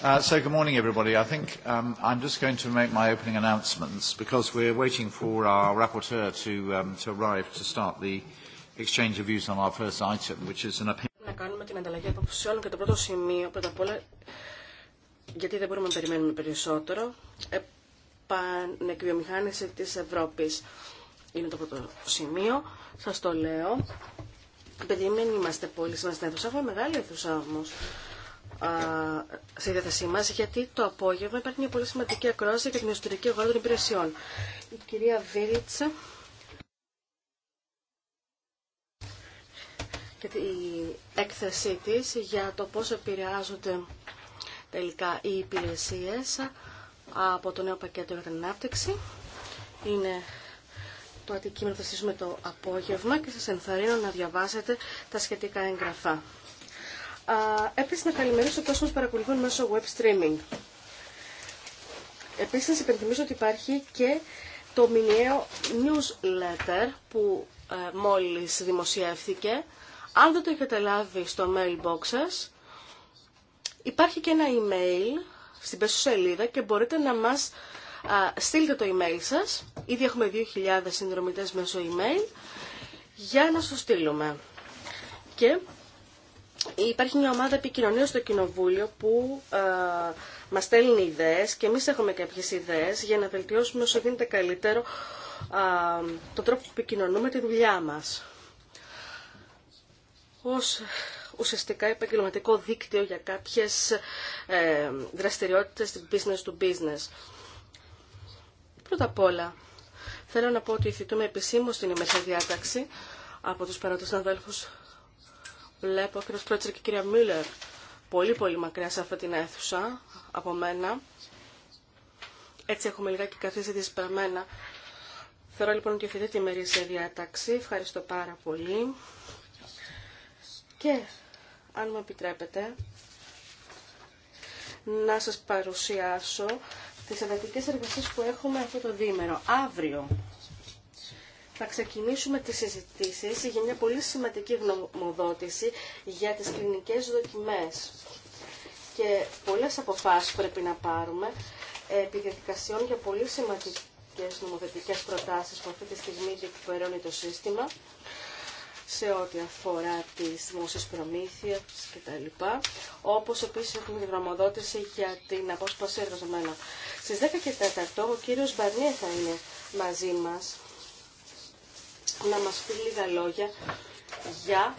Uh, So good morning, everybody. I think um, I'm just going to make my opening announcements because we're waiting for our rapporteur to um, to arrive to start the exchange of views on our first item, which is an opinion. Να κάνουμε την ανταλλαγή απόψεων και το πρώτο σημείο, πρώτα απ' όλα, γιατί δεν μπορούμε να περιμένουμε περισσότερο, επανεκβιομηχάνηση της Ευρώπης είναι το πρώτο σημείο. Σας το λέω. Επειδή δεν είμαστε πολύ σημαντικά θα αίθουσα, μεγάλη αίθουσα όμως στη διάθεσή μα, γιατί το απόγευμα υπάρχει μια πολύ σημαντική ακρόαση για την ιστορική αγορά των υπηρεσιών. Η κυρία Βίλιτσα. και η έκθεσή της για το πώς επηρεάζονται τελικά οι υπηρεσίες από το νέο πακέτο για την ανάπτυξη. Είναι το αντικείμενο που θα το απόγευμα και σας ενθαρρύνω να διαβάσετε τα σχετικά έγγραφα. Επίση να καλημερίσω όσου μας παρακολουθούν μέσω web streaming. Επίσης, σας υπενθυμίσω ότι υπάρχει και το μηνιαίο newsletter που ε, μόλις δημοσιεύθηκε. Αν δεν το έχετε λάβει στο mailbox σας, υπάρχει και ένα email στην πέσω σελίδα και μπορείτε να μας στείλετε το email σας. Ήδη έχουμε 2.000 συνδρομητές μέσω email για να σου στείλουμε. Και Υπάρχει μια ομάδα επικοινωνία στο Κοινοβούλιο που ε, μας στέλνει ιδέες και εμείς έχουμε κάποιες ιδέες για να βελτιώσουμε όσο γίνεται καλύτερο ε, τον τρόπο που επικοινωνούμε τη δουλειά μας. Ως ουσιαστικά επαγγελματικό δίκτυο για κάποιες ε, δραστηριότητες business to business. Πρώτα απ' όλα, θέλω να πω ότι θητούμε επισήμως την ημέρα διάταξη από τους παρόντες Βλέπω ακριβώς Πρότσερ και κυρία Μίλλερ πολύ πολύ μακριά σε αυτή την αίθουσα από μένα. Έτσι έχουμε λιγάκι καθίσει δυσπραμένα. Θεωρώ λοιπόν ότι αυτή τη σε διάταξη. Ευχαριστώ πάρα πολύ. Και αν μου επιτρέπετε να σας παρουσιάσω τις εντατικές εργασίες που έχουμε αυτό το δίμερο. Αύριο θα ξεκινήσουμε τις συζητήσεις για μια πολύ σημαντική γνωμοδότηση για τις κλινικές δοκιμές. Και πολλές αποφάσεις πρέπει να πάρουμε επί διαδικασιών για πολύ σημαντικές νομοθετικές προτάσεις που αυτή τη στιγμή διεκπαιρώνει το σύστημα σε ό,τι αφορά τις δημόσιες προμήθειες κτλ. Όπως επίσης έχουμε τη γραμμοδότηση για την απόσπαση εργαζομένων. Στις 10 και 4 ο κύριος Μπαρνιέ θα είναι μαζί μας να μας πει λίγα λόγια για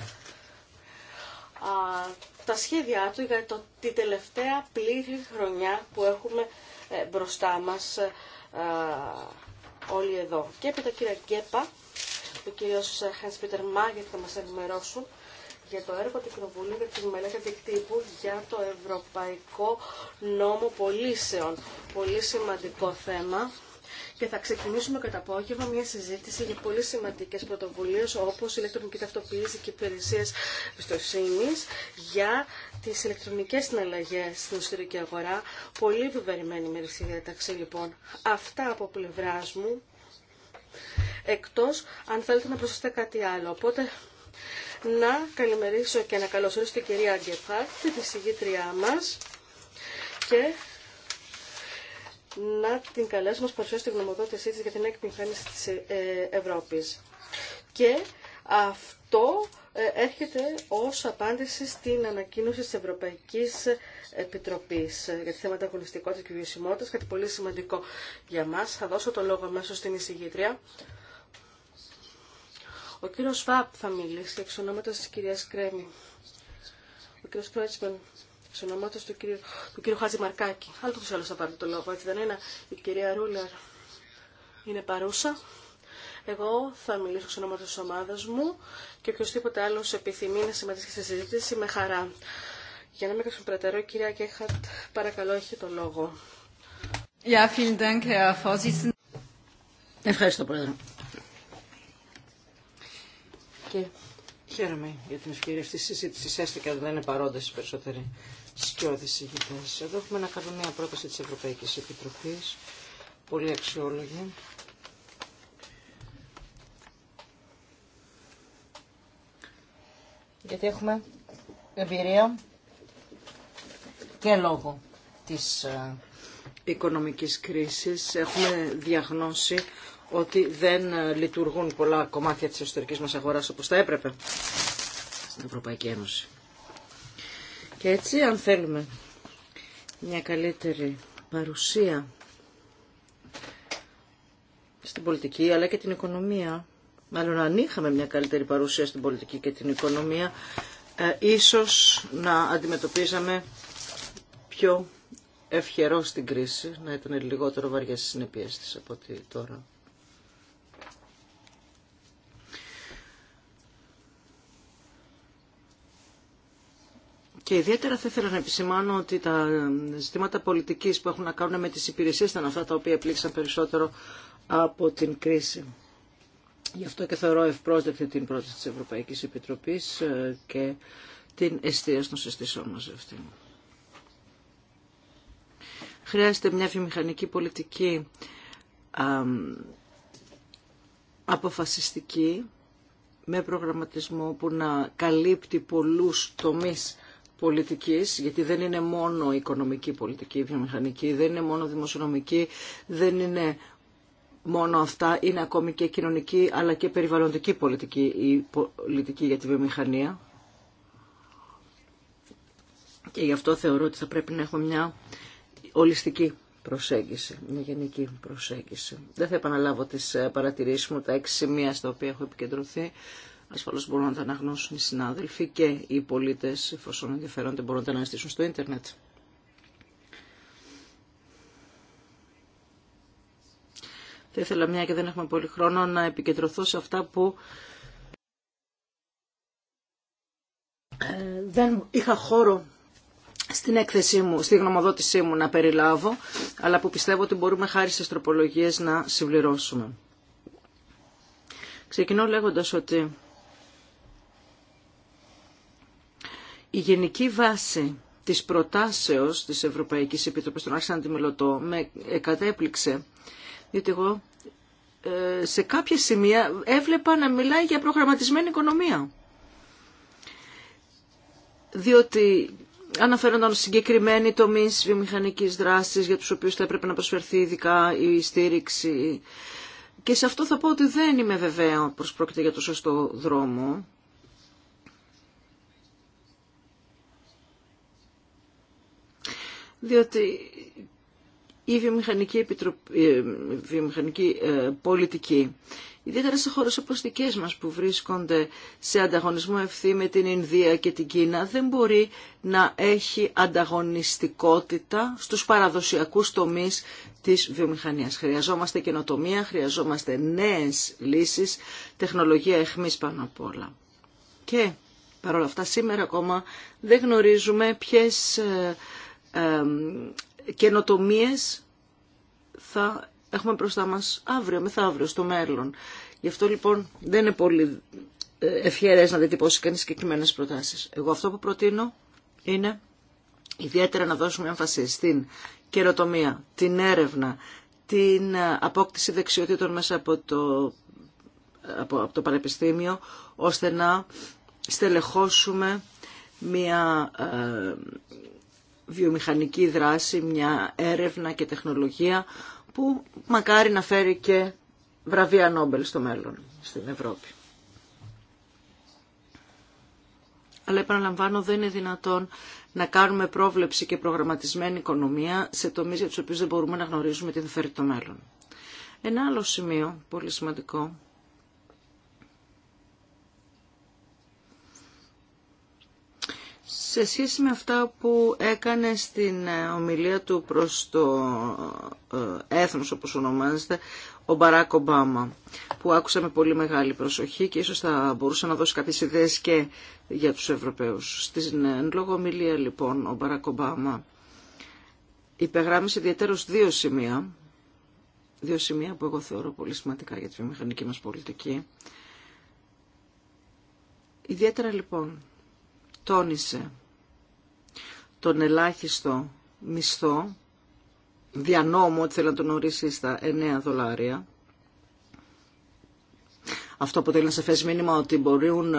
τα σχέδιά του για το, τη τελευταία πλήρη χρονιά που έχουμε ε, μπροστά μας ε, όλοι εδώ. Και από τα κύρια Γκέπα, ο κύριος Χάνς Πίτερ Μάγερ θα μας ενημερώσουν για το έργο του Κοινοβουλίου για τη μελέτη για το Ευρωπαϊκό Νόμο Πολύσεων. Πολύ σημαντικό θέμα και θα ξεκινήσουμε κατά απόγευμα μια συζήτηση για πολύ σημαντικέ πρωτοβουλίε όπω η ηλεκτρονική ταυτοποίηση και υπηρεσίε εμπιστοσύνη για τι ηλεκτρονικέ συναλλαγέ στην ιστορική αγορά. Πολύ βεβαρημένη μερική διαταξή λοιπόν. Αυτά από πλευρά μου. Εκτό αν θέλετε να προσθέσετε κάτι άλλο. Οπότε να καλημερίσω και να καλωσορίσω την κυρία Γκεφάρτ, τη συγγήτριά μας και να την καλέσουμε να παρουσιάσει τη γνωμοδότησή για την εκμηχάνηση της ε, ε, Ευρώπης. Και αυτό ε, έρχεται ως απάντηση στην ανακοίνωση της Ευρωπαϊκής Επιτροπής για τη θέματα αγωνιστικότητας και βιωσιμότητας, κάτι πολύ σημαντικό για μας. Θα δώσω το λόγο μέσω στην εισηγήτρια. Ο κύριος Φαπ θα μιλήσει εξ ονόματος της κυρίας Κρέμη. Ο κύριος σε ονομάτως του κύριου, του κύριου Χάζη Μαρκάκη. Άλλο τους θα πάρουν το λόγο, έτσι δεν είναι. Η κυρία Ρούλερ είναι παρούσα. Εγώ θα μιλήσω σε ονομάτως της ομάδας μου και οποιοδήποτε άλλος επιθυμεί να συμμετάσχει στη συζήτηση με χαρά. Για να μην καθυστερώ πρατερό, κυρία Κέχαρτ, παρακαλώ, έχει το λόγο. Ja, vielen Dank, Herr Vorsitzender. Ευχαριστώ, Πρόεδρε. Και χαίρομαι για την ευκαιρία αυτή τη συζήτηση, έστω και δεν είναι παρόντε οι περισσότεροι σκιώδης ηγητές. Εδώ έχουμε να κάνουμε μια πρόταση της Ευρωπαϊκής Επιτροπής, πολύ αξιόλογη. Γιατί έχουμε εμπειρία και λόγω της ε, οικονομικής κρίσης. Έχουμε διαγνώσει ότι δεν ε, λειτουργούν πολλά κομμάτια της εσωτερικής μας αγοράς όπως θα έπρεπε στην Ευρωπαϊκή Ένωση. Και έτσι, αν θέλουμε μια καλύτερη παρουσία στην πολιτική αλλά και την οικονομία, μάλλον αν είχαμε μια καλύτερη παρουσία στην πολιτική και την οικονομία, ε, ίσως να αντιμετωπίζαμε πιο ευχερό στην κρίση, να ήταν λιγότερο βαριές οι της από ότι τώρα. Και ιδιαίτερα θα ήθελα να επισημάνω ότι τα ζητήματα πολιτικής που έχουν να κάνουν με τις υπηρεσίες ήταν αυτά τα οποία πλήξαν περισσότερο από την κρίση. Γι' αυτό και θεωρώ ευπρόσδεκτη την πρόταση της Ευρωπαϊκής Επιτροπής ε, και την εστίαση στον συστήσεων μας αυτή. Χρειάζεται μια βιομηχανική πολιτική αποφασιστική με προγραμματισμό που να καλύπτει πολλούς τομείς πολιτικής, γιατί δεν είναι μόνο οικονομική πολιτική, βιομηχανική, δεν είναι μόνο δημοσιονομική, δεν είναι μόνο αυτά, είναι ακόμη και κοινωνική αλλά και περιβαλλοντική πολιτική, η πολιτική για τη βιομηχανία. Και γι' αυτό θεωρώ ότι θα πρέπει να έχουμε μια ολιστική προσέγγιση, μια γενική προσέγγιση. Δεν θα επαναλάβω τις ε, παρατηρήσεις μου, τα έξι σημεία στα οποία έχω επικεντρωθεί. Ασφαλώ μπορούν να τα αναγνώσουν οι συνάδελφοι και οι πολίτε εφόσον ενδιαφέρονται, μπορούν να τα αναζητήσουν στο ίντερνετ. Θα ήθελα μια και δεν έχουμε πολύ χρόνο να επικεντρωθώ σε αυτά που ε, δεν είχα χώρο στην έκθεσή μου, στη γνωμοδότησή μου να περιλάβω, αλλά που πιστεύω ότι μπορούμε χάρη στις τροπολογίες να συμπληρώσουμε. Ξεκινώ λέγοντας ότι Η γενική βάση της προτάσεως της Ευρωπαϊκής Επιτροπής, τον άρχισα να με κατέπληξε, διότι εγώ ε, σε κάποια σημεία έβλεπα να μιλάει για προγραμματισμένη οικονομία. Διότι αναφέρονταν συγκεκριμένοι τομείς βιομηχανικής δράσης για τους οποίους θα έπρεπε να προσφερθεί ειδικά η στήριξη. Και σε αυτό θα πω ότι δεν είμαι βεβαία πως πρόκειται για το σωστό δρόμο. διότι η βιομηχανική, επιτροπή, η ε, βιομηχανική ε, πολιτική, ιδιαίτερα σε χώρες όπως μας που βρίσκονται σε ανταγωνισμό ευθύ με την Ινδία και την Κίνα, δεν μπορεί να έχει ανταγωνιστικότητα στους παραδοσιακούς τομείς της βιομηχανίας. Χρειαζόμαστε καινοτομία, χρειαζόμαστε νέες λύσεις, τεχνολογία εχμής πάνω απ' όλα. Και παρόλα αυτά σήμερα ακόμα δεν γνωρίζουμε ποιες... Ε, καινοτομίες θα έχουμε μπροστά μας αύριο, μεθαύριο, στο μέλλον. Γι' αυτό λοιπόν δεν είναι πολύ ε, ευχαίρες να διατυπώσει κανείς συγκεκριμένε προτάσεις. Εγώ αυτό που προτείνω είναι ιδιαίτερα να δώσουμε έμφαση στην καινοτομία, την έρευνα, την ε, απόκτηση δεξιοτήτων μέσα από το, από, από το Πανεπιστήμιο, ώστε να στελεχώσουμε μια ε, βιομηχανική δράση, μια έρευνα και τεχνολογία που μακάρι να φέρει και βραβεία Νόμπελ στο μέλλον στην Ευρώπη. Αλλά επαναλαμβάνω δεν είναι δυνατόν να κάνουμε πρόβλεψη και προγραμματισμένη οικονομία σε τομείς για τους οποίους δεν μπορούμε να γνωρίζουμε τι θα φέρει το μέλλον. Ένα άλλο σημείο πολύ σημαντικό σε σχέση με αυτά που έκανε στην ε, ομιλία του προς το ε, έθνος όπως ονομάζεται ο Μπαράκ Ομπάμα που άκουσα με πολύ μεγάλη προσοχή και ίσως θα μπορούσε να δώσει κάποιες ιδέες και για τους Ευρωπαίους. Στην ε, εν λόγω ομιλία λοιπόν ο Μπαράκ Ομπάμα υπεγράμμισε ιδιαίτερως δύο σημεία δύο σημεία που εγώ θεωρώ πολύ σημαντικά για τη βιομηχανική μας πολιτική. Ιδιαίτερα λοιπόν τόνισε τον ελάχιστο μισθό διανόμο ότι θέλει να τον ορίσει στα 9 δολάρια αυτό αποτελεί ένα σαφέ μήνυμα ότι μπορούν ε,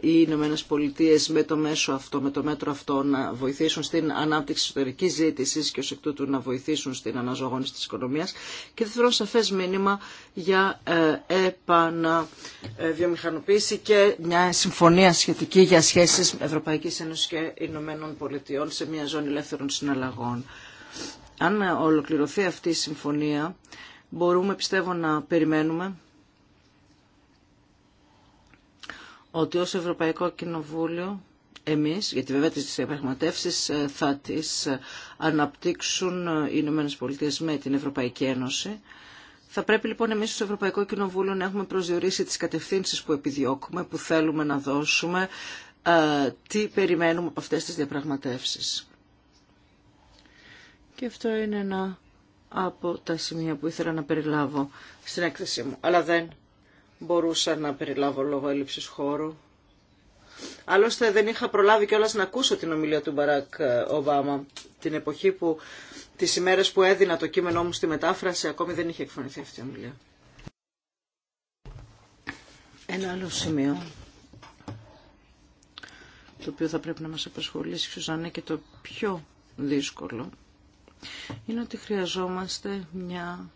οι Ηνωμένε Πολιτείε με το μέσο αυτό, με το μέτρο αυτό να βοηθήσουν στην ανάπτυξη εσωτερική ζήτηση και ω εκ τούτου να βοηθήσουν στην αναζωογόνηση τη οικονομία. Και δεύτερον, σαφέ μήνυμα για ε, επαναβιομηχανοποίηση ε, και μια συμφωνία σχετική για σχέσει Ευρωπαϊκή Ένωση και Ηνωμένων Πολιτειών σε μια ζώνη ελεύθερων συναλλαγών. Αν ολοκληρωθεί αυτή η συμφωνία, μπορούμε πιστεύω να περιμένουμε ότι ως Ευρωπαϊκό Κοινοβούλιο εμείς, γιατί βέβαια τις διαπραγματεύσεις ε, θα τις ε, αναπτύξουν ε, οι Ηνωμένες Πολιτείες με την Ευρωπαϊκή Ένωση, θα πρέπει λοιπόν εμείς στο Ευρωπαϊκό Κοινοβούλιο να έχουμε προσδιορίσει τις κατευθύνσεις που επιδιώκουμε, που θέλουμε να δώσουμε, τι περιμένουμε από αυτές τις διαπραγματεύσεις. Και αυτό είναι ένα από τα σημεία που ήθελα να περιλάβω στην έκθεσή μου. Αλλά δεν μπορούσα να περιλάβω λόγω έλλειψη χώρου. Άλλωστε δεν είχα προλάβει κιόλα να ακούσω την ομιλία του Μπαράκ ε, Ομπάμα την εποχή που τις ημέρες που έδινα το κείμενό μου στη μετάφραση ακόμη δεν είχε εκφωνηθεί αυτή η ομιλία. Ένα άλλο σημείο το οποίο θα πρέπει να μας απασχολήσει ίσως να είναι και το πιο δύσκολο είναι ότι χρειαζόμαστε μια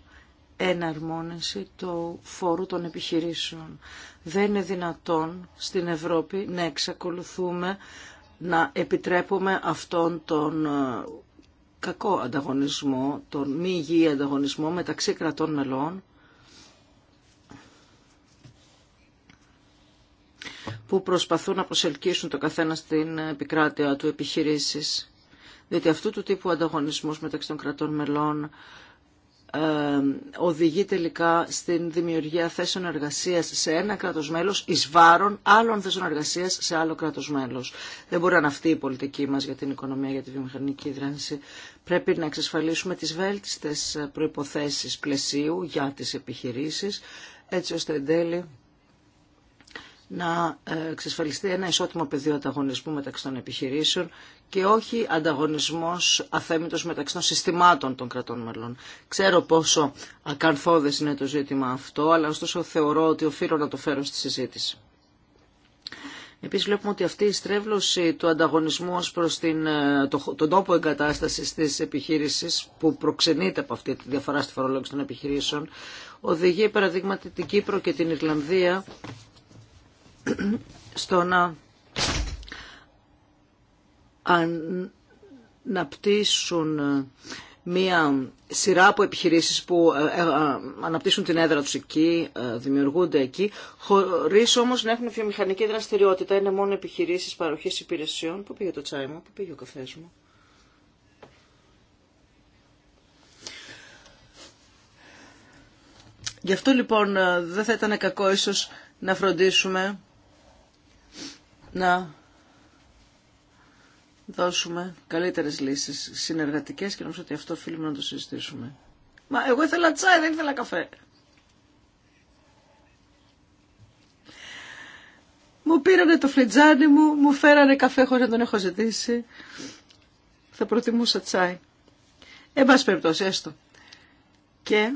εναρμόνιση του φόρου των επιχειρήσεων. Δεν είναι δυνατόν στην Ευρώπη να εξακολουθούμε να επιτρέπουμε αυτόν τον ε, κακό ανταγωνισμό, τον μη υγιή ανταγωνισμό μεταξύ κρατών μελών, που προσπαθούν να προσελκύσουν το καθένα στην επικράτεια του επιχειρήσεις. Διότι αυτού του τύπου ανταγωνισμός μεταξύ των κρατών μελών οδηγεί τελικά στην δημιουργία θέσεων εργασίας σε ένα κράτος μέλος εις βάρον άλλων θέσεων εργασίας σε άλλο κράτος μέλος. Δεν μπορεί να είναι αυτή η πολιτική μας για την οικονομία, για τη βιομηχανική δράση. Πρέπει να εξασφαλίσουμε τις βέλτιστες προϋποθέσεις πλαισίου για τις επιχειρήσεις, έτσι ώστε εν τέλει να ε, εξασφαλιστεί ένα ισότιμο πεδίο ανταγωνισμού μεταξύ των επιχειρήσεων και όχι ανταγωνισμός αθέμητος μεταξύ των συστημάτων των κρατών μελών. Ξέρω πόσο ακαρθώδες είναι το ζήτημα αυτό, αλλά ωστόσο θεωρώ ότι οφείλω να το φέρω στη συζήτηση. Επίσης βλέπουμε ότι αυτή η στρέβλωση του ανταγωνισμού ως προς ε, τον τόπο εγκατάστασης της επιχείρησης που προξενείται από αυτή τη διαφορά στη φορολόγηση των επιχειρήσεων οδηγεί παραδείγματι την Κύπρο και την Ιρλανδία στο να αναπτύσσουν μία σειρά από επιχειρήσεις που ε, ε, ε, αναπτύσσουν την έδρα τους εκεί, δημιουργούνται εκεί, χωρίς όμως να έχουν βιομηχανική δραστηριότητα. Είναι μόνο επιχειρήσεις παροχής υπηρεσιών. Πού πήγε το τσάι μου, πού πήγε ο καφές μου. Γι' αυτό λοιπόν δεν θα ήταν κακό ίσως να φροντίσουμε να δώσουμε καλύτερες λύσεις συνεργατικές και νομίζω ότι αυτό οφείλουμε να το συζητήσουμε. Μα εγώ ήθελα τσάι, δεν ήθελα καφέ. Μου πήρανε το φλιτζάνι μου, μου φέρανε καφέ χωρίς να τον έχω ζητήσει. Θα προτιμούσα τσάι. Εν πάση περιπτώσει, έστω. Και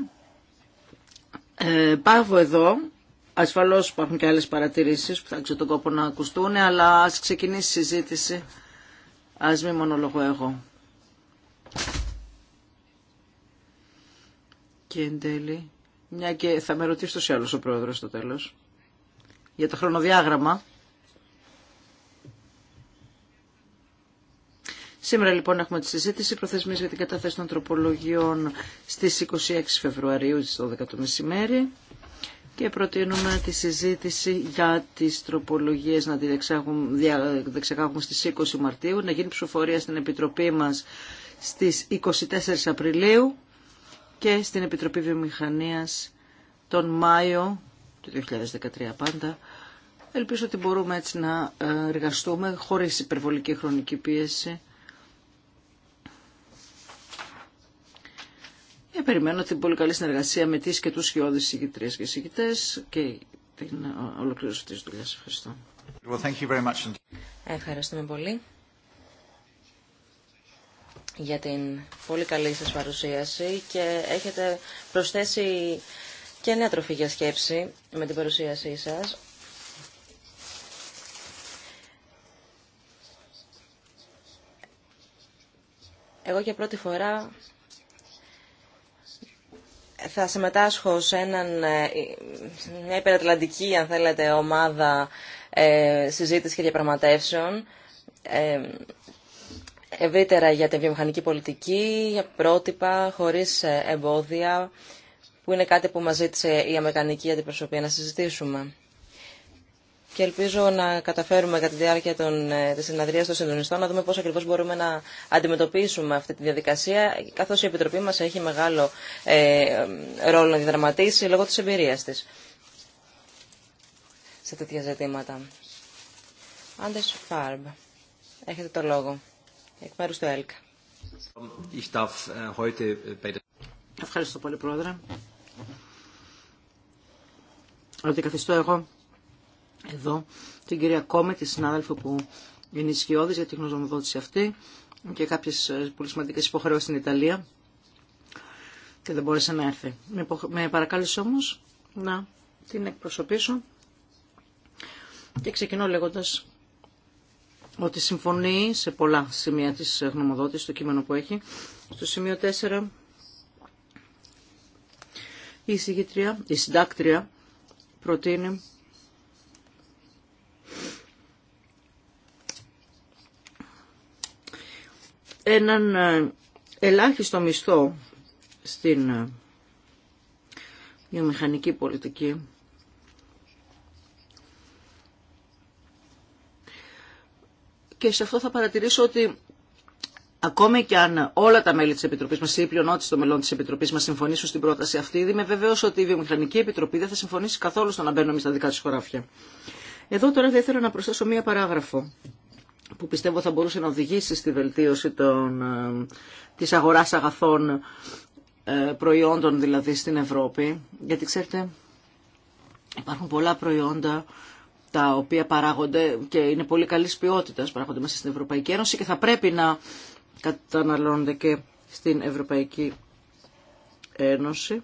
ε, πάω εδώ Ασφαλώς υπάρχουν και άλλε παρατηρήσεις που θα ξέρω τον κόπο να ακουστούν, αλλά α ξεκινήσει η συζήτηση, α μην μονολογώ εγώ. Και εν τέλει, μια και θα με ρωτήσει τόσο άλλο ο πρόεδρος στο τέλος, για το χρονοδιάγραμμα. Σήμερα λοιπόν έχουμε τη συζήτηση προθεσμής για την κατάθεση των τροπολογιών στις 26 Φεβρουαρίου, στις 12 το μεσημέρι και προτείνουμε τη συζήτηση για τις τροπολογίες να τη δεξαγάγουμε στις 20 Μαρτίου, να γίνει ψηφοφορία στην Επιτροπή μας στις 24 Απριλίου και στην Επιτροπή Βιομηχανίας τον Μάιο του 2013 πάντα. Ελπίζω ότι μπορούμε έτσι να ε, εργαστούμε χωρίς υπερβολική χρονική πίεση και ε, περιμένω την πολύ καλή συνεργασία με τις και τους χειώδεις συγκητρίες και συγκητές και την ε, ολοκλήρωση της δουλειάς. Ευχαριστώ. Ευχαριστούμε πολύ για την πολύ καλή σας παρουσίαση και έχετε προσθέσει και νέα τροφή για σκέψη με την παρουσίασή σας. Εγώ για πρώτη φορά θα συμμετάσχω σε έναν, ε, μια υπερατλαντική, αν θέλετε, ομάδα ε, συζήτηση και διαπραγματεύσεων ε, ευρύτερα για την βιομηχανική πολιτική, για πρότυπα, χωρίς ε, εμπόδια, που είναι κάτι που μας ζήτησε η Αμερικανική Αντιπροσωπεία να συζητήσουμε και ελπίζω να καταφέρουμε κατά τη διάρκεια των, ε, της συναδρίας των συντονιστών να δούμε πώς ακριβώς μπορούμε να αντιμετωπίσουμε αυτή τη διαδικασία καθώς η Επιτροπή μας έχει μεγάλο ε, ρόλο να διδραματίσει λόγω της εμπειρίας της σε τέτοια ζητήματα. Άντες Φάρμπ, έχετε το λόγο. Εκ μέρους του ΕΛΚ. Ε, Ευχαριστώ πολύ, Πρόεδρε. καθιστώ εγώ εδώ την κυρία Κόμε, τη συνάδελφο που είναι ισχυώδης για τη γνωμοδότηση αυτή και κάποιες ε, πολύ σημαντικές υποχρεώσεις στην Ιταλία και δεν μπόρεσε να έρθει. Με παρακάλεσε όμως να την εκπροσωπήσω και ξεκινώ λέγοντας ότι συμφωνεί σε πολλά σημεία της γνωμοδότησης, το κείμενο που έχει. Στο σημείο 4 η, η συντάκτρια προτείνει έναν ε, ελάχιστο μισθό στην ε, βιομηχανική πολιτική. Και σε αυτό θα παρατηρήσω ότι Ακόμη και αν όλα τα μέλη τη Επιτροπή μα ή η πλειονότητα των μελών τη Επιτροπή μα συμφωνήσουν στην πρόταση αυτή, είμαι βεβαίω ότι η Βιομηχανική Επιτροπή δεν θα συμφωνήσει καθόλου στο να μπαίνουμε στα δικά τη χωράφια. Εδώ τώρα θα ήθελα να προσθέσω μία παράγραφο που πιστεύω θα μπορούσε να οδηγήσει στη βελτίωση των, ε, της αγοράς αγαθών ε, προϊόντων δηλαδή στην Ευρώπη. Γιατί ξέρετε υπάρχουν πολλά προϊόντα τα οποία παράγονται και είναι πολύ καλής ποιότητας, παράγονται μέσα στην Ευρωπαϊκή Ένωση και θα πρέπει να καταναλώνονται και στην Ευρωπαϊκή Ένωση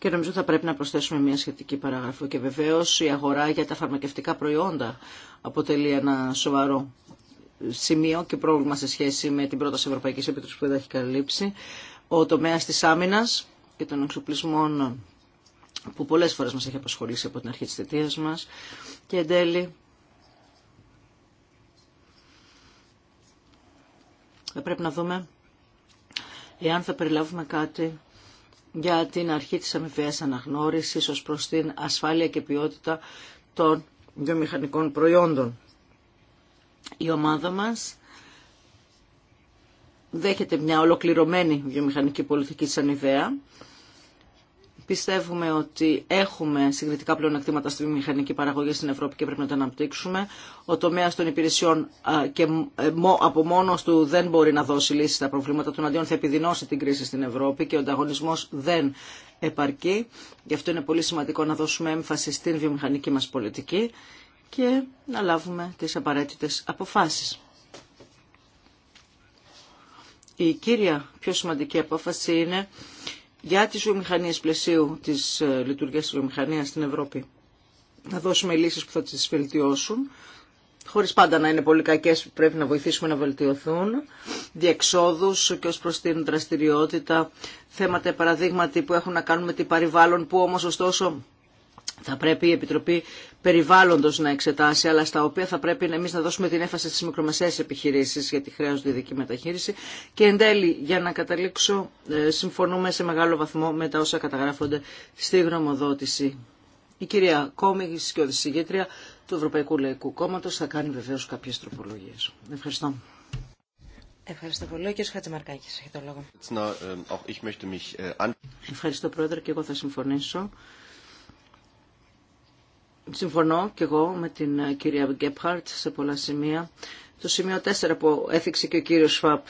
και νομίζω θα πρέπει να προσθέσουμε μια σχετική παραγραφή. Και βεβαίω η αγορά για τα φαρμακευτικά προϊόντα αποτελεί ένα σοβαρό σημείο και πρόβλημα σε σχέση με την πρόταση Ευρωπαϊκή Επιτροπή που δεν έχει καλύψει. Ο τομέα τη Άμυνα και των εξοπλισμών που πολλέ φορέ μα έχει απασχολήσει από την αρχή τη θετίας μα. και εν τέλει θα πρέπει να δούμε εάν θα περιλάβουμε κάτι για την αρχή της αμοιβαίας αναγνώρισης ως προς την ασφάλεια και ποιότητα των βιομηχανικών προϊόντων. Η ομάδα μας δέχεται μια ολοκληρωμένη βιομηχανική πολιτική σαν Πιστεύουμε ότι έχουμε συγκριτικά πλεονεκτήματα στη μηχανική παραγωγή στην Ευρώπη και πρέπει να τα αναπτύξουμε. Ο τομέα των υπηρεσιών και ε, από μόνο του δεν μπορεί να δώσει λύσει στα προβλήματα του. Αντίον θα επιδεινώσει την κρίση στην Ευρώπη και ο ανταγωνισμό δεν επαρκεί. Γι' αυτό είναι πολύ σημαντικό να δώσουμε έμφαση στην βιομηχανική μα πολιτική και να λάβουμε τι απαραίτητε αποφάσει. Η κύρια πιο σημαντική απόφαση είναι για τις βιομηχανίες πλαισίου της ε, λειτουργίας της βιομηχανίας στην Ευρώπη. Να δώσουμε λύσεις που θα τις βελτιώσουν, χωρίς πάντα να είναι πολύ κακές που πρέπει να βοηθήσουμε να βελτιωθούν, διεξόδους και ως προς την δραστηριότητα, θέματα παραδείγματι που έχουν να κάνουν με την περιβάλλον που όμως ωστόσο θα πρέπει η Επιτροπή Περιβάλλοντος να εξετάσει, αλλά στα οποία θα πρέπει εμείς να δώσουμε την έφαση στις μικρομεσαίες επιχειρήσεις, γιατί χρειάζονται ειδική μεταχείριση. Και εν τέλει, για να καταλήξω, ε, συμφωνούμε σε μεγάλο βαθμό με τα όσα καταγράφονται στη γνωμοδότηση. Η κυρία Κόμη, και οδησηγήτρια του Ευρωπαϊκού Λαϊκού Κόμματος, θα κάνει βεβαίως κάποιες τροπολογίες. Ευχαριστώ. Ευχαριστώ πολύ. Ο κ. Χατζημαρκάκης έχει το λόγο. Um, äh, Ευχαριστώ, Πρόεδρε, και εγώ θα συμφωνήσω Συμφωνώ και εγώ με την ε, κυρία Γκέπχαρτ σε πολλά σημεία. Το σημείο 4 που έθιξε και ο κύριος Σφαπ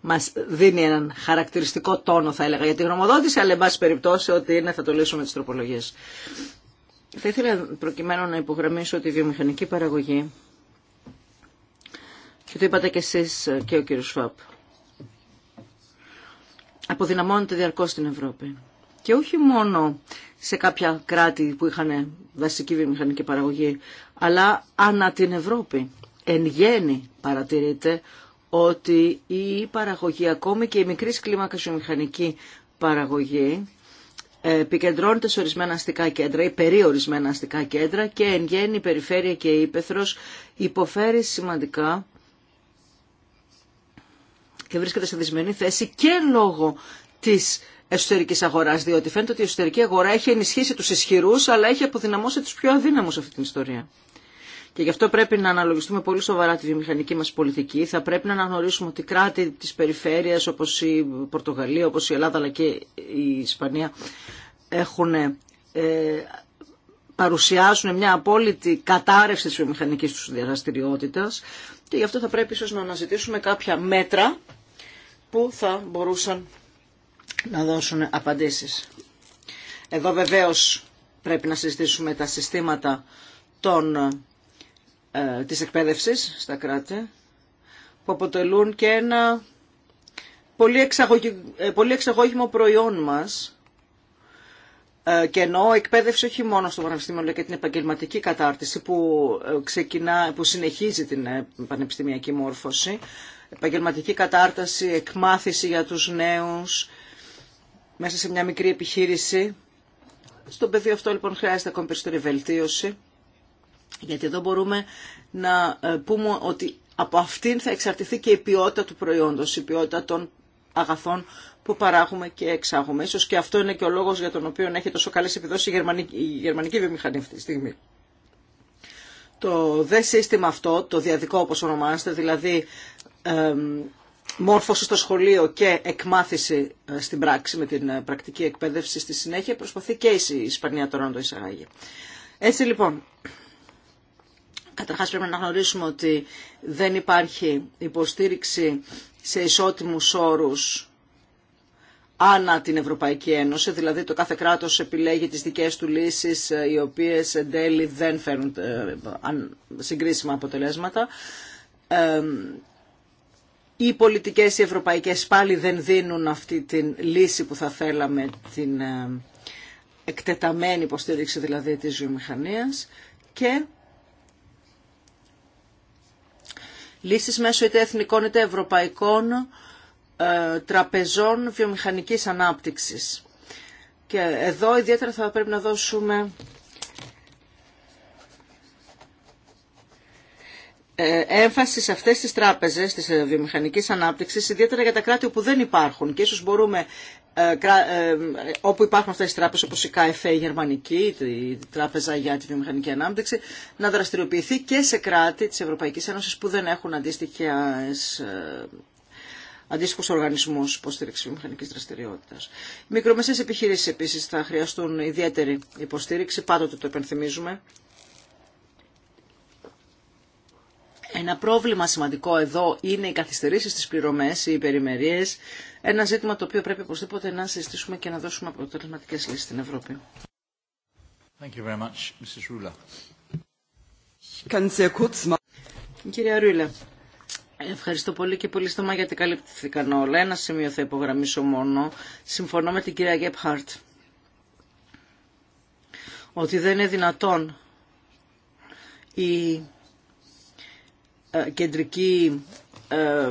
μας δίνει έναν χαρακτηριστικό τόνο θα έλεγα για τη γνωμοδότηση, αλλά εν πάση περιπτώσει ότι είναι θα το λύσουμε τις τροπολογίες. Θα ήθελα προκειμένου να υπογραμμίσω ότι η βιομηχανική παραγωγή και το είπατε και εσείς ε, και ο κύριος Σφαπ αποδυναμώνεται διαρκώς στην Ευρώπη και όχι μόνο σε κάποια κράτη που είχαν δασική βιομηχανική παραγωγή, αλλά ανά την Ευρώπη. Εν γέννη παρατηρείται ότι η παραγωγή, ακόμη και η μικρής κλίμακα βιομηχανική παραγωγή, ε, επικεντρώνεται σε ορισμένα αστικά κέντρα ή περιορισμένα αστικά κέντρα και εν γέννη η περιφέρεια και η ύπεθρος υποφέρει σημαντικά και βρίσκεται σε δυσμενή θέση και λόγω της Εσωτερική αγορά, διότι φαίνεται ότι η εσωτερική αγορά έχει ενισχύσει του ισχυρού, αλλά έχει αποδυναμώσει του πιο αδύναμου αυτή την ιστορία. Και γι' αυτό πρέπει να αναλογιστούμε πολύ σοβαρά τη βιομηχανική μα πολιτική. Θα πρέπει να αναγνωρίσουμε ότι κράτη τη περιφέρειας όπω η Πορτογαλία, όπω η Ελλάδα αλλά και η Ισπανία έχουν, ε, παρουσιάσουν μια απόλυτη κατάρρευση της βιομηχανικής του διαδραστηριότητας και γι' αυτό θα πρέπει ίσως να αναζητήσουμε κάποια μέτρα που θα μπορούσαν να δώσουν απαντήσεις. Εδώ βεβαίως πρέπει να συζητήσουμε τα συστήματα των, ε, της εκπαίδευσης στα κράτη που αποτελούν και ένα πολύ, εξαγωγη, ε, πολύ εξαγώγημο προϊόν μας ε, και ενώ εκπαίδευση όχι μόνο στο πανεπιστήμιο αλλά και την επαγγελματική κατάρτιση που, ξεκινά, που συνεχίζει την πανεπιστημιακή μόρφωση, επαγγελματική κατάρταση, εκμάθηση για τους νέους, μέσα σε μια μικρή επιχείρηση. Στο πεδίο αυτό λοιπόν χρειάζεται ακόμη περισσότερη βελτίωση, γιατί εδώ μπορούμε να ε, πούμε ότι από αυτήν θα εξαρτηθεί και η ποιότητα του προϊόντος, η ποιότητα των αγαθών που παράγουμε και εξάγουμε. Ίσως και αυτό είναι και ο λόγος για τον οποίο έχει τόσο καλές επιδόσεις η γερμανική, η αυτή τη στιγμή. Το δε σύστημα αυτό, το διαδικό όπως ονομάζεται, δηλαδή μόρφωση στο σχολείο και εκμάθηση ε, στην πράξη με την ε, πρακτική εκπαίδευση στη συνέχεια προσπαθεί και η Ισπανία τώρα να το εισαγάγει. Έτσι λοιπόν, καταρχάς πρέπει να γνωρίσουμε ότι δεν υπάρχει υποστήριξη σε ισότιμους όρους ανά την Ευρωπαϊκή Ένωση, δηλαδή το κάθε κράτος επιλέγει τις δικές του λύσεις ε, οι οποίες εν τέλει δεν φέρουν συγκρίσιμα αποτελέσματα οι πολιτικές, οι ευρωπαϊκές πάλι δεν δίνουν αυτή την λύση που θα θέλαμε, την ε, εκτεταμένη υποστήριξη δηλαδή της βιομηχανίας και λύσεις μέσω είτε εθνικών είτε ευρωπαϊκών ε, τραπεζών βιομηχανικής ανάπτυξης. Και εδώ ιδιαίτερα θα πρέπει να δώσουμε Ε, έμφαση σε αυτές τις τράπεζες της ε, βιομηχανικής ανάπτυξης, ιδιαίτερα για τα κράτη όπου δεν υπάρχουν και ίσως μπορούμε ε, όπου υπάρχουν αυτές τις τράπεζες όπως η ΚΑΕΦΕ η Γερμανική, η Τράπεζα για τη Βιομηχανική Ανάπτυξη, να δραστηριοποιηθεί και σε κράτη της Ευρωπαϊκής Ένωσης που δεν έχουν αντίστοιχες αντίστοιχου οργανισμού υποστήριξη βιομηχανική δραστηριότητα. Οι μικρομεσαίε επιχειρήσει επίση θα χρειαστούν ιδιαίτερη υποστήριξη, πάντοτε το επενθυμίζουμε. Ένα πρόβλημα σημαντικό εδώ είναι οι καθυστερήσει στι πληρωμέ, οι υπερημερίε. Ένα ζήτημα το οποίο πρέπει οπωσδήποτε να συζητήσουμε και να δώσουμε αποτελεσματικέ λύσεις στην Ευρώπη. Thank you Κυρία Ρούλα, Ευχαριστώ πολύ και πολύ στόμα γιατί καλύπτηθηκαν όλα. Ένα σημείο θα υπογραμμίσω μόνο. Συμφωνώ με την κυρία Γκέπχαρτ ότι δεν είναι δυνατόν η ε, κεντρική ε,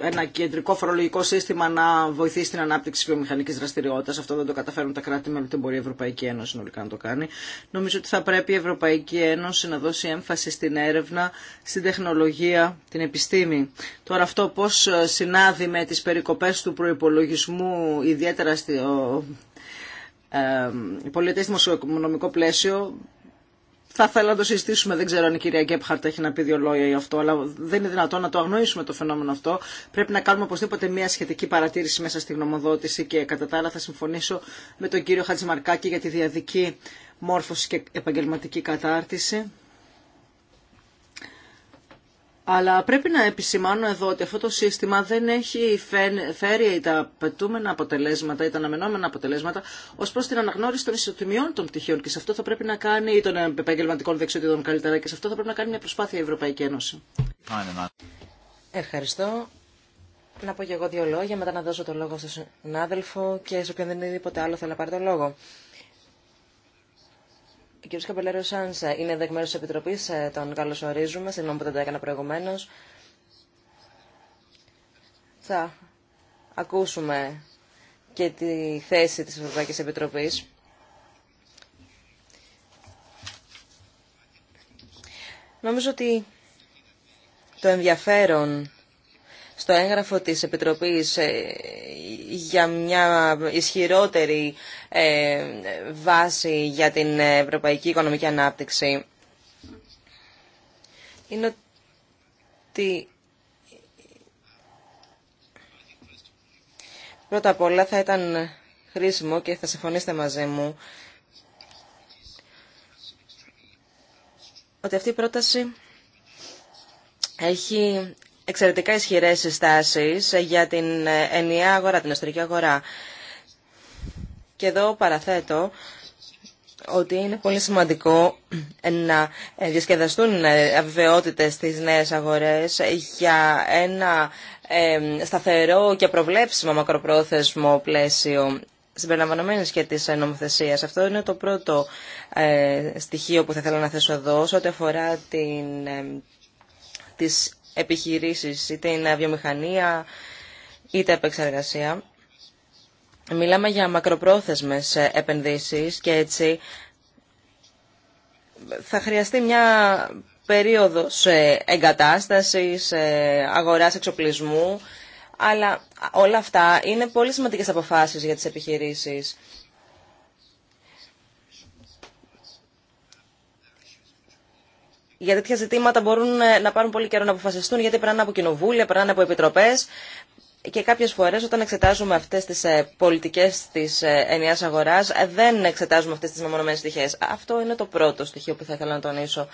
ένα κεντρικό φορολογικό σύστημα να βοηθήσει την ανάπτυξη τη βιομηχανική δραστηριότητα. Αυτό δεν το καταφέρουν τα κράτη-μέλη, δεν μπορεί η Ευρωπαϊκή Ένωση να το κάνει. Νομίζω ότι θα πρέπει η Ευρωπαϊκή Ένωση να δώσει έμφαση στην έρευνα, στην τεχνολογία, την επιστήμη. Τώρα αυτό πώ ε, συνάδει με τι περικοπέ του προπολογισμού, ιδιαίτερα στο πολιτεύσιμο οικονομικό πλαίσιο, θα ήθελα να το συζητήσουμε. Δεν ξέρω αν η κυρία Γκέπχαρτ έχει να πει δύο λόγια για αυτό, αλλά δεν είναι δυνατόν να το αγνοήσουμε το φαινόμενο αυτό. Πρέπει να κάνουμε οπωσδήποτε μια σχετική παρατήρηση μέσα στη γνωμοδότηση και κατά τα άλλα θα συμφωνήσω με τον κύριο Χατζημαρκάκη για τη διαδική μόρφωση και επαγγελματική κατάρτιση. Αλλά πρέπει να επισημάνω εδώ ότι αυτό το σύστημα δεν έχει φέρει τα απαιτούμενα αποτελέσματα ή τα αναμενόμενα αποτελέσματα ω προ την αναγνώριση των ισοτιμιών των πτυχίων. Και σε αυτό θα πρέπει να κάνει, ή των επαγγελματικών δεξιοτήτων καλύτερα, και σε αυτό θα πρέπει να κάνει μια προσπάθεια η Ευρωπαϊκή Ένωση. Ευχαριστώ. Να πω και εγώ δύο λόγια, μετά να δώσω το λόγο στον συνάδελφο και σε οποιονδήποτε άλλο θέλω να πάρει το λόγο. Ο κ. Καπελέρο Σάνσα είναι δεκμένο τη Επιτροπή. Ε, τον καλωσορίζουμε. Συγγνώμη που δεν το έκανα προηγουμένω. Θα ακούσουμε και τη θέση της Ευρωπαϊκής Επιτροπής. Νομίζω ότι το ενδιαφέρον στο έγγραφο της Επιτροπής ε, για μια ισχυρότερη ε, βάση για την ευρωπαϊκή οικονομική ανάπτυξη είναι ότι πρώτα απ' όλα θα ήταν χρήσιμο και θα συμφωνήσετε μαζί μου ότι αυτή η πρόταση έχει εξαιρετικά ισχυρέ συστάσει για την ενιαία αγορά, την εσωτερική αγορά. Και εδώ παραθέτω ότι είναι πολύ σημαντικό να διασκεδαστούν αβεβαιότητες στις νέες αγορές για ένα σταθερό και προβλέψιμο μακροπρόθεσμο πλαίσιο συμπεριλαμβανομένης και της νομοθεσίας. Αυτό είναι το πρώτο ε, στοιχείο που θα ήθελα να θέσω εδώ, σε αφορά την, τις επιχειρήσεις, είτε είναι βιομηχανία, είτε επεξεργασία. Μιλάμε για μακροπρόθεσμες επενδύσεις και έτσι θα χρειαστεί μια περίοδος εγκατάστασης, αγοράς εξοπλισμού, αλλά όλα αυτά είναι πολύ σημαντικές αποφάσεις για τις επιχειρήσεις. για τέτοια ζητήματα μπορούν ε, να πάρουν πολύ καιρό να αποφασιστούν γιατί περνάνε από κοινοβούλια, περνάνε από επιτροπές και κάποιες φορές όταν εξετάζουμε αυτές τις ε, πολιτικές τη ε, ενιαία αγορά, δεν εξετάζουμε αυτές τις μεμονωμένες στοιχείες. Αυτό είναι το πρώτο στοιχείο που θα ήθελα να τονίσω.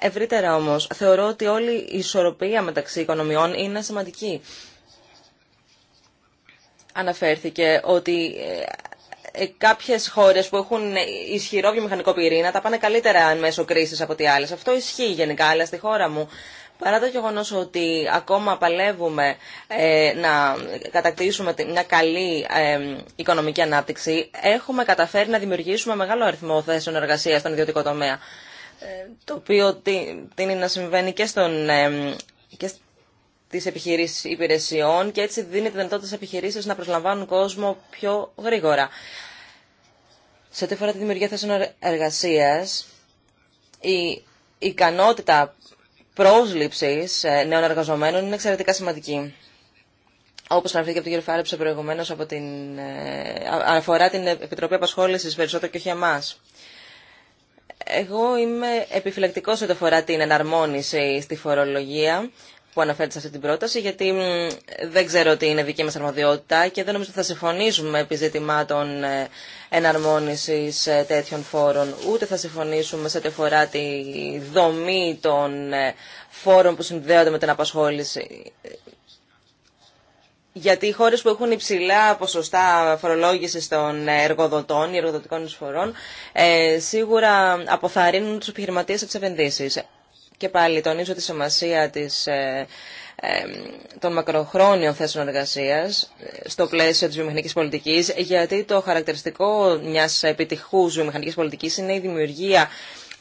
Ευρύτερα όμω, θεωρώ ότι όλη η ισορροπία μεταξύ οικονομιών είναι σημαντική. Αναφέρθηκε ότι κάποιες χώρες που έχουν ισχυρό βιομηχανικό πυρήνα τα πάνε καλύτερα εν μέσω κρίσης από τι άλλες. Αυτό ισχύει γενικά, αλλά στη χώρα μου παρά το γεγονό ότι ακόμα παλεύουμε ε, να κατακτήσουμε μια καλή ε, οικονομική ανάπτυξη, έχουμε καταφέρει να δημιουργήσουμε μεγάλο αριθμό θέσεων εργασία στον ιδιωτικό τομέα, ε, το οποίο τίνει να συμβαίνει και, στον, και στις επιχειρήσεις υπηρεσιών και έτσι δίνει τη δυνατότητα στις επιχειρήσεις να προσλαμβάνουν κόσμο πιο γρήγορα. Σε ό,τι αφορά τη δημιουργία θέσεων εργασία, η ικανότητα πρόσληψης ε, νέων εργαζομένων είναι εξαιρετικά σημαντική. Όπως αναφέρθηκε από τον κύριο Φάρεψε προηγουμένω, από ε, αφορά την Επιτροπή Απασχόληση περισσότερο και όχι εμάς. Εγώ είμαι επιφυλακτικός ό,τι αφορά την εναρμόνιση στη φορολογία που αναφέρεται σε αυτή την πρόταση, γιατί δεν ξέρω ότι είναι δική μας αρμοδιότητα και δεν νομίζω ότι θα συμφωνήσουμε επί ζητημάτων ε, εναρμόνισης ε, τέτοιων φόρων, ούτε θα συμφωνήσουμε σε ό,τι αφορά τη δομή των ε, φόρων που συνδέονται με την απασχόληση. Γιατί οι χώρες που έχουν υψηλά ποσοστά φορολόγηση των εργοδοτών ή εργοδοτικών εισφορών σίγουρα αποθαρρύνουν τους επιχειρηματίες από και πάλι τονίζω τη σημασία της, ε, ε, των μακροχρόνιων θέσεων εργασία ε, στο πλαίσιο της βιομηχανικής πολιτικής, γιατί το χαρακτηριστικό μιας επιτυχούς βιομηχανικής πολιτικής είναι η δημιουργία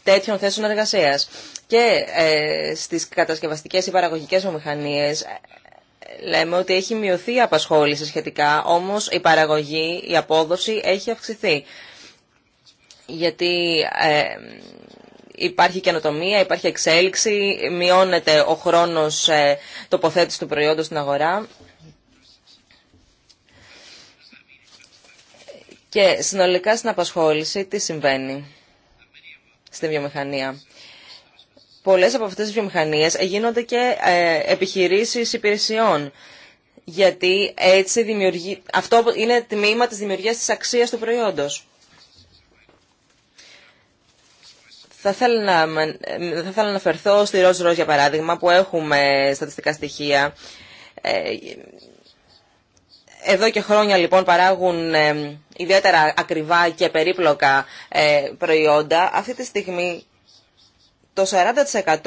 τέτοιων θέσεων εργασίας. Και ε, στις κατασκευαστικές ή παραγωγικές βιομηχανίες λέμε ότι έχει μειωθεί η απασχόληση σχετικά, όμως η παραγωγή, η απόδοση έχει αυξηθεί. Γιατί υπάρχει καινοτομία, υπάρχει εξέλιξη, μειώνεται ο χρόνος ε, τοποθέτησης του προϊόντος στην αγορά. Και συνολικά στην απασχόληση τι συμβαίνει στην βιομηχανία. Πολλές από αυτές τις βιομηχανίες γίνονται και ε, επιχειρήσεις υπηρεσιών. Γιατί έτσι δημιουργεί... αυτό είναι τμήμα της δημιουργίας της αξίας του προϊόντος. Θα ήθελα να, ε, θα να αναφερθώ στη Ροζ Ροζ για παράδειγμα που έχουμε στατιστικά στοιχεία. Ε, εδώ και χρόνια λοιπόν παράγουν ε, ιδιαίτερα ακριβά και περίπλοκα προϊόντα. Αυτή τη στιγμή το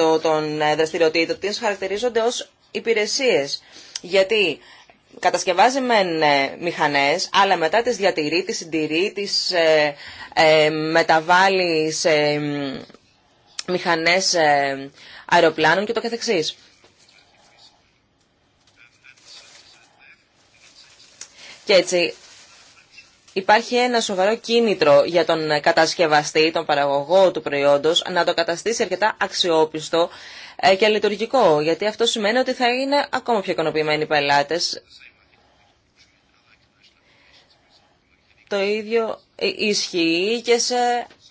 40% των δραστηριοτήτων τις χαρακτηρίζονται ως υπηρεσίες. Γιατί κατασκευάζει με ε, μηχανές, αλλά μετά τις διατηρεί, τις συντηρεί, τις ε, ε μεταβάλλει σε μηχανές ε, αεροπλάνων και το καθεξής. Και έτσι υπάρχει ένα σοβαρό κίνητρο για τον κατασκευαστή, τον παραγωγό του προϊόντος, να το καταστήσει αρκετά αξιόπιστο και λειτουργικό, γιατί αυτό σημαίνει ότι θα είναι ακόμα πιο οικονοποιημένοι οι πελάτες Το ίδιο ε, ισχύει και σε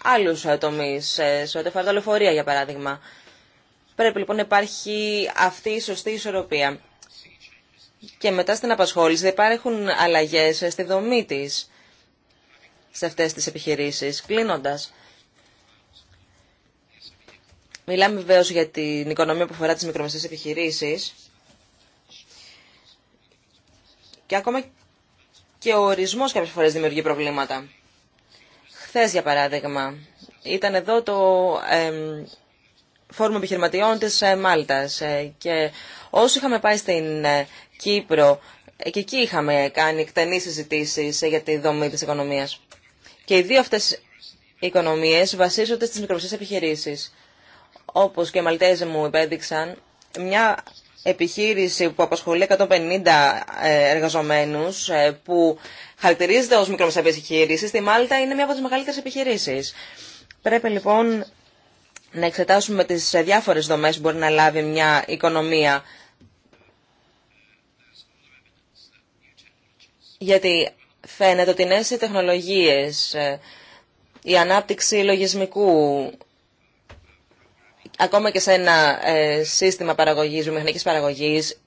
άλλους τομεί, ε, σε ό,τι αφορά για παράδειγμα. Πρέπει λοιπόν να υπάρχει αυτή η σωστή ισορροπία. Και μετά στην απασχόληση δεν υπάρχουν αλλαγέ στη δομή της σε αυτές τις επιχειρήσεις. Κλείνοντας, μιλάμε βεβαίω για την οικονομία που αφορά τι μικρομεσαίες επιχειρήσει. και ακόμα και ο ορισμός κάποιες φορές δημιουργεί προβλήματα. Χθες, για παράδειγμα, ήταν εδώ το ε, Φόρουμ Επιχειρηματιών της ε, Μάλτας ε, και όσοι είχαμε πάει στην ε, Κύπρο και εκεί είχαμε κάνει εκτενείς συζητήσει για τη δομή της οικονομίας. Και οι δύο αυτές οι οικονομίες βασίζονται στις μικρομεσαίες επιχειρήσεις. Όπως και οι Μαλτέζοι μου υπέδειξαν, μια επιχείρηση που απασχολεί 150 ε, εργαζομένους ε, που χαρακτηρίζεται ως μικρομεσαία επιχείρηση στη Μάλτα είναι μια από τις μεγαλύτερες επιχειρήσεις. Πρέπει λοιπόν να εξετάσουμε τις ε, διάφορες δομές που μπορεί να λάβει μια οικονομία γιατί φαίνεται ότι οι νέες τεχνολογίες, η ανάπτυξη λογισμικού ακόμα και σε ένα ε, σύστημα παραγωγής, βιομηχανικής παραγωγής,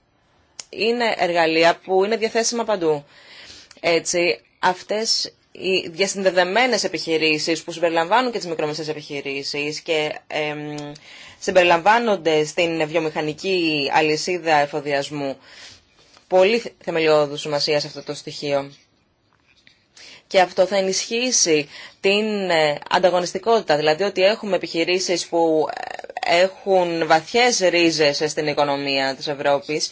είναι εργαλεία που είναι διαθέσιμα παντού. Έτσι, αυτές οι διασυνδεδεμένες επιχειρήσεις που συμπεριλαμβάνουν και τις μικρομεσαίες επιχειρήσεις και συμπεριλαμβάνονται στην βιομηχανική αλυσίδα εφοδιασμού. Πολύ θεμελιώδου σημασία σε αυτό το στοιχείο και αυτό θα ενισχύσει την ε, ανταγωνιστικότητα, δηλαδή ότι έχουμε επιχειρήσεις που ε, έχουν βαθιές ρίζες στην οικονομία της Ευρώπης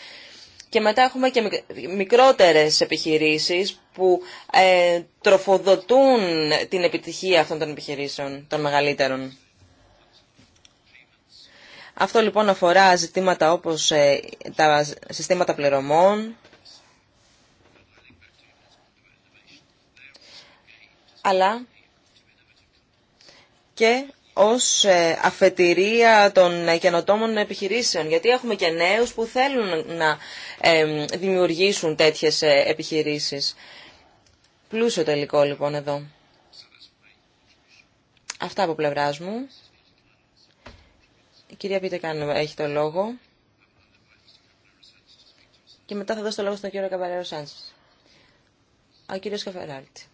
και μετά έχουμε και μικρότερες επιχειρήσεις που ε, τροφοδοτούν την επιτυχία αυτών των επιχειρήσεων, των μεγαλύτερων. Αυτό λοιπόν αφορά ζητήματα όπως τα συστήματα πληρωμών, αλλά και ως ε, αφετηρία των καινοτόμων επιχειρήσεων. Γιατί έχουμε και νέους που θέλουν να δημιουργήσουν τέτοιες ε, επιχειρήσεις. Πλούσιο τελικό λοιπόν εδώ. Αυτά από πλευράς μου. Η κυρία Πίτεκαν έχει το λόγο. Και μετά θα δώσω το λόγο στον κύριο Καβαρέρο Σάντσες. Ο κύριος Καφεράλτη.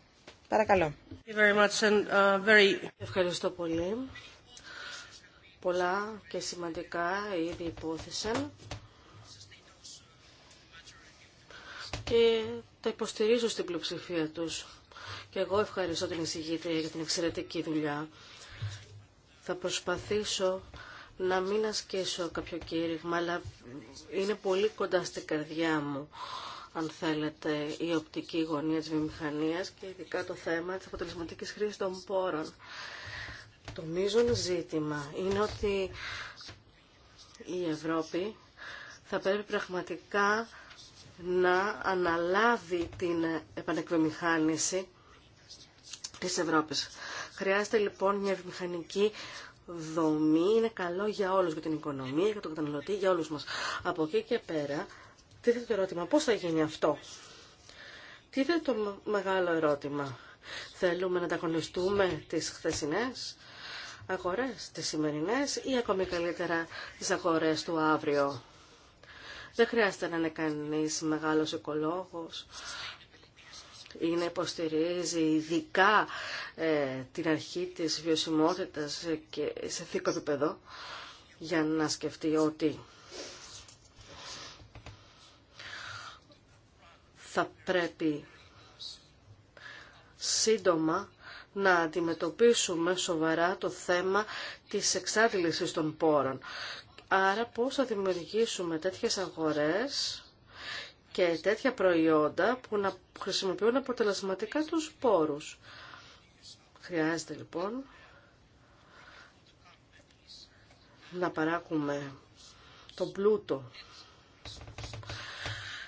Παρακαλώ. Uh, ευχαριστώ πολύ. Πολλά και σημαντικά ήδη υπόθεσαν. Και τα υποστηρίζω στην πλειοψηφία τους. Και εγώ ευχαριστώ την εισηγήτρια για την εξαιρετική δουλειά. Θα προσπαθήσω να μην ασκήσω κάποιο κήρυγμα, αλλά είναι πολύ κοντά στην καρδιά μου αν θέλετε, η οπτική γωνία της βιομηχανίας και ειδικά το θέμα της αποτελεσματικής χρήσης των πόρων. Το μείζον ζήτημα είναι ότι η Ευρώπη θα πρέπει πραγματικά να αναλάβει την επανεκβιομηχάνηση της Ευρώπης. Χρειάζεται λοιπόν μια βιομηχανική δομή, είναι καλό για όλους, για την οικονομία, για τον καταναλωτή, για όλους μας. Από εκεί και πέρα Τίθεται το ερώτημα πώς θα γίνει αυτό. Τίθεται το μεγάλο ερώτημα. Θέλουμε να ανταγωνιστούμε τις χθεσινές αγορές, τις σημερινές ή ακόμη καλύτερα τις αγορές του αύριο. Δεν χρειάζεται να είναι κανείς μεγάλος οικολόγος ή να υποστηρίζει ειδικά ε, την αρχή της βιωσιμότητας και σε θήκο επίπεδο για να σκεφτεί ότι θα πρέπει σύντομα να αντιμετωπίσουμε σοβαρά το θέμα της εξάντλησης των πόρων. Άρα πώς θα δημιουργήσουμε τέτοιες αγορές και τέτοια προϊόντα που να χρησιμοποιούν αποτελεσματικά τους πόρους. Χρειάζεται λοιπόν να παράκουμε τον πλούτο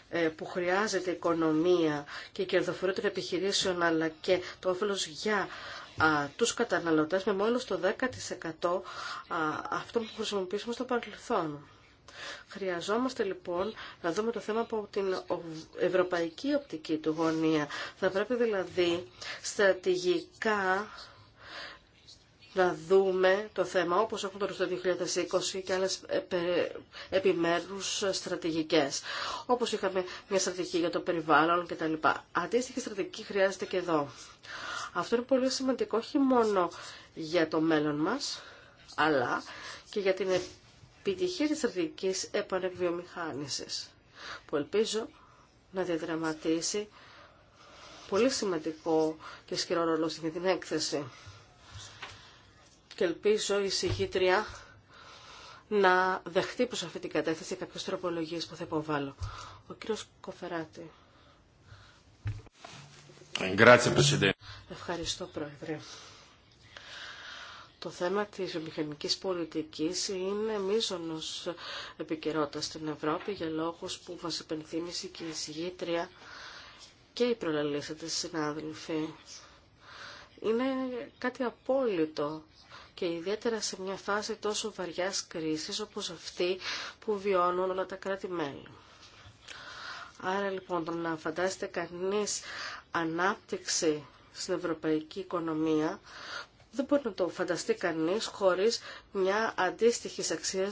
ε, που χρειάζεται οικονομία και η κερδοφορία των επιχειρήσεων αλλά και το όφελος για τους καταναλωτές με μόλις το 10% αυτό που χρησιμοποιήσουμε στο παρελθόν. Χρειαζόμαστε λοιπόν να δούμε το θέμα από την ευρωπαϊκή οπτική του γωνία. Θα πρέπει δηλαδή στρατηγικά να δούμε το θέμα όπως έχουν το το 2020 και άλλες ε, επιμέρους στρατηγικές. Όπως είχαμε μια στρατηγική για το περιβάλλον κτλ. Αντίστοιχη στρατηγική χρειάζεται και εδώ. Αυτό είναι πολύ σημαντικό όχι μόνο για το μέλλον μας, αλλά και για την επιτυχία της στρατηγικής επανεκβιομηχάνησης, που ελπίζω να διαδραματίσει πολύ σημαντικό και ισχυρό ρόλο στην την έκθεση και ελπίζω η συγχύτρια να δεχτεί προς αυτή την κατεύθυνση κάποιες τροπολογίες που θα υποβάλω. Ο κύριος Κοφεράτη. Ευχαριστώ, Πρόεδρε. Το θέμα της βιομηχανικής πολιτικής είναι μίζωνος επικαιρότητα στην Ευρώπη για λόγους που μας υπενθύμησε και η Συγχύτρια και η προλαλήσατε συνάδελφοι. Είναι κάτι απόλυτο και ιδιαίτερα σε μια φάση τόσο βαριάς κρίσης όπως αυτή που βιώνουν όλα τα κράτη-μέλη. Άρα λοιπόν το να φαντάζεται κανείς ανάπτυξη στην ευρωπαϊκή οικονομία δεν μπορεί να το φανταστεί κανείς χωρίς μια αντίστοιχη αξία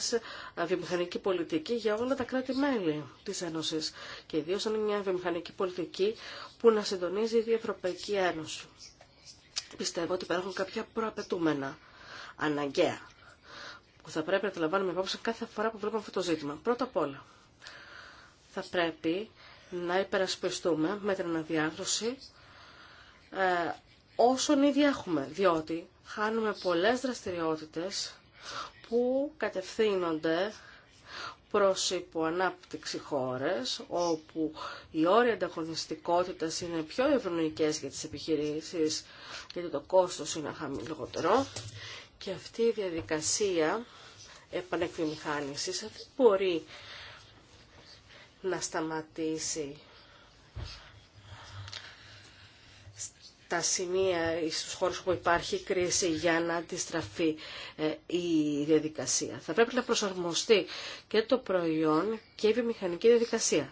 βιομηχανική πολιτική για όλα τα κράτη-μέλη της Ένωσης και ιδίως είναι μια βιομηχανική πολιτική που να συντονίζει η Ευρωπαϊκή Ένωση. Πιστεύω ότι υπάρχουν κάποια προαπαιτούμενα αναγκαία που θα πρέπει να τα λαμβάνουμε υπόψη κάθε φορά που βλέπουμε αυτό το ζήτημα. Πρώτα απ' όλα, θα πρέπει να υπερασπιστούμε με την αναδιάρθρωση ε, όσον ήδη έχουμε, διότι χάνουμε πολλές δραστηριότητες που κατευθύνονται προς υποανάπτυξη χώρες, όπου οι όροι ανταγωνιστικότητας είναι πιο ευνοϊκές για τις επιχειρήσεις, γιατί το κόστος είναι χαμηλότερο και αυτή η διαδικασία επανεκβιομηχάνησης δεν μπορεί να σταματήσει τα σημεία ή στους χώρους που υπάρχει κρίση για να αντιστραφεί ε, η διαδικασία. Θα πρέπει να προσαρμοστεί και το προϊόν και η βιομηχανική διαδικασία.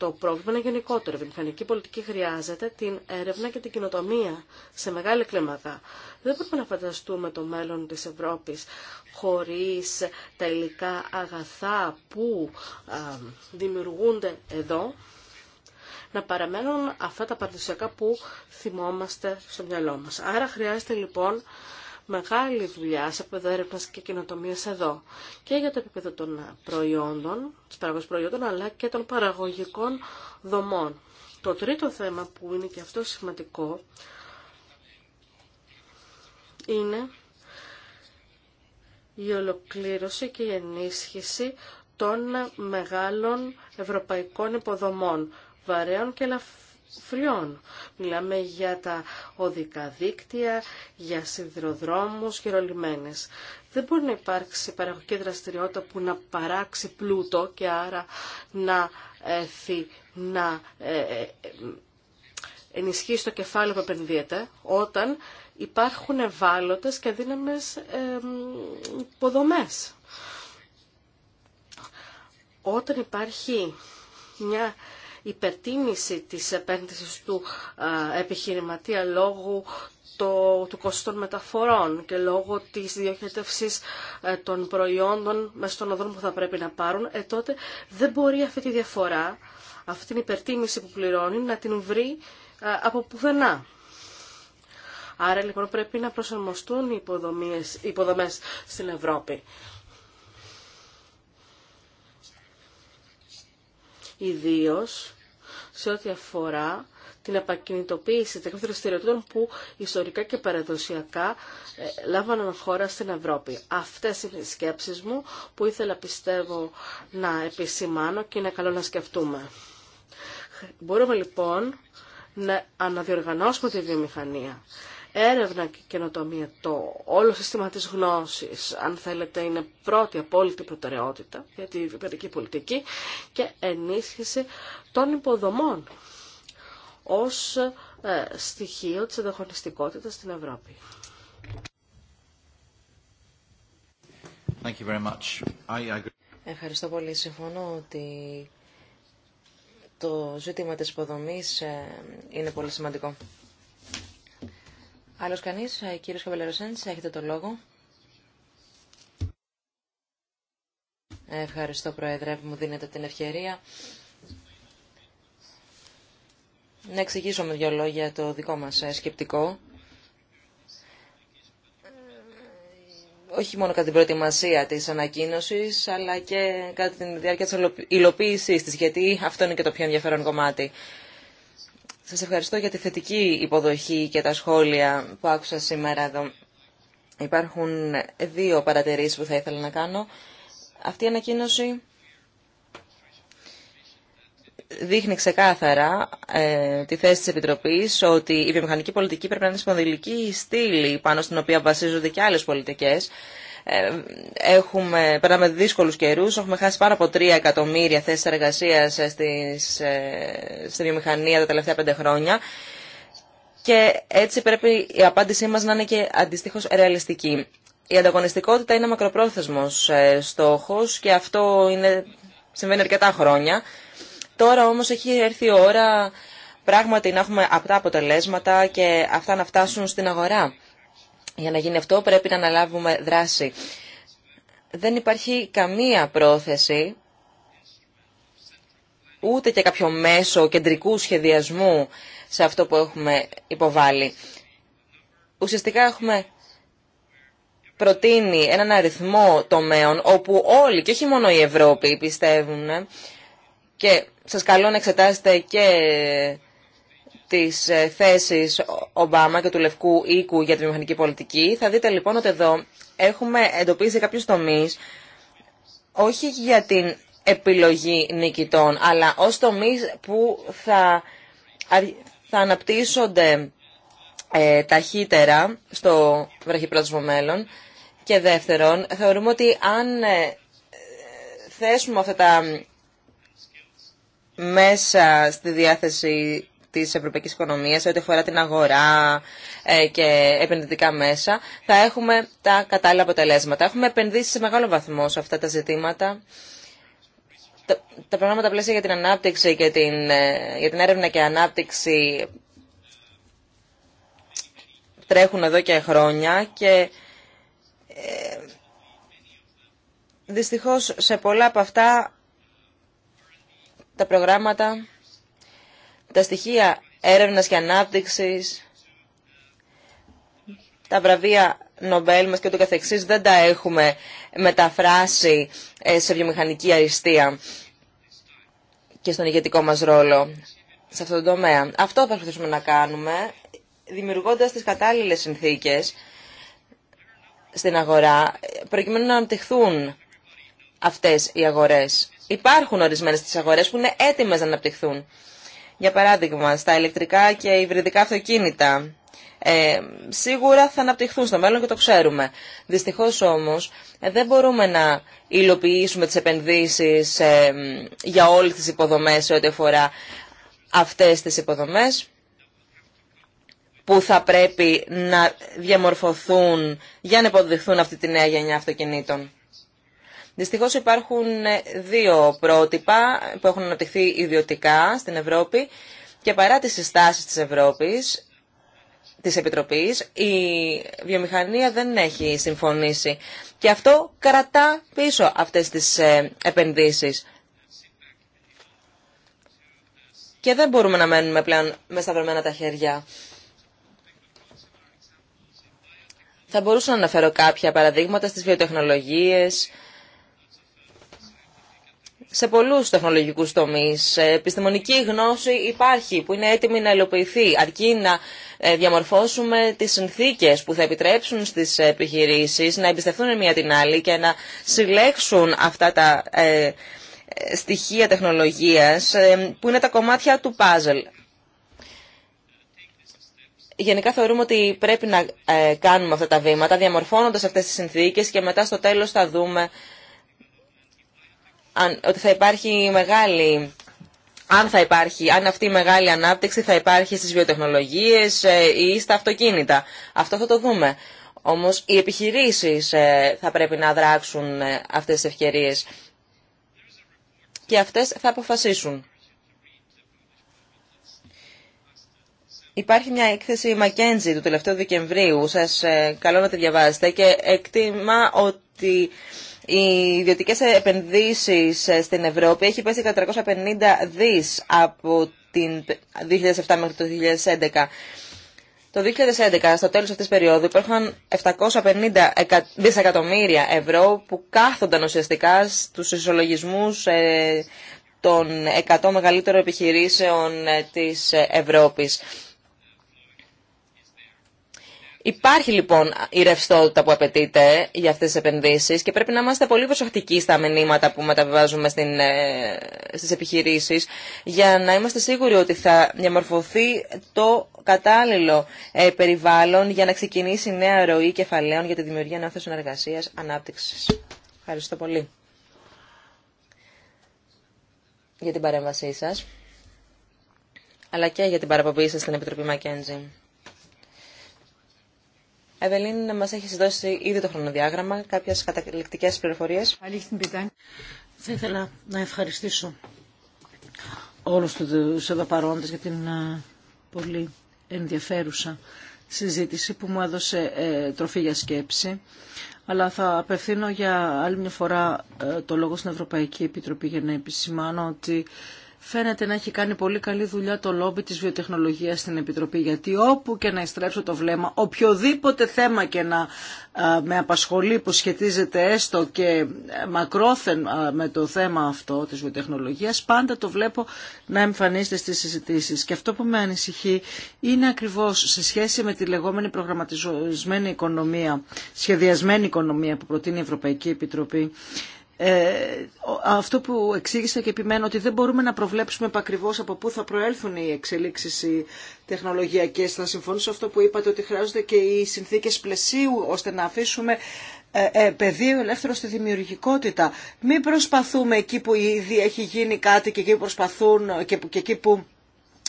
Το πρόβλημα είναι γενικότερο. Η μηχανική πολιτική χρειάζεται την έρευνα και την κοινοτομία σε μεγάλη κλίμακα. Δεν μπορούμε να φανταστούμε το μέλλον της Ευρώπης χωρίς τα υλικά αγαθά που δημιουργούνται εδώ να παραμένουν αυτά τα παραδοσιακά που θυμόμαστε στο μυαλό μας. Άρα χρειάζεται λοιπόν μεγάλη δουλειά σε επίπεδο έρευνα και καινοτομία εδώ και για το επίπεδο των προϊόντων, τη παραγωγή προϊόντων, αλλά και των παραγωγικών δομών. Το τρίτο θέμα που είναι και αυτό σημαντικό είναι η ολοκλήρωση και η ενίσχυση των μεγάλων ευρωπαϊκών υποδομών, βαρέων και ελαφρών φριών. Μιλάμε για τα οδικά δίκτυα, για σιδηροδρόμους και Δεν μπορεί να υπάρξει παραγωγική δραστηριότητα που να παράξει πλούτο και άρα να, να ε, ε, ενισχύσει το κεφάλαιο που επενδύεται όταν υπάρχουν ευάλωτες και δύναμες ε, υποδομές. Όταν υπάρχει μια υπερτίμηση της επένδυσης του επιχειρηματία λόγω του κόστου μεταφορών και λόγω της διοχέτευσης ε, των προϊόντων μέσα στον οδών που θα πρέπει να πάρουν, ε, τότε δεν μπορεί αυτή τη διαφορά, αυτή την υπερτίμηση που πληρώνει, να την βρει ε, από πουθενά. Άρα λοιπόν πρέπει να προσαρμοστούν οι υποδομές, οι υποδομές στην Ευρώπη. ιδίω σε ό,τι αφορά την επακινητοποίηση των δραστηριοτήτων που ιστορικά και παραδοσιακά ε, λάβαναν χώρα στην Ευρώπη. Αυτές είναι οι σκέψεις μου που ήθελα πιστεύω να επισημάνω και είναι καλό να σκεφτούμε. Μπορούμε λοιπόν να αναδιοργανώσουμε τη βιομηχανία έρευνα και καινοτομία, το όλο σύστημα της γνώσης, αν θέλετε, είναι πρώτη απόλυτη προτεραιότητα για την πολιτική και ενίσχυση των υποδομών ως ε, στοιχείο της ανταγωνιστικότητας στην Ευρώπη. Thank you very much. I... Ευχαριστώ πολύ. Συμφωνώ ότι το ζήτημα της υποδομής ε, είναι πολύ σημαντικό αλλο κανεί, ε, κύριο Καβελεροσέντης, έχετε το λόγο. Ευχαριστώ, Πρόεδρε, που μου δίνετε την ευκαιρία να εξηγήσω με δύο λόγια το δικό μας ε, σκεπτικό. όχι μόνο κατά την προετοιμασία της ανακοίνωσης, αλλά και κατά την διάρκεια της υλοποίησής της, γιατί αυτό είναι και το πιο ενδιαφέρον κομμάτι. Σας ευχαριστώ για τη θετική υποδοχή και τα σχόλια που άκουσα σήμερα εδώ. Υπάρχουν δύο παρατηρήσεις που θα ήθελα να κάνω. Αυτή η ανακοίνωση δείχνει ξεκάθαρα ε, τη θέση της Επιτροπής ότι η βιομηχανική πολιτική πρέπει να είναι σπονδυλική στήλη πάνω στην οποία βασίζονται και άλλες πολιτικές ε, έχουμε, περνάμε δύσκολους καιρούς, έχουμε χάσει πάνω από 3 εκατομμύρια θέσεις εργασίας ε, στις, ε, στη βιομηχανία τα τελευταία πέντε χρόνια. Και έτσι πρέπει η απάντησή μας να είναι και αντιστοίχως ρεαλιστική. Η ανταγωνιστικότητα είναι μακροπρόθεσμος στόχος και αυτό είναι, συμβαίνει αρκετά χρόνια. Τώρα όμως έχει έρθει η ώρα πράγματι να έχουμε αυτά αποτελέσματα και αυτά να φτάσουν στην αγορά. Για να γίνει αυτό πρέπει να αναλάβουμε δράση. Δεν υπάρχει καμία πρόθεση, ούτε και κάποιο μέσο κεντρικού σχεδιασμού σε αυτό που έχουμε υποβάλει. Ουσιαστικά έχουμε προτείνει έναν αριθμό τομέων όπου όλοι και όχι μόνο οι Ευρώπη πιστεύουν και σας καλώ να εξετάσετε και τις ε, θέσεις Ομπάμα και του Λευκού Οίκου για τη μηχανική πολιτική, θα δείτε λοιπόν ότι εδώ έχουμε εντοπίσει κάποιους τομείς, όχι για την επιλογή νικητών, αλλά ως τομείς που θα, θα αναπτύσσονται ε, ταχύτερα στο βραχυπρόθεσμο μέλλον. Και δεύτερον, θεωρούμε ότι αν ε, θέσουμε αυτά τα μέσα στη διάθεση Τη Ευρωπαϊκή οικονομία, σε ό,τι αφορά την αγορά ε, και επενδυτικά μέσα, θα έχουμε τα κατάλληλα αποτελέσματα. Έχουμε επενδύσει σε μεγάλο βαθμό σε αυτά τα ζητήματα. Τα, προγράμματα πλαίσια για την ανάπτυξη και την, ε, για την έρευνα και ανάπτυξη τρέχουν εδώ και χρόνια και ε, δυστυχώς σε πολλά από αυτά τα προγράμματα τα στοιχεία έρευνας και ανάπτυξης, τα βραβεία Νομπέλ μας και το καθεξής δεν τα έχουμε μεταφράσει ε, σε βιομηχανική αριστεία και στον ηγετικό μας ρόλο σε αυτόν τον τομέα. Αυτό θα προσπαθήσουμε να κάνουμε, δημιουργώντας τις κατάλληλες συνθήκες στην αγορά, προκειμένου να αναπτυχθούν αυτές οι αγορές. Υπάρχουν ορισμένες τις αγορές που είναι έτοιμες να αναπτυχθούν. Για παράδειγμα, στα ηλεκτρικά και υβριδικά αυτοκίνητα. Ε, σίγουρα θα αναπτυχθούν στο μέλλον και το ξέρουμε. Δυστυχώς όμως δεν μπορούμε να υλοποιήσουμε τις επενδύσεις ε, για όλες τις υποδομές σε ό,τι αφορά αυτές τις υποδομές που θα πρέπει να διαμορφωθούν για να υποδειχθούν αυτή τη νέα γενιά αυτοκινήτων. Δυστυχώ υπάρχουν ε, δύο πρότυπα που έχουν αναπτυχθεί ιδιωτικά στην Ευρώπη και παρά τις συστάσεις της Ευρώπης, της Επιτροπής, η βιομηχανία δεν έχει συμφωνήσει. Και αυτό κρατά πίσω αυτές τις ε, επενδύσεις. Και δεν μπορούμε να μένουμε πλέον με σταυρωμένα τα χέρια. Θα μπορούσα να αναφέρω κάποια παραδείγματα στις βιοτεχνολογίες, σε πολλούς τεχνολογικούς τομείς. Ε, επιστημονική γνώση υπάρχει που είναι έτοιμη να υλοποιηθεί αρκεί να ε, διαμορφώσουμε τις συνθήκες που θα επιτρέψουν στις επιχειρήσεις να εμπιστευτούν μία την άλλη και να συλλέξουν αυτά τα ε, στοιχεία τεχνολογίας που είναι τα κομμάτια του πάζελ. Γενικά θεωρούμε ότι πρέπει να κάνουμε αυτά τα βήματα διαμορφώνοντας αυτές τις συνθήκες και μετά στο τέλος θα δούμε αν, ότι θα υπάρχει μεγάλη... Αν θα υπάρχει, αν αυτή η μεγάλη ανάπτυξη θα υπάρχει στις βιοτεχνολογίες ε, ή στα αυτοκίνητα. Αυτό θα το δούμε. Όμως οι επιχειρήσεις ε, θα πρέπει να δράξουν ε, αυτές τις ευκαιρίες. Και αυτές θα αποφασίσουν. Υπάρχει μια έκθεση McKenzie του τελευταίου Δεκεμβρίου. Σας καλώ να τη διαβάσετε και εκτιμά ότι οι ιδιωτικέ επενδύσει ε, στην Ευρώπη έχει πέσει κατά 350 δι από την 2007 μέχρι το 2011. Το 2011, στο τέλος αυτής της περίοδου, υπήρχαν 750 δισεκατομμύρια ευρώ που κάθονταν ουσιαστικά στους ισολογισμούς ε, των 100 μεγαλύτερων επιχειρήσεων ε, της Ευρώπης. Υπάρχει λοιπόν η ρευστότητα που απαιτείται για αυτές τις επενδύσεις και πρέπει να είμαστε πολύ προσεκτικοί στα μηνύματα που μεταβιβάζουμε στην, ε, στις επιχειρήσεις για να είμαστε σίγουροι ότι θα διαμορφωθεί το κατάλληλο ε, περιβάλλον για να ξεκινήσει νέα ροή κεφαλαίων για τη δημιουργία νέων θέσεων εργασίας ανάπτυξης. Ευχαριστώ πολύ για την παρέμβασή σας αλλά και για την παραπομπή σας στην Επιτροπή Μακέντζη. Ευελίν, μας έχει δώσει ήδη το χρονοδιάγραμμα, κάποιε καταληκτικές πληροφορίε. Θα ήθελα να ευχαριστήσω όλους τους εδώ παρόντες για την ε, πολύ ενδιαφέρουσα συζήτηση που μου έδωσε ε, τροφή για σκέψη. Αλλά θα απευθύνω για άλλη μια φορά ε, το λόγο στην Ευρωπαϊκή Επιτροπή για να επισημάνω ότι φαίνεται να έχει κάνει πολύ καλή δουλειά το λόμπι της βιοτεχνολογίας στην Επιτροπή, γιατί όπου και να ειστρέψω το βλέμμα, οποιοδήποτε θέμα και να με απασχολεί που σχετίζεται έστω και ε, μακρόθεν με το θέμα αυτό της βιοτεχνολογίας, πάντα το βλέπω να εμφανίζεται στις συζητήσεις. Και αυτό που με ανησυχεί είναι ακριβώς σε σχέση με τη λεγόμενη προγραμματισμένη οικονομία, σχεδιασμένη οικονομία που προτείνει η Ευρωπαϊκή Επιτροπή, ε, αυτό που εξήγησα και επιμένω ότι δεν μπορούμε να προβλέψουμε επακριβώς από πού ακριβώ οι τεχνολογιακές. Θα συμφωνήσω αυτό που είπατε ότι χρειάζονται και οι συνθήκες πλαισίου ώστε να αφήσουμε ε, ε, πεδίο ελεύθερο στη δημιουργικότητα. Μην προσπαθούμε εκεί που ήδη έχει γίνει κάτι και εκεί που προσπαθούν και εκεί που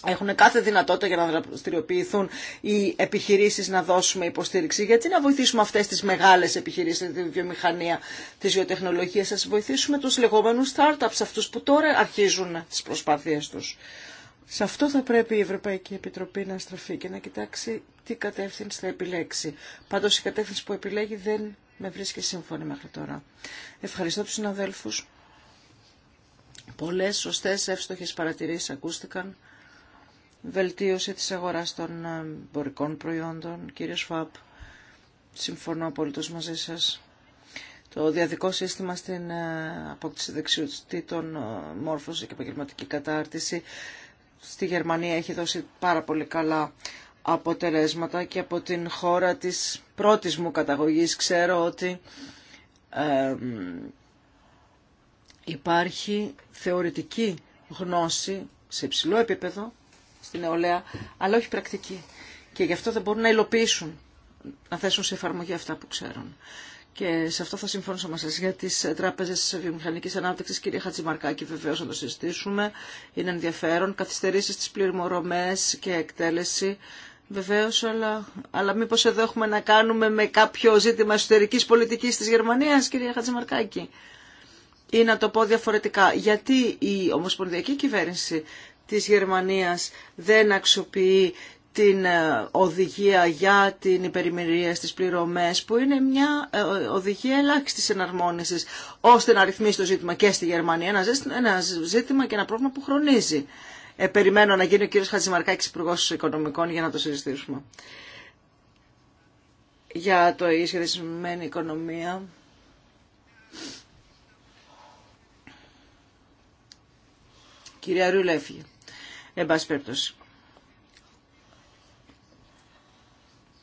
έχουν κάθε δυνατότητα για να δραστηριοποιηθούν οι επιχειρήσεις να δώσουμε υποστήριξη. Γιατί να βοηθήσουμε αυτές τις μεγάλες επιχειρήσεις, τη βιομηχανία, τη βιοτεχνολογία, να βοηθήσουμε τους λεγόμενους startups, αυτούς που τώρα αρχίζουν τις προσπάθειές τους. Σε αυτό θα πρέπει η Ευρωπαϊκή Επιτροπή να στραφεί και να κοιτάξει τι κατεύθυνση θα επιλέξει. Πάντως η κατεύθυνση που επιλέγει δεν με βρίσκει σύμφωνη μέχρι τώρα. Ευχαριστώ τους συναδέλφους. Πολλές σωστές εύστοχες παρατηρήσεις ακούστηκαν βελτίωση της αγοράς των ε, εμπορικών προϊόντων. Κύριε Σφάπ, συμφωνώ απολύτως μαζί σας. Το διαδικό σύστημα στην ε, απόκτηση δεξιοτήτων, ε, μόρφωση και επαγγελματική κατάρτιση στη Γερμανία έχει δώσει πάρα πολύ καλά αποτελέσματα και από την χώρα της πρώτης μου καταγωγής ξέρω ότι υπάρχει θεωρητική γνώση σε υψηλό επίπεδο στην νεολαία, αλλά όχι πρακτική. Και γι' αυτό δεν μπορούν να υλοποιήσουν, να θέσουν σε εφαρμογή αυτά που ξέρουν. Και σε αυτό θα συμφωνήσω μαζί σα για τι ε, τράπεζε βιομηχανική ανάπτυξη, κυρία Χατζημαρκάκη, βεβαίω να το συζητήσουμε. Είναι ενδιαφέρον. Καθυστερήσει στι πληρωμορομέ και εκτέλεση. Βεβαίω, αλλά, αλλά μήπω εδώ έχουμε να κάνουμε με κάποιο ζήτημα εσωτερική πολιτική τη Γερμανία, κυρία Χατζημαρκάκη. Ή να το πω διαφορετικά. Γιατί η Ομοσπονδιακή Κυβέρνηση της Γερμανίας δεν αξιοποιεί την ε, οδηγία για την υπερημερία στις πληρωμές που είναι μια ε, οδηγία ελάχιστης εναρμόνισης ώστε να ρυθμίσει το ζήτημα και στη Γερμανία ένα ζήτημα και ένα πρόβλημα που χρονίζει. Ε, περιμένω να γίνει ο κύριος Χατζημαρκάκης υπουργός Οικονομικών για να το συζητήσουμε. Για το ισχυρισμένη οικονομία. Κυρία ρουλέφη. Εν πάση περιπτώσει.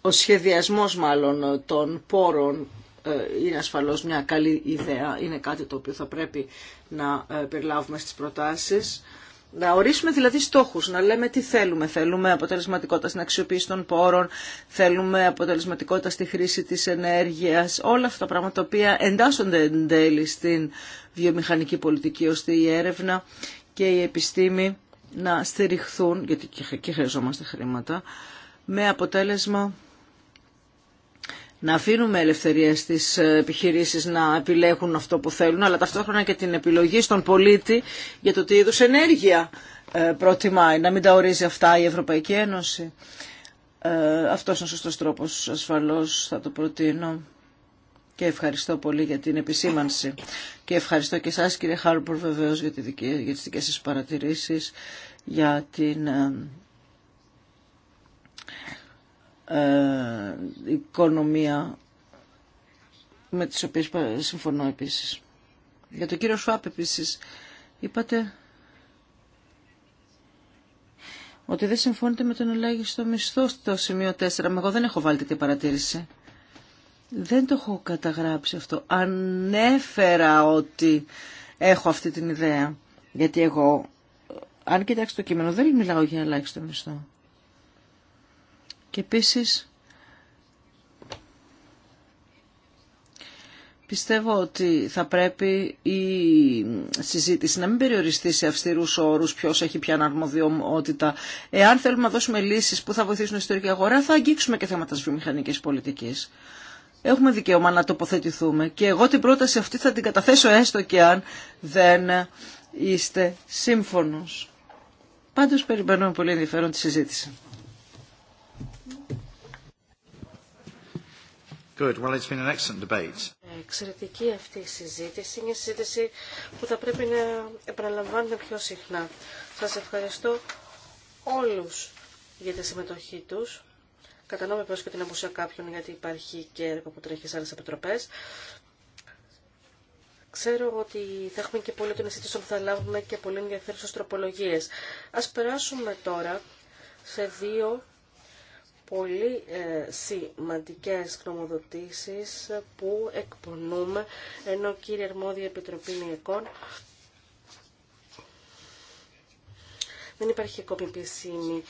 Ο σχεδιασμός μάλλον των πόρων ε, είναι ασφαλώς μια καλή ιδέα, είναι κάτι το οποίο θα πρέπει να ε, περιλάβουμε στις προτάσεις. Να ορίσουμε δηλαδή στόχους, να λέμε τι θέλουμε. Θέλουμε αποτελεσματικότητα στην αξιοποίηση των πόρων, θέλουμε αποτελεσματικότητα στη χρήση της ενέργειας, όλα αυτά τα πράγματα τα εντάσσονται εν τέλει στην βιομηχανική πολιτική, ώστε η έρευνα και η επιστήμη να στηριχθούν, γιατί και χρειαζόμαστε χρήματα, με αποτέλεσμα να αφήνουμε ελευθερία στις ε, επιχειρήσεις να επιλέγουν αυτό που θέλουν, αλλά ταυτόχρονα και την επιλογή στον πολίτη για το τι είδους ενέργεια ε, προτιμάει, να μην τα ορίζει αυτά η Ευρωπαϊκή Ένωση. Ε, αυτός είναι ο σωστός τρόπος, ασφαλώς θα το προτείνω και ευχαριστώ πολύ για την επισήμανση. Και ευχαριστώ και εσάς κύριε Χάρμπορ βεβαίως για, για τις δικές σας παρατηρήσεις, για την ε, ε, οικονομία με τις οποίες συμφωνώ επίσης. Για τον κύριο Σουάπ επίσης είπατε ότι δεν συμφωνείτε με τον ελάχιστο μισθό στο σημείο 4. Μα εγώ δεν έχω βάλει τέτοια παρατήρηση. Δεν το έχω καταγράψει αυτό. Ανέφερα ότι έχω αυτή την ιδέα. Γιατί εγώ, αν κοιτάξει το κείμενο, δεν μιλάω για ελάχιστο μισθό. Και επίση. Πιστεύω ότι θα πρέπει η συζήτηση να μην περιοριστεί σε αυστηρούς όρους ποιος έχει πια αναρμοδιότητα. Εάν θέλουμε να δώσουμε λύσεις που θα βοηθήσουν την ιστορική αγορά θα αγγίξουμε και θέματα της βιομηχανικής πολιτικής. Έχουμε δικαίωμα να τοποθετηθούμε και εγώ την πρόταση αυτή θα την καταθέσω έστω και αν δεν είστε σύμφωνος. Πάντως περιμένουμε πολύ ενδιαφέρον τη συζήτηση. Good. Well, it's been an excellent debate. Εξαιρετική αυτή η συζήτηση. Είναι Μια συζήτηση που θα πρέπει να επαναλαμβάνεται πιο συχνά. Σας ευχαριστώ όλους για τη συμμετοχή τους. Κατανοούμε πως και την απουσία κάποιων γιατί υπάρχει και έργο που τρέχει σε άλλες επιτροπές. Ξέρω ότι θα έχουμε και πολύ των εισήτησεων που θα λάβουμε και πολύ ενδιαφέρουσε τροπολογίες. Ας περάσουμε τώρα σε δύο πολύ ε, σημαντικές γνωμοδοτήσεις που εκπονούμε ενώ κύριε Αρμόδια Επιτροπή Νιεκών δεν υπάρχει ακόμη επίσημη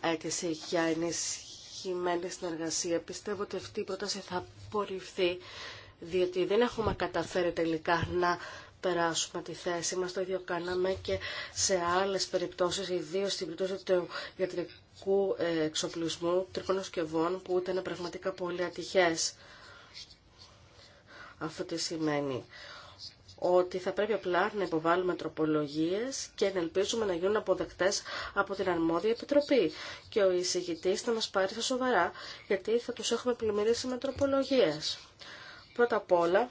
αίτηση για ενισχυμένη συνεργασία. Πιστεύω ότι αυτή η πρόταση θα απορριφθεί, διότι δεν έχουμε καταφέρει τελικά να περάσουμε τη θέση μας. Το ίδιο κάναμε και σε άλλες περιπτώσεις, ιδίως στην περίπτωση του ιατρικού ε, εξοπλισμού τρικών που ήταν πραγματικά πολύ ατυχές. Αυτό τι σημαίνει ότι θα πρέπει απλά να υποβάλουμε τροπολογίες και να ελπίζουμε να γίνουν αποδεκτές από την αρμόδια επιτροπή. Και ο εισηγητής θα μας πάρει στα σοβαρά, γιατί θα τους έχουμε πλημμυρίσει με τροπολογίες. Πρώτα απ' όλα,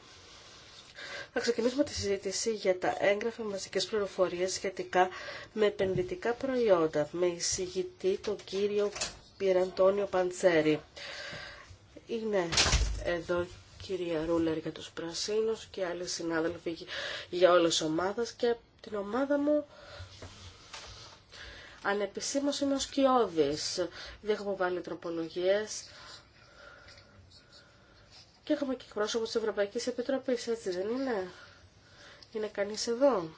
θα ξεκινήσουμε τη συζήτηση για τα έγγραφα μαζικές πληροφορίε σχετικά με επενδυτικά προϊόντα, με εισηγητή τον κύριο Πιεραντώνιο Παντσέρη. Είναι εδώ κυρία Ρούλερ για τους Πρασίνους και άλλοι συνάδελφοι για όλες τις ομάδες και την ομάδα μου ανεπισήμως είμαι ο Σκιώδης. Δεν έχουμε βάλει τροπολογίες και έχουμε και πρόσωπο της Ευρωπαϊκής Επιτροπής, έτσι δεν είναι. Είναι κανείς εδώ.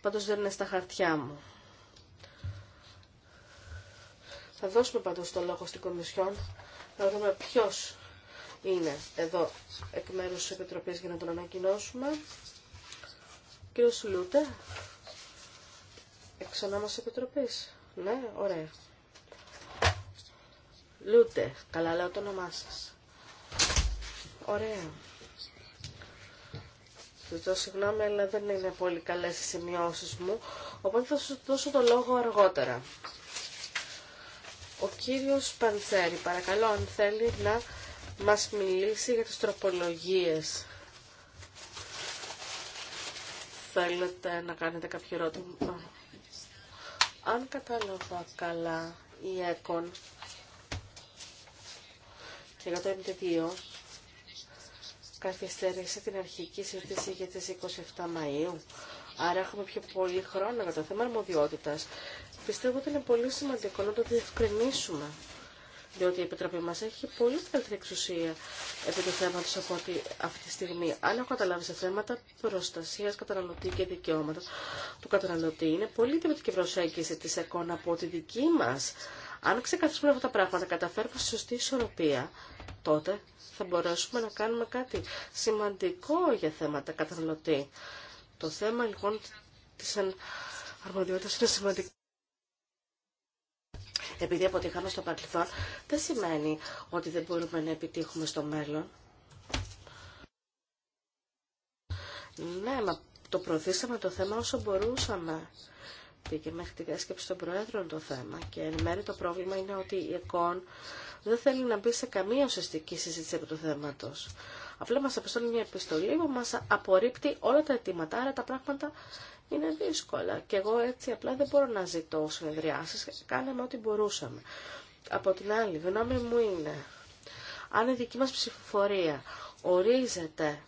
Πάντως δεν είναι στα χαρτιά μου. Θα δώσουμε πάντως το λόγο στην Κομισιόν να δούμε ποιος είναι εδώ εκ μέρους της Επιτροπής για να τον ανακοινώσουμε. κύριος Λούτε εξ ονόμας Επιτροπής. Ναι, ωραία. Λούτε, καλά λέω το όνομά σας. Ωραία. Ζητώ συγγνώμη, αλλά δεν είναι πολύ καλές οι σημειώσεις μου, οπότε θα σου δώσω το λόγο αργότερα. Ο κύριος Παντσέρη, παρακαλώ αν θέλει να μας μιλήσει για τις τροπολογίες. Θέλετε να κάνετε κάποιο ερώτημα. Αν κατάλαβα καλά η ΕΚΟΝ και για το MT2 καθυστερήσε την αρχική συζήτηση για τις 27 Μαΐου. Άρα έχουμε πιο πολύ χρόνο για το θέμα αρμοδιότητας. Πιστεύω ότι είναι πολύ σημαντικό να το διευκρινίσουμε διότι η Επιτροπή μας έχει πολύ καλύτερη εξουσία επί του θέματος από ότι αυτή τη στιγμή. Αν έχω καταλάβει σε θέματα προστασίας καταναλωτή και δικαιώματα του καταναλωτή, είναι πολύ διαφορετική προσέγγιση της εικόνα από τη δική μας. Αν ξεκαθαρίσουμε αυτά τα πράγματα, καταφέρουμε στη σωστή ισορροπία, τότε θα μπορέσουμε να κάνουμε κάτι σημαντικό για θέματα καταναλωτή. Το θέμα λοιπόν της αρμοδιότητας είναι σημαντικό επειδή αποτύχαμε στο παρελθόν, δεν σημαίνει ότι δεν μπορούμε να επιτύχουμε στο μέλλον. Ναι, μα το προωθήσαμε το θέμα όσο μπορούσαμε. Πήγε μέχρι τη διάσκεψη των Προέδρων το θέμα και εν μέρει το πρόβλημα είναι ότι η ΕΚΟΝ δεν θέλει να μπει σε καμία ουσιαστική συζήτηση από του θέματο. Απλά μας απαιτώνει μια επιστολή που μα απορρίπτει όλα τα αιτήματα, άρα τα πράγματα είναι δύσκολα. Και εγώ έτσι απλά δεν μπορώ να ζητώ συνεδριάσεις. Κάναμε ό,τι μπορούσαμε. Από την άλλη, γνώμη μου είναι, αν η δική μας ψηφοφορία ορίζεται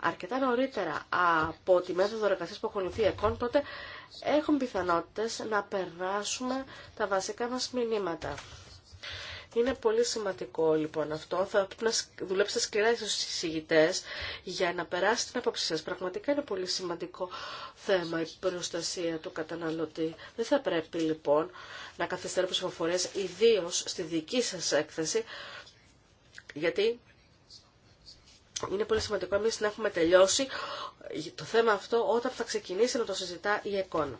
αρκετά νωρίτερα από τη μέθοδο εργασίας που ακολουθεί ΕΚΟΝ, τότε έχουν πιθανότητες να περάσουμε τα βασικά μας μηνύματα. Είναι πολύ σημαντικό λοιπόν αυτό. Θα πρέπει να δουλέψετε σκληρά στους συζητητές για να περάσει την άποψή σας. Πραγματικά είναι πολύ σημαντικό θέμα η προστασία του καταναλωτή. Δεν θα πρέπει λοιπόν να καθυστερούν προσφορές ιδίω στη δική σας έκθεση, γιατί είναι πολύ σημαντικό εμεί να έχουμε τελειώσει το θέμα αυτό όταν θα ξεκινήσει να το συζητά η εικόνα.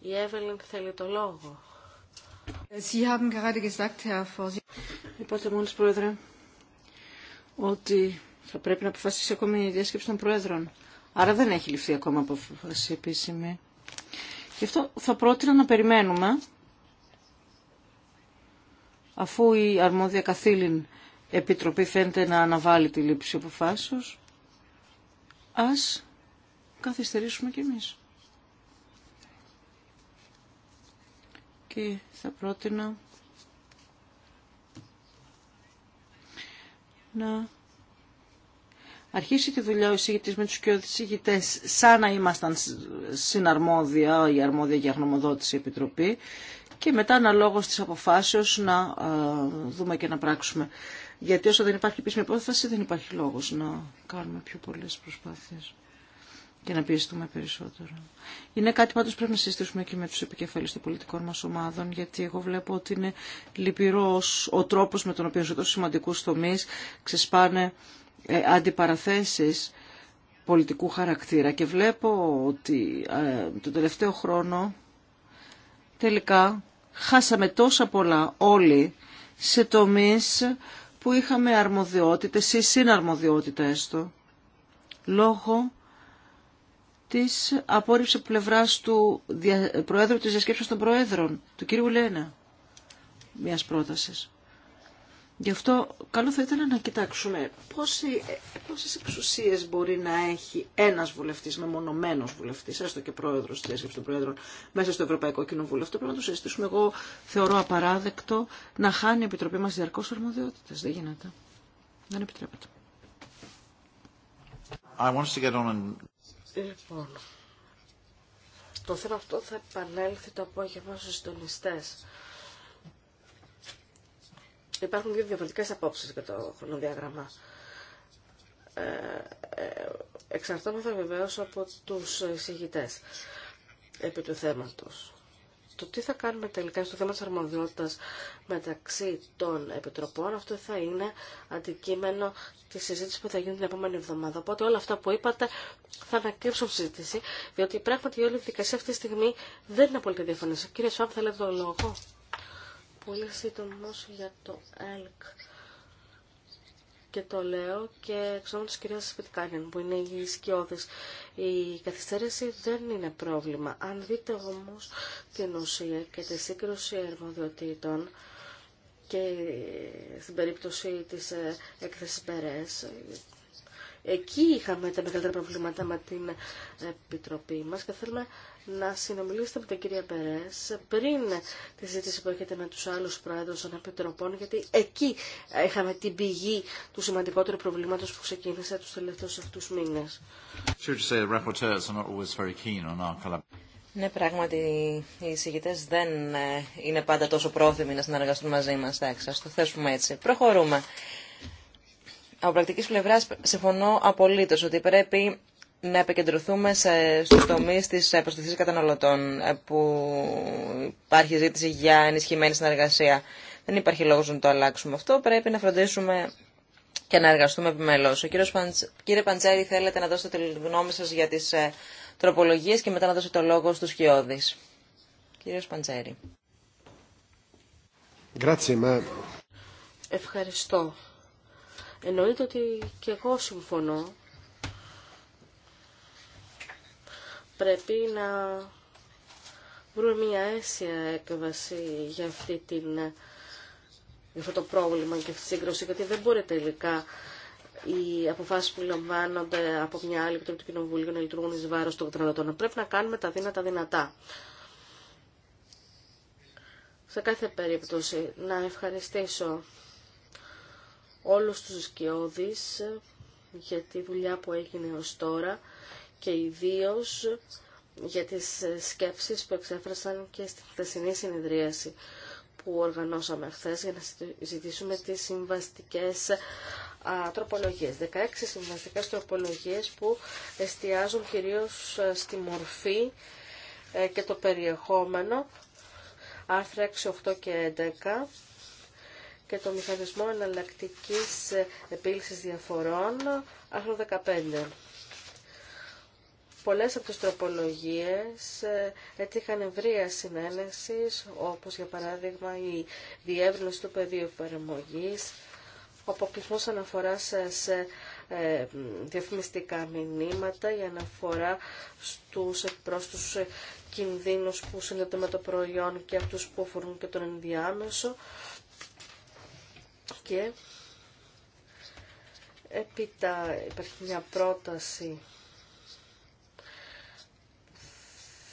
Η Εύελιν θέλει το λόγο. Είπατε μόλις, Πρόεδρε, ότι θα πρέπει να αποφασίσει ακόμη η διάσκεψη των Πρόεδρων. Άρα δεν έχει ληφθεί ακόμα αποφασή επίσημη. Γι' αυτό θα πρότεινα να περιμένουμε, αφού η αρμόδια καθήλυν επιτροπή φαίνεται να αναβάλει τη λήψη αποφάσεως, ας καθυστερήσουμε κι εμείς. και θα πρότεινα να αρχίσει τη δουλειά ο εισηγητής με τους και εισηγητές σαν να ήμασταν συναρμόδια ή αρμόδια για γνωμοδότηση επιτροπή και μετά αναλόγως της αποφάσεως να δούμε και να πράξουμε. Γιατί όσο δεν υπάρχει επίσημη υπόθεση δεν υπάρχει λόγος να κάνουμε πιο πολλές προσπάθειες και να πιεστούμε περισσότερο. Είναι κάτι πάντως πρέπει να συζητήσουμε και με τους επικεφαλείς των πολιτικών μας ομάδων, γιατί εγώ βλέπω ότι είναι λυπηρός ο τρόπος με τον οποίο σε τόσο σημαντικούς τομείς ξεσπάνε ε, αντιπαραθέσεις πολιτικού χαρακτήρα. Και βλέπω ότι ε, τον τελευταίο χρόνο τελικά χάσαμε τόσα πολλά όλοι σε τομείς που είχαμε αρμοδιότητες ή συναρμοδιότητα έστω, λόγω της απόρριψη πλευράς του Προέδρου της Διασκέψης των Προέδρων, του κύριου Λένα, μιας πρότασης. Γι' αυτό καλό θα ήταν να κοιτάξουμε πόσοι, πόσες εξουσίες μπορεί να έχει ένας βουλευτής, μεμονωμένος βουλευτής, έστω και πρόεδρος της Διάσκεψης των Πρόεδρων, μέσα στο Ευρωπαϊκό Κοινοβούλιο. Αυτό πρέπει να το συζητήσουμε. Εγώ θεωρώ απαράδεκτο να χάνει η Επιτροπή μας διαρκώς αρμοδιότητες. Δεν γίνεται. Δεν επιτρέπεται. Λοιπόν, το θέμα αυτό θα επανέλθει το απόγευμα στους συντονιστές. Υπάρχουν δύο διαφορετικές απόψεις για το χρονοδιάγραμμα. Ε, ε, εξαρτώμεθα βεβαίως από τους εισηγητές επί του θέματος. Το τι θα κάνουμε τελικά στο θέμα της αρμοδιότητας μεταξύ των επιτροπών, αυτό θα είναι αντικείμενο της συζήτησης που θα γίνει την επόμενη εβδομάδα. Οπότε όλα αυτά που είπατε θα ανακύψουν συζήτηση, διότι πράγματι η όλη δικασία αυτή τη στιγμή δεν είναι απόλυτα διαφωνία. Κύριε Σουάμ, θέλετε το λόγο. Πολύ σύντομο για το ΕΛΚ και το λέω και εξ τη κυρία Σπιτκάνιν που είναι η σκιώδη. Η καθυστέρηση δεν είναι πρόβλημα. Αν δείτε όμω την ουσία και τη σύγκρουση αρμοδιοτήτων και στην περίπτωση της ε, έκθεσης Μπερές, Εκεί είχαμε τα μεγαλύτερα προβλήματα με την Επιτροπή μας και θέλουμε να συνομιλήσετε με την κυρία Περές πριν τη συζήτηση που έχετε με τους άλλους πρόεδρους των Επιτροπών γιατί εκεί είχαμε την πηγή του σημαντικότερου προβλήματος που ξεκίνησε τους τελευταίους αυτούς μήνες. Ναι, πράγματι οι εισηγητέ δεν ε, είναι πάντα τόσο πρόθυμοι να συνεργαστούν μαζί μα. Εντάξει, α το θέσουμε έτσι. Προχωρούμε. Από πρακτική πλευρά συμφωνώ απολύτω ότι πρέπει να επικεντρωθούμε σε, στους τομείς της προστασίας καταναλωτών ε, που υπάρχει ζήτηση για ενισχυμένη συνεργασία. Δεν υπάρχει λόγος να το αλλάξουμε αυτό. Πρέπει να φροντίσουμε και να εργαστούμε επιμελώς. Ο Κύριε Παντζέρη, θέλετε να δώσετε τη γνώμη σας για τις ε, τροπολογίες και μετά να δώσετε το λόγο στους Χιώδης. Κύριος Παντζέρη. Ευχαριστώ. Εννοείται ότι και εγώ συμφωνώ. Πρέπει να βρούμε μια αίσια έκβαση για, αυτή την, για αυτό το πρόβλημα και αυτή τη σύγκρουση, γιατί δεν μπορεί τελικά οι αποφάσει που λαμβάνονται από μια άλλη επιτροπή του Κοινοβουλίου να λειτουργούν ει βάρο των καταναλωτών. Πρέπει να κάνουμε τα δύνατα δυνατά. Σε κάθε περίπτωση, να ευχαριστήσω όλους τους σκιώδεις για τη δουλειά που έγινε ως τώρα και ιδίως για τις σκέψεις που εξέφρασαν και στη χθεσινή συνεδρίαση που οργανώσαμε χθε για να συζητήσουμε τις συμβαστικές τροπολογίες. 16 συμβαστικές τροπολογίες που εστιάζουν κυρίως στη μορφή ε, και το περιεχόμενο, άρθρα 6, 8 και 11 και το μηχανισμό εναλλακτική επίλυση διαφορών, άρθρο 15. Πολλές από τις τροπολογίες ε, έτυχαν ευρεία συνένεσης, όπως για παράδειγμα η διεύρυνση του πεδίου εφαρμογή, ο αποκλεισμός αναφοράς σε ε, ε, διαφημιστικά μηνύματα, η αναφορά στους εκπρόσωπους κινδύνους που συνδέονται με το προϊόν και αυτούς που αφορούν και τον ενδιάμεσο, και έπειτα υπάρχει μια πρόταση.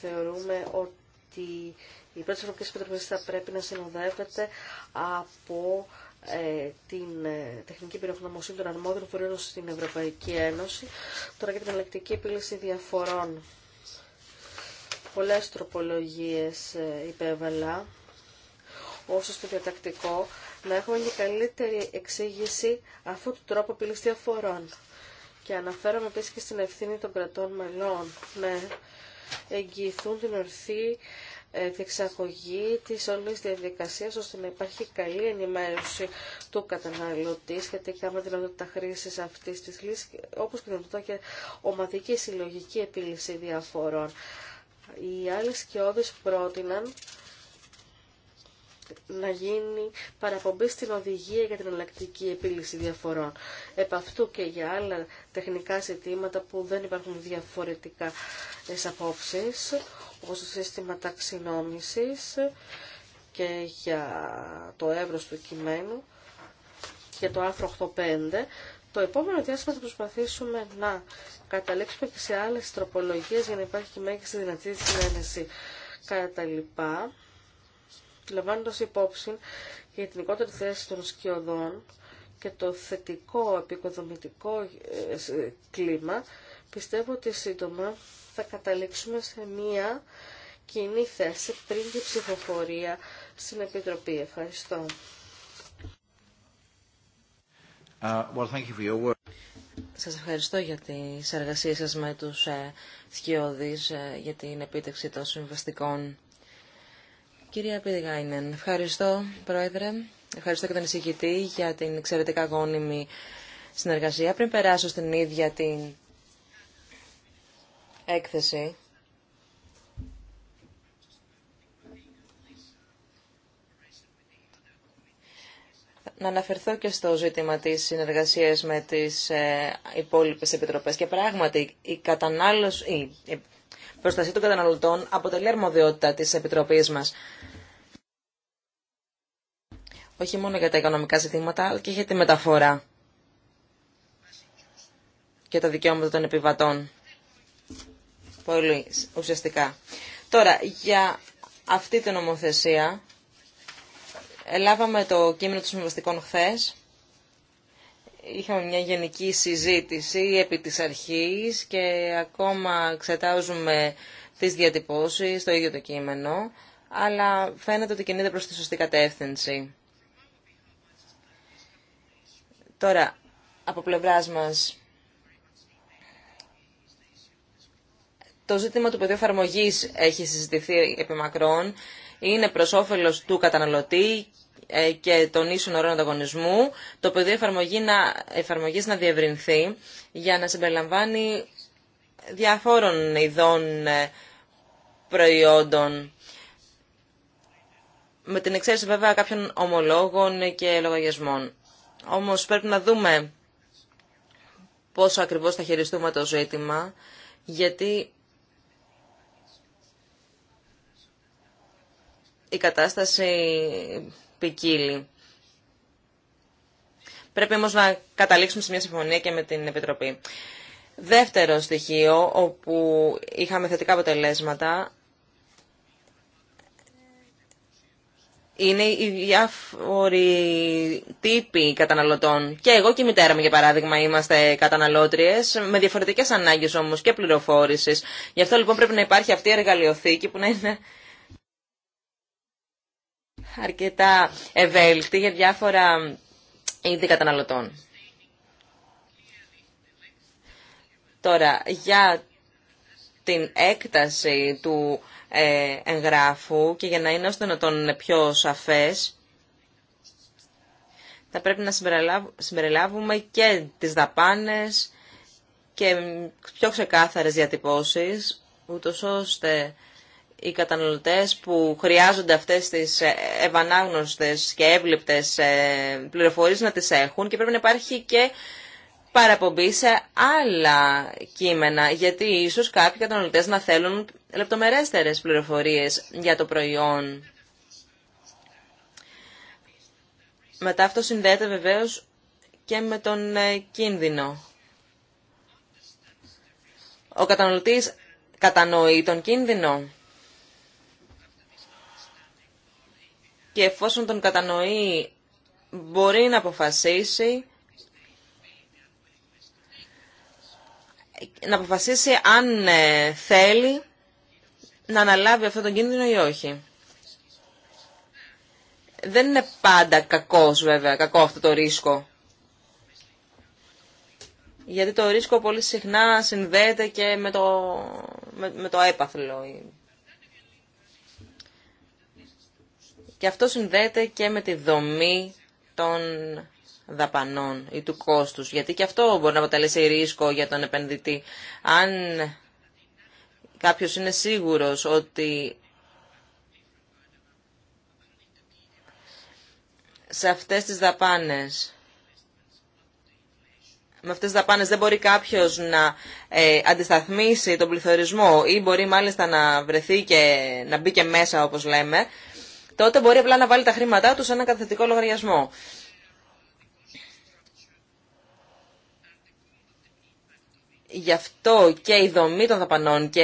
Θεωρούμε ότι η πρώτη Ευρωπαϊκή Επιτροπή θα πρέπει να συνοδεύεται από ε, την ε, τεχνική πυροχνομοσύνη των αρμόδιων φορέων στην Ευρωπαϊκή Ένωση. Τώρα για την ελεκτική επίλυση διαφορών. Πολλές τροπολογίες ε, υπέβαλα, όσο στο διατακτικό να έχουμε και καλύτερη εξήγηση αυτού του τρόπου επίλυση διαφορών. Και αναφέρομαι επίση και στην ευθύνη των κρατών μελών να εγγυηθούν την ορθή διεξαγωγή ε, της όλης διαδικασία ώστε να υπάρχει καλή ενημέρωση του καταναλωτή σχετικά με δυνατότητα χρήση αυτή τη λύση, όπω και δυνατότητα και ομαδική συλλογική επίλυση διαφορών. Οι άλλε σκιώδει πρότειναν να γίνει παραπομπή στην οδηγία για την εναλλακτική επίλυση διαφορών. Επ' αυτού και για άλλα τεχνικά ζητήματα που δεν υπάρχουν διαφορετικά απόψεις, όπως το σύστημα ταξινόμησης και για το εύρος του κειμένου και το άρθρο 8.5, το επόμενο διάστημα θα προσπαθήσουμε να καταλήξουμε και σε άλλες τροπολογίες για να υπάρχει και μέγιστη δυνατή συνένεση. Κατά λοιπά, λαμβάνοντας υπόψη για την οικότερη θέση των σκιωδών και το θετικό επικοδομητικό ε, κλίμα, πιστεύω ότι σύντομα θα καταλήξουμε σε μία κοινή θέση πριν την ψηφοφορία στην Επιτροπή. Ευχαριστώ. Uh, well, thank Σας ευχαριστώ για τη εργασίες σας με τους ε, σκιώδεις, ε, για την επίτευξη των συμβαστικών Κυρία Πιδγάινεν, ευχαριστώ Πρόεδρε, ευχαριστώ και τον εισηγητή για την εξαιρετικά γόνιμη συνεργασία. Πριν περάσω στην ίδια την έκθεση, να αναφερθώ και στο ζήτημα της συνεργασίας με τις ε, υπόλοιπες επιτροπές. Και πράγματι, η κατανάλωση, η προστασία των καταναλωτών αποτελεί αρμοδιότητα της Επιτροπής μας. Όχι μόνο για τα οικονομικά ζητήματα, αλλά και για τη μεταφορά και τα δικαιώματα των επιβατών. Πολύ ουσιαστικά. Τώρα, για αυτή την νομοθεσία, ελάβαμε το κείμενο των συμβαστικών χθες είχαμε μια γενική συζήτηση επί της αρχής και ακόμα εξετάζουμε τις διατυπώσεις, στο ίδιο το κείμενο, αλλά φαίνεται ότι κινείται προς τη σωστή κατεύθυνση. Τώρα, από πλευράς μας, το ζήτημα του πεδίου εφαρμογή έχει συζητηθεί επί μακρόν. Είναι προς όφελος του καταναλωτή ε, και των ίσων ορών ανταγωνισμού, το πεδίο εφαρμογή να, εφαρμογής να διευρυνθεί για να συμπεριλαμβάνει διαφόρων ειδών ε, προϊόντων. Με την εξαίρεση βέβαια κάποιων ομολόγων και λογαριασμών. Όμως πρέπει να δούμε πόσο ακριβώς θα χειριστούμε το ζήτημα, γιατί η κατάσταση Πρέπει όμως να καταλήξουμε σε μια συμφωνία και με την Επιτροπή. Δεύτερο στοιχείο, όπου είχαμε θετικά αποτελέσματα, είναι οι διάφοροι τύποι καταναλωτών. Και εγώ και η μητέρα μου, για παράδειγμα, είμαστε καταναλώτριες, με διαφορετικές ανάγκες όμως και πληροφόρησης. Γι' αυτό λοιπόν πρέπει να υπάρχει αυτή η εργαλειοθήκη που να είναι αρκετά ευέλικτη για διάφορα είδη καταναλωτών. Τώρα, για την έκταση του ε, εγγράφου και για να είναι ώστε να τον πιο σαφές, θα πρέπει να συμπεριλάβουμε και τις δαπάνες και πιο ξεκάθαρες διατυπώσεις, ούτως ώστε οι καταναλωτές που χρειάζονται αυτές τις ε, ευανάγνωστες και εύληπτες ε, πληροφορίες να τις έχουν και πρέπει να υπάρχει και παραπομπή σε άλλα κείμενα, γιατί ίσως κάποιοι καταναλωτές να θέλουν λεπτομερέστερες πληροφορίες για το προϊόν. Μετά αυτό συνδέεται βεβαίως και με τον ε, κίνδυνο. Ο καταναλωτής κατανοεί τον κίνδυνο. και εφόσον τον κατανοεί μπορεί να αποφασίσει να αποφασίσει αν ε, θέλει να αναλάβει αυτό τον κίνδυνο ή όχι. Δεν είναι πάντα κακός βέβαια, κακό αυτό το ρίσκο. Γιατί το ρίσκο πολύ συχνά συνδέεται και με το, με, με το έπαθλο, Και αυτό συνδέεται και με τη δομή των δαπανών ή του κόστους, γιατί και αυτό μπορεί να αποτελέσει ρίσκο για τον επενδυτή. Αν κάποιος είναι σίγουρος ότι σε αυτές τις δαπάνες με αυτές τις δαπάνες δεν μπορεί κάποιος να ε, αντισταθμίσει τον πληθωρισμό ή μπορεί μάλιστα να βρεθεί και να μπει και μέσα όπως λέμε, τότε μπορεί απλά να βάλει τα χρήματά του σε ένα καταθετικό λογαριασμό. Γι' αυτό και η δομή των δαπανών και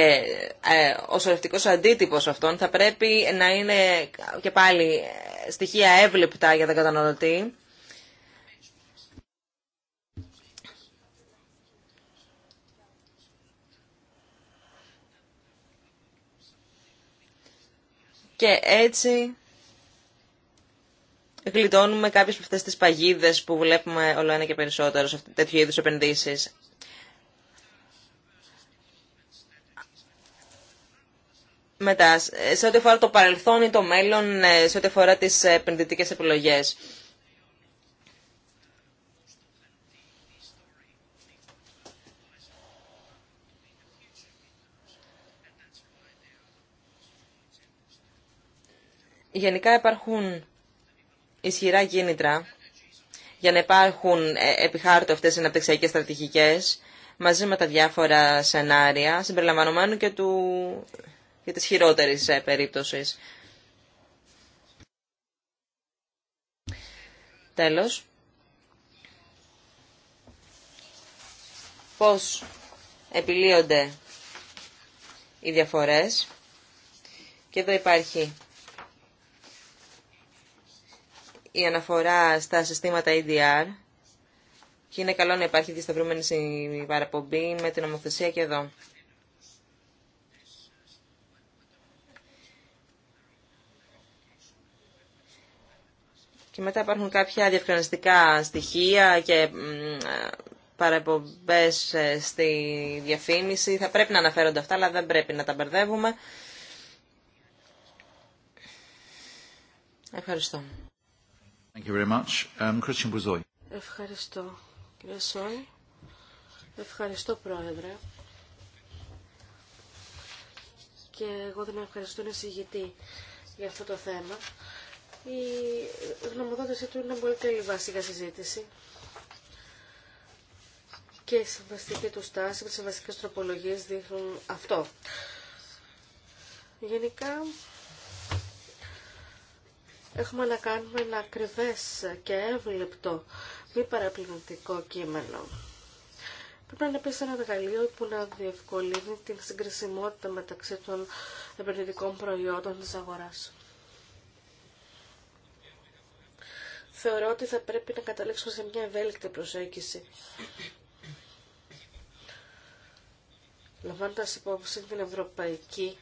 ε, ο σωρευτικός αντίτυπος αυτών θα πρέπει να είναι και πάλι ε, στοιχεία εύληπτα για τον καταναλωτή και έτσι γλιτώνουμε κάποιες από αυτές τις παγίδες που βλέπουμε όλο ένα και περισσότερο σε τέτοιου είδους επενδύσεις. Μετά, σε ό,τι αφορά το παρελθόν ή το μέλλον, ε, σε ό,τι αφορά τις ε, επενδυτικές επιλογές. Γενικά υπάρχουν ισχυρά κίνητρα για να υπάρχουν ε, επιχάρτω αυτές οι αναπτυξιακές στρατηγικές μαζί με τα διάφορα σενάρια, συμπεριλαμβανομένου και, του, και της χειρότερης ε, περίπτωσης. Τέλος, πώς επιλύονται οι διαφορές και εδώ υπάρχει η αναφορά στα συστήματα EDR και είναι καλό να υπάρχει δισταυρούμενη παραπομπή με την ομοθεσία και εδώ. Και μετά υπάρχουν κάποια διευκρινιστικά στοιχεία και παραπομπές ε, στη διαφήμιση. Θα πρέπει να αναφέρονται αυτά, αλλά δεν πρέπει να τα μπερδεύουμε. Ευχαριστώ. Um, ευχαριστώ, κύριε Σόι. Ευχαριστώ, Πρόεδρε. Και εγώ δεν ευχαριστώ τον εισηγητή για αυτό το θέμα. Η γνωμοδότησή του είναι πολύ καλή βάση για συζήτηση και η συμβαστική του και οι συμβαστικέ τροπολογίες δείχνουν αυτό. Γενικά, έχουμε να κάνουμε ένα ακριβές και εύληπτο μη παραπληκτικό κείμενο. Πρέπει να είναι επίσης ένα εργαλείο που να διευκολύνει την συγκρισιμότητα μεταξύ των επενδυτικών προϊόντων της αγοράς. Θεωρώ ότι θα πρέπει να καταλήξουμε σε μια ευέλικτη προσέγγιση. Λαμβάνοντας υπόψη την ευρωπαϊκή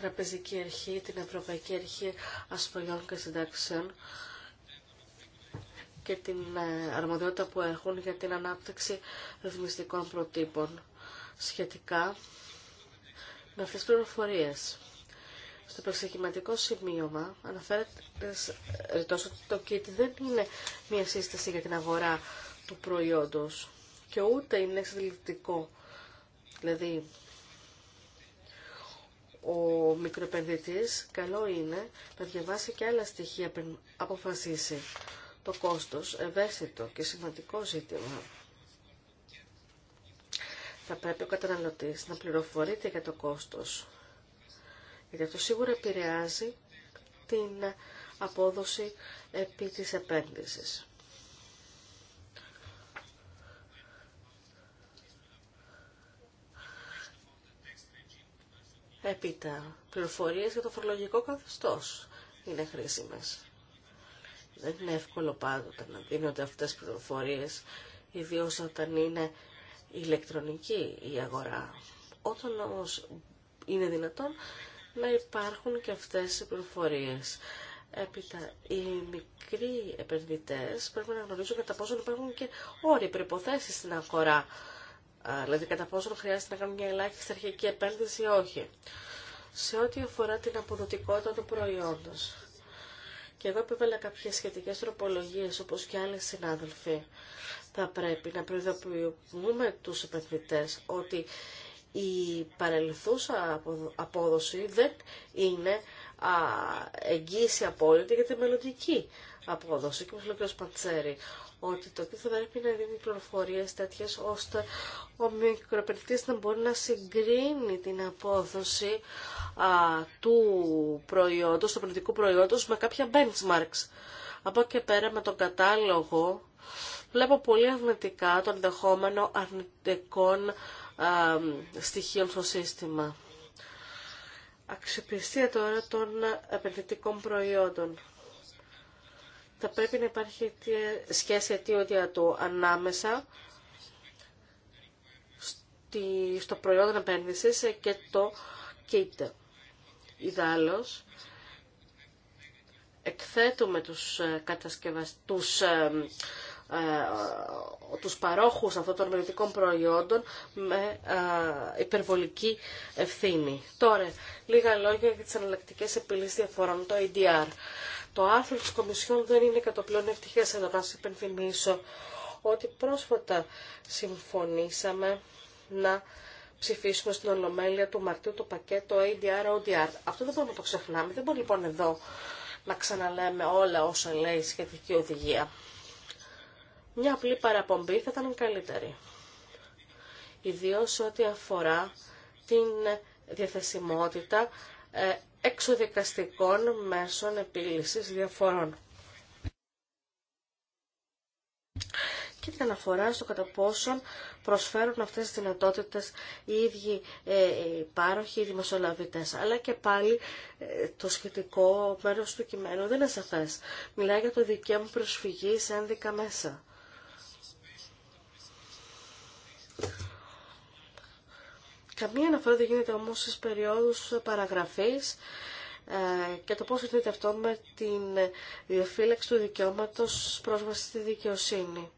Τραπεζική Αρχή, την Ευρωπαϊκή Αρχή Ασφαλιών και Συντάξεων και την ε, αρμοδιότητα που έχουν για την ανάπτυξη ρυθμιστικών προτύπων σχετικά με αυτές τις πληροφορίες. Στο προσεχηματικό σημείωμα αναφέρεται ρητός ότι το kit δεν είναι μία σύσταση για την αγορά του προϊόντος και ούτε είναι εξαιρετικό, Δηλαδή, ο μικροεπενδυτής καλό είναι να διαβάσει και άλλα στοιχεία πριν αποφασίσει. Το κόστος, ευαίσθητο και σημαντικό ζήτημα. Θα πρέπει ο καταναλωτής να πληροφορείται για το κόστος. Γιατί αυτό σίγουρα επηρεάζει την απόδοση επί της επένδυσης. Έπειτα, πληροφορίες για το φορολογικό καθεστώς είναι χρήσιμες. Δεν είναι εύκολο πάντοτε να δίνονται αυτές τις πληροφορίες, ιδίως όταν είναι ηλεκτρονική η αγορά. Όταν όμως είναι δυνατόν να υπάρχουν και αυτές οι πληροφορίες. Έπειτα, οι μικροί επενδυτές πρέπει να γνωρίζουν κατά πόσο υπάρχουν και όροι, προϋποθέσεις στην αγορά δηλαδή κατά πόσο χρειάζεται να κάνουμε μια ελάχιστη αρχική επένδυση ή όχι. Σε ό,τι αφορά την αποδοτικότητα του προϊόντος. Και εδώ επέβαλα κάποιες σχετικές τροπολογίες, όπως και άλλοι συνάδελφοι. Θα πρέπει να προειδοποιούμε τους επενδυτές ότι η παρελθούσα απόδοση δεν είναι α, εγγύηση απόλυτη για τη μελλοντική απόδοση. Και ο κ ότι το τι θα πρέπει να δίνει πληροφορίε τέτοιε ώστε ο μικροπαιδευτή να μπορεί να συγκρίνει την απόδοση του προϊόντος, του πολιτικού προϊόντος με κάποια benchmarks. Από και πέρα με τον κατάλογο βλέπω πολύ αρνητικά το ενδεχόμενο αρνητικών α, στοιχείων στο σύστημα. Αξιοπιστία τώρα των επενδυτικών προϊόντων θα πρέπει να υπάρχει σχέση αιτίωτια του ανάμεσα στο προϊόν επένδυση και το kit. Ιδάλλως, εκθέτουμε τους ε, κατασκευαστές, τους, ε, ε παρόχους αυτών των μελετικών προϊόντων με ε, υπερβολική ευθύνη. Τώρα, λίγα λόγια για τις αναλλακτικές επιλύσεις διαφορών, το ADR. Το άρθρο της Κομισιόν δεν είναι κατοπλών ευτυχές, αλλά να σας υπενθυμίσω ότι πρόσφατα συμφωνήσαμε να ψηφίσουμε στην Ολομέλεια του Μαρτίου το πακέτο ADR-ODR. Αυτό δεν μπορούμε να το ξεχνάμε. Δεν μπορούμε λοιπόν εδώ να ξαναλέμε όλα όσα λέει η σχετική οδηγία. Μια απλή παραπομπή θα ήταν καλύτερη. Ιδίως ό,τι αφορά την διαθεσιμότητα ε, εξοδικαστικών μέσων επίλυσης διαφορών. και την αναφορά στο κατά πόσον προσφέρουν αυτές τις δυνατότητες οι ίδιοι ε, οι πάροχοι, οι δημοσιολαβητές. Αλλά και πάλι ε, το σχετικό μέρος του κειμένου δεν είναι σαφές. Μιλάει για το δικαίωμα προσφυγής ένδικα μέσα. Καμία αναφορά δεν γίνεται όμως στις περιόδους παραγραφής ε, και το πώς έρχεται αυτό με την διαφύλαξη του δικαιώματος πρόσβαση στη δικαιοσύνη.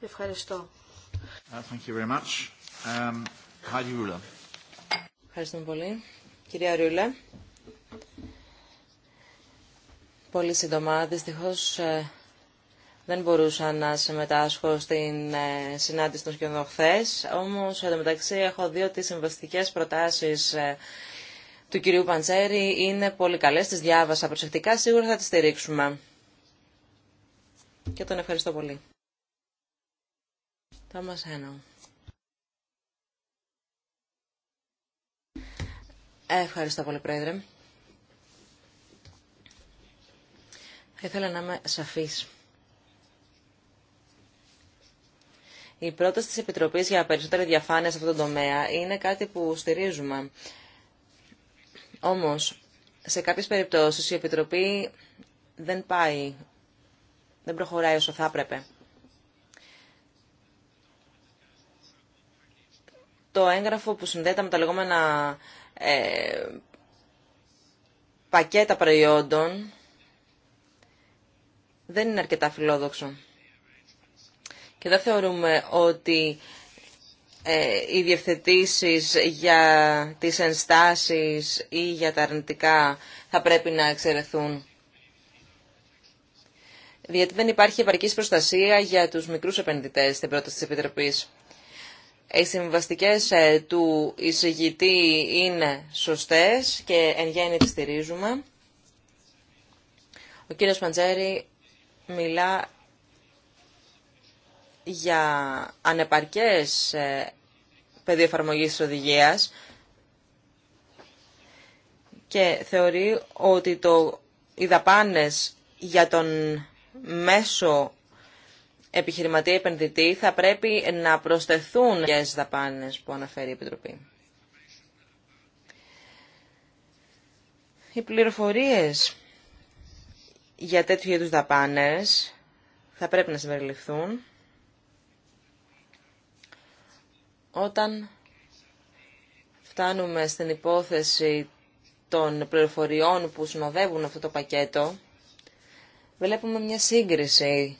Ευχαριστώ. Uh, thank you um, Ευχαριστούμε πολύ. Κυρία Ρούλα. Πολύ σύντομα. Δυστυχώς ε, δεν μπορούσα να συμμετάσχω στην ε, συνάντηση των σχεδόν χθε, όμως μεταξύ, έχω δει ότι οι συμβαστικές προτάσεις ε, του κυρίου Παντσέρη είναι πολύ καλέ. τις διάβασα προσεκτικά, σίγουρα θα τις στηρίξουμε. Και τον ευχαριστώ πολύ. Τόμας Ένω. Ευχαριστώ πολύ, Πρόεδρε. Θα ήθελα να είμαι σαφής. Η πρόταση της Επιτροπής για περισσότερη διαφάνεια σε αυτό τον τομέα είναι κάτι που στηρίζουμε. Όμως, σε κάποιες περιπτώσεις η Επιτροπή δεν πάει, δεν προχωράει όσο θα έπρεπε. Το έγγραφο που συνδέεται με τα λεγόμενα ε, πακέτα προϊόντων δεν είναι αρκετά φιλόδοξο και δεν θεωρούμε ότι ε, οι διευθετήσεις για τις ενστάσεις ή για τα αρνητικά θα πρέπει να εξαιρεθούν. Διότι δεν υπάρχει επαρκής προστασία για τους μικρούς επενδυτές στην πρόταση της Επιτροπής. Οι συμβαστικέ ε, του εισηγητή είναι σωστές και εν γέννη τις στηρίζουμε. Ο κύριος Παντζέρη μιλά για ανεπαρκές ε, πεδίο εφαρμογή τη οδηγία και θεωρεί ότι το, οι δαπάνε για τον μέσο επιχειρηματία επενδυτή θα πρέπει να προσθεθούν για τις δαπάνες που αναφέρει η Επιτροπή. Οι πληροφορίες για τέτοιου είδου δαπάνες θα πρέπει να συμπεριληφθούν Όταν φτάνουμε στην υπόθεση των πληροφοριών που συνοδεύουν αυτό το πακέτο, βλέπουμε μια σύγκριση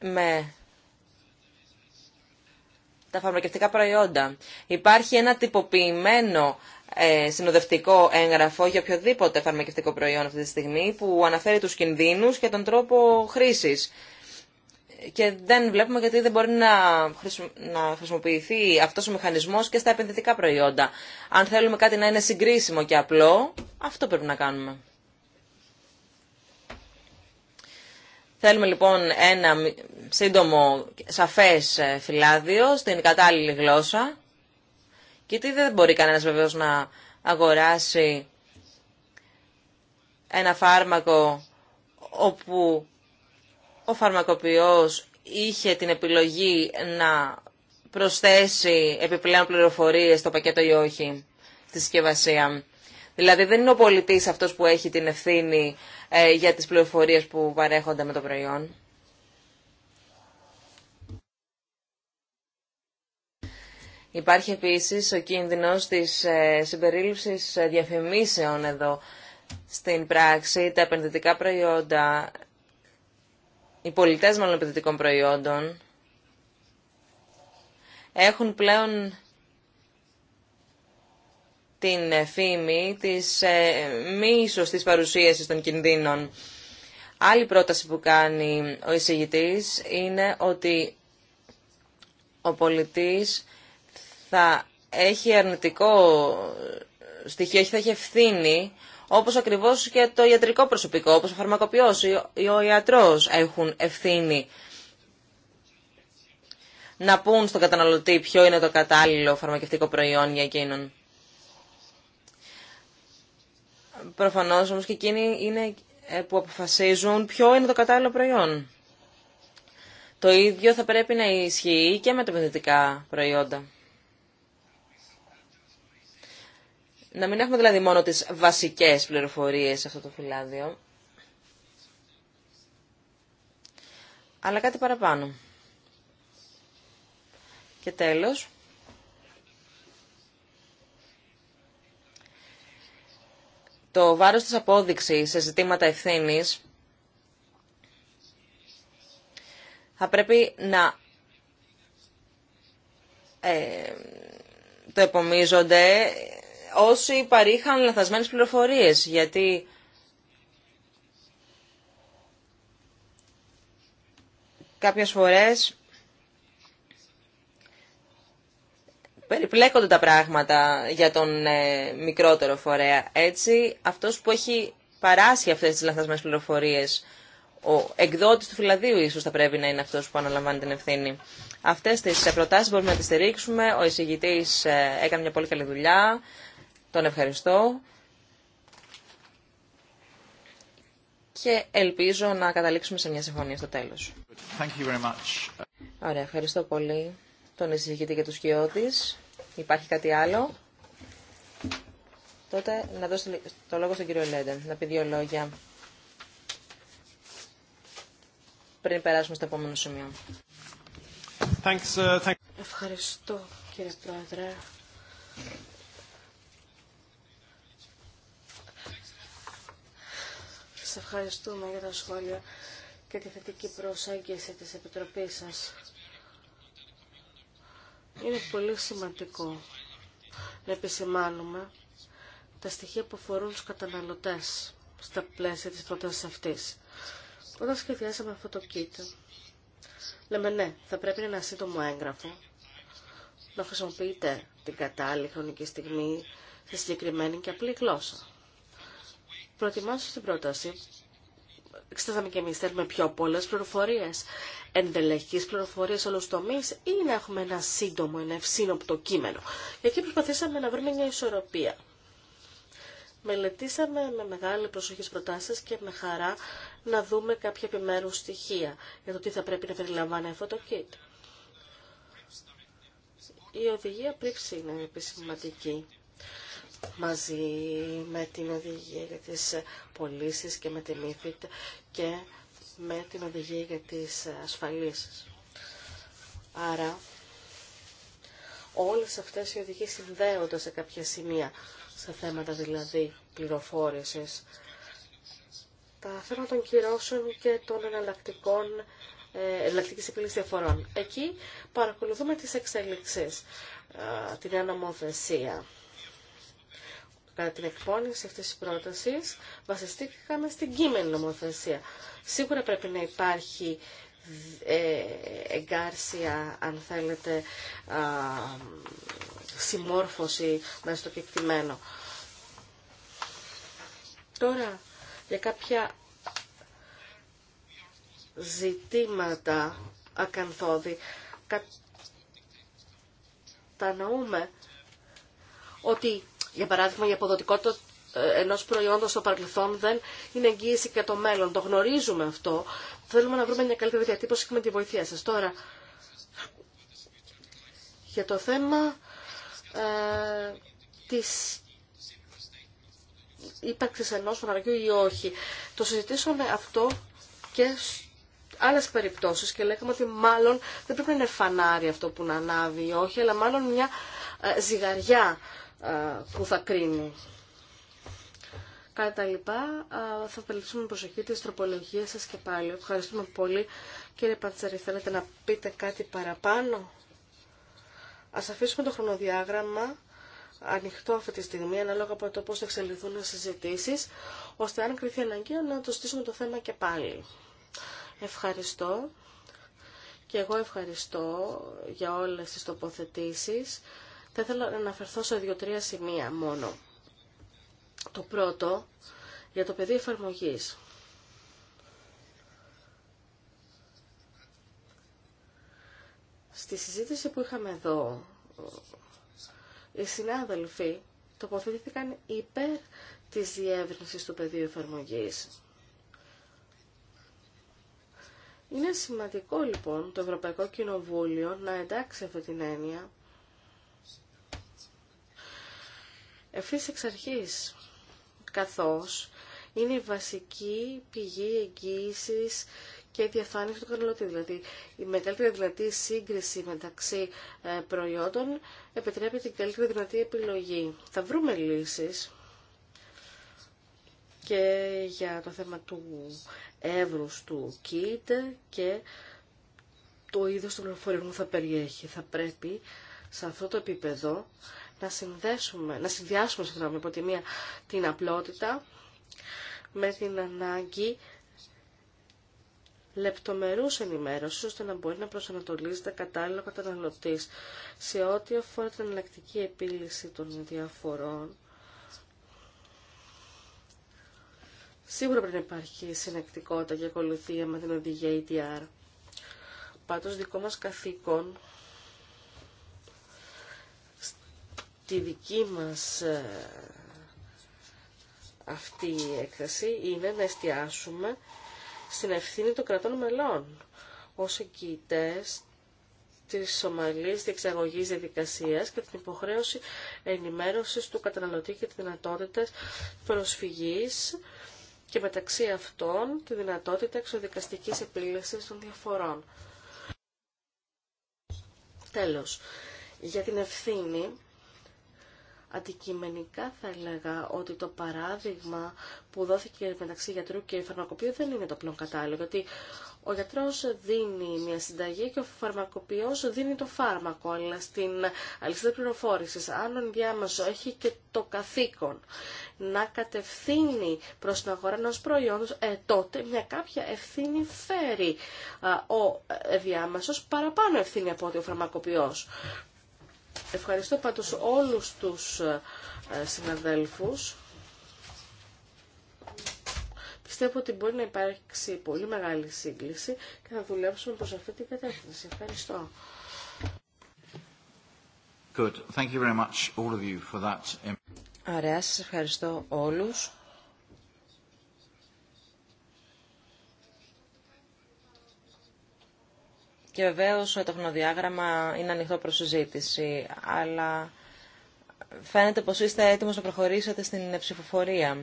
με τα φαρμακευτικά προϊόντα. Υπάρχει ένα τυποποιημένο ε, συνοδευτικό έγγραφο για οποιοδήποτε φαρμακευτικό προϊόν αυτή τη στιγμή που αναφέρει τους κινδύνους και τον τρόπο χρήσης και δεν βλέπουμε γιατί δεν μπορεί να, χρησιμοποιηθεί αυτός ο μηχανισμός και στα επενδυτικά προϊόντα. Αν θέλουμε κάτι να είναι συγκρίσιμο και απλό, αυτό πρέπει να κάνουμε. Θέλουμε λοιπόν ένα σύντομο σαφές ε, φυλάδιο στην κατάλληλη γλώσσα. Γιατί δεν μπορεί κανένας βεβαίως να αγοράσει ένα φάρμακο όπου ο φαρμακοποιός είχε την επιλογή να προσθέσει επιπλέον πληροφορίες στο πακέτο ή όχι στη συσκευασία. Δηλαδή δεν είναι ο πολιτής αυτός που έχει την ευθύνη ε, για τις πληροφορίες που παρέχονται με το προϊόν. Υπάρχει επίσης ο κίνδυνος της ε, συμπερίληψης ε, διαφημίσεων εδώ στην πράξη. Τα επενδυτικά προϊόντα οι πολιτές επιθετικών προϊόντων έχουν πλέον την φήμη της ε, μη σωστής παρουσίασης των κινδύνων. Άλλη πρόταση που κάνει ο εισηγητής είναι ότι ο πολιτής θα έχει αρνητικό στοιχείο, θα έχει ευθύνη όπως ακριβώς και το ιατρικό προσωπικό, όπως ο φαρμακοποιός ή ο ιατρό έχουν ευθύνη να πούν στον καταναλωτή ποιο είναι το κατάλληλο φαρμακευτικό προϊόν για εκείνον. Προφανώς όμως και εκείνοι είναι ε, που αποφασίζουν ποιο είναι το κατάλληλο προϊόν. Το ίδιο θα πρέπει να ισχύει και με τα επενδυτικά προϊόντα. Να μην έχουμε δηλαδή μόνο τις βασικές πληροφορίες σε αυτό το φυλάδιο, αλλά κάτι παραπάνω. Και τέλος, το βάρος της απόδειξης σε ζητήματα ευθύνης θα πρέπει να ε, το επομίζονται όσοι παρήχαν λαθασμένες πληροφορίες, γιατί κάποιες φορές περιπλέκονται τα πράγματα για τον ε, μικρότερο φορέα. Έτσι, αυτός που έχει παράσει αυτές τις λαθασμένες πληροφορίες, ο εκδότης του φυλαδίου ίσως θα πρέπει να είναι αυτός που αναλαμβάνει την ευθύνη. Αυτές τις ε, προτάσεις μπορούμε να τις στηρίξουμε. Ο εισηγητής ε, έκανε μια πολύ καλή δουλειά. Τον ευχαριστώ και ελπίζω να καταλήξουμε σε μια συμφωνία στο τέλος. Ωραία, ευχαριστώ πολύ τον εισηγητή και τους κοιότης. Υπάρχει κάτι άλλο. Τότε να δώσω το λόγο στον κύριο Λέντεν, να πει δύο λόγια πριν περάσουμε στο επόμενο σημείο. Thanks, uh, Ευχαριστώ κύριε Πρόεδρε. σας ευχαριστούμε για τα σχόλια και τη θετική προσέγγιση της Επιτροπής σας. Είναι πολύ σημαντικό να επισημάνουμε τα στοιχεία που αφορούν τους καταναλωτές στα πλαίσια της πρότασης αυτής. Όταν σχεδιάσαμε αυτό το kit, λέμε ναι, θα πρέπει να είναι ένα σύντομο έγγραφο, να χρησιμοποιείτε την κατάλληλη χρονική στιγμή σε συγκεκριμένη και απλή γλώσσα προετοιμάσω την πρόταση. Εξετάσαμε και εμεί θέλουμε πιο πολλέ πληροφορίε, ενδελεχεί πληροφορίε όλου του τομεί ή να έχουμε ένα σύντομο, ένα ευσύνοπτο κείμενο. Και εκεί προσπαθήσαμε να βρούμε μια ισορροπία. Μελετήσαμε με μεγάλη προσοχή τι προτάσει και με χαρά να δούμε κάποια επιμέρου στοιχεία για το τι θα πρέπει να περιλαμβάνει αυτό το kit. Η οδηγία πρίψη είναι επισηματική μαζί με την οδηγία για τις πωλήσει και με τη MIFID και με την οδηγία για τις ασφαλίσεις. Άρα όλες αυτές οι οδηγίες συνδέονται σε κάποια σημεία, σε θέματα δηλαδή πληροφόρησης. Τα θέματα των κυρώσεων και των εναλλακτικών ε, εναλλακτική επίλυση διαφορών. Εκεί παρακολουθούμε τις εξέλιξεις, ε, την αναμοθεσία Κατά την εκπόνηση αυτής της πρότασης βασιστήκαμε στην κείμενη νομοθεσία. Σίγουρα πρέπει να υπάρχει ε, εγκάρσια, αν θέλετε, συμμόρφωση μέσα στο κεκτημένο. Τώρα, για κάποια ζητήματα τα κατανοούμε ότι για παράδειγμα, η αποδοτικότητα ε, ενός προϊόντος στο παρελθόν δεν είναι εγγύηση και το μέλλον. Το γνωρίζουμε αυτό. Θέλουμε να βρούμε μια καλύτερη διατύπωση και με τη βοηθεία σας. Τώρα, για το θέμα ε, της ύπαρξης ενός φαναριού ή όχι. Το συζητήσαμε αυτό και άλλες περιπτώσεις και λέγαμε ότι μάλλον δεν πρέπει να είναι φανάρι αυτό που να ανάβει ή όχι, αλλά μάλλον μια ε, ζυγαριά που θα κρίνει. Κατά λοιπά, θα απελευθερώσουμε προσοχή της τροπολογίας σας και πάλι. Ευχαριστούμε πολύ. Κύριε Πατσαρή, θέλετε να πείτε κάτι παραπάνω. Ας αφήσουμε το χρονοδιάγραμμα ανοιχτό αυτή τη στιγμή, ανάλογα από το πώς θα εξελιχθούν οι συζητήσεις, ώστε αν κρυθεί αναγκαίο να το στήσουμε το θέμα και πάλι. Ευχαριστώ. Και εγώ ευχαριστώ για όλες τις τοποθετήσεις. Θα ήθελα να αναφερθώ σε δύο-τρία σημεία μόνο. Το πρώτο, για το πεδίο εφαρμογής. Στη συζήτηση που είχαμε εδώ, οι συνάδελφοι τοποθετήθηκαν υπέρ της διεύρυνσης του πεδίου εφαρμογής. Είναι σημαντικό λοιπόν το Ευρωπαϊκό Κοινοβούλιο να εντάξει αυτή την έννοια Εφή εξ αρχή καθώς είναι η βασική πηγή εγγύηση και διαφάνεια του καταναλωτή. Δηλαδή, η μεγαλύτερη δυνατή σύγκριση μεταξύ ε, προϊόντων επιτρέπει την καλύτερη δυνατή επιλογή. Θα βρούμε λύσεις και για το θέμα του εύρους του ΚΙΤ και το είδος του πληροφοριού που θα περιέχει. Θα πρέπει σε αυτό το επίπεδο να, συνδέσουμε, να συνδυάσουμε από τη την απλότητα με την ανάγκη λεπτομερούς ενημέρωση ώστε να μπορεί να προσανατολίζεται κατάλληλο ο καταναλωτής σε ό,τι αφορά την εναλλακτική επίλυση των διαφορών. Σίγουρα πρέπει να υπάρχει συνεκτικότητα και ακολουθία με την οδηγία ETR. Πάντως δικό μας καθήκον τη δική μας ε, αυτή η έκθεση είναι να εστιάσουμε στην ευθύνη των κρατών μελών ως εγκύητες της ομαλής διεξαγωγής διαδικασίας και την υποχρέωση ενημέρωσης του καταναλωτή και τη δυνατότητα προσφυγής και μεταξύ αυτών τη δυνατότητα εξοδικαστικής επίλυσης των διαφορών. Τέλος, για την ευθύνη Αντικειμενικά θα έλεγα ότι το παράδειγμα που δόθηκε μεταξύ γιατρού και φαρμακοποιού δεν είναι το πλέον κατάλληλο, γιατί ο γιατρός δίνει μια συνταγή και ο φαρμακοποιός δίνει το φάρμακο, αλλά στην αλυσίδα πληροφόρηση, αν ο ενδιάμεσο έχει και το καθήκον να κατευθύνει προς την αγορά ενός προϊόντος, ε, τότε μια κάποια ευθύνη φέρει ο ε, διάμεσο παραπάνω ευθύνη από ότι ο φαρμακοποιός. Ευχαριστώ πάντως όλους τους ε, συναδέλφους. Πιστεύω ότι μπορεί να υπάρξει πολύ μεγάλη σύγκληση και θα δουλέψουμε προς αυτή την κατεύθυνση. Ευχαριστώ. Good. Thank you very much all of you for that. Ωραία, σας ευχαριστώ όλους. Και βεβαίω το χρονοδιάγραμμα είναι ανοιχτό προ συζήτηση. Αλλά φαίνεται πω είστε έτοιμο να προχωρήσετε στην ψηφοφορία.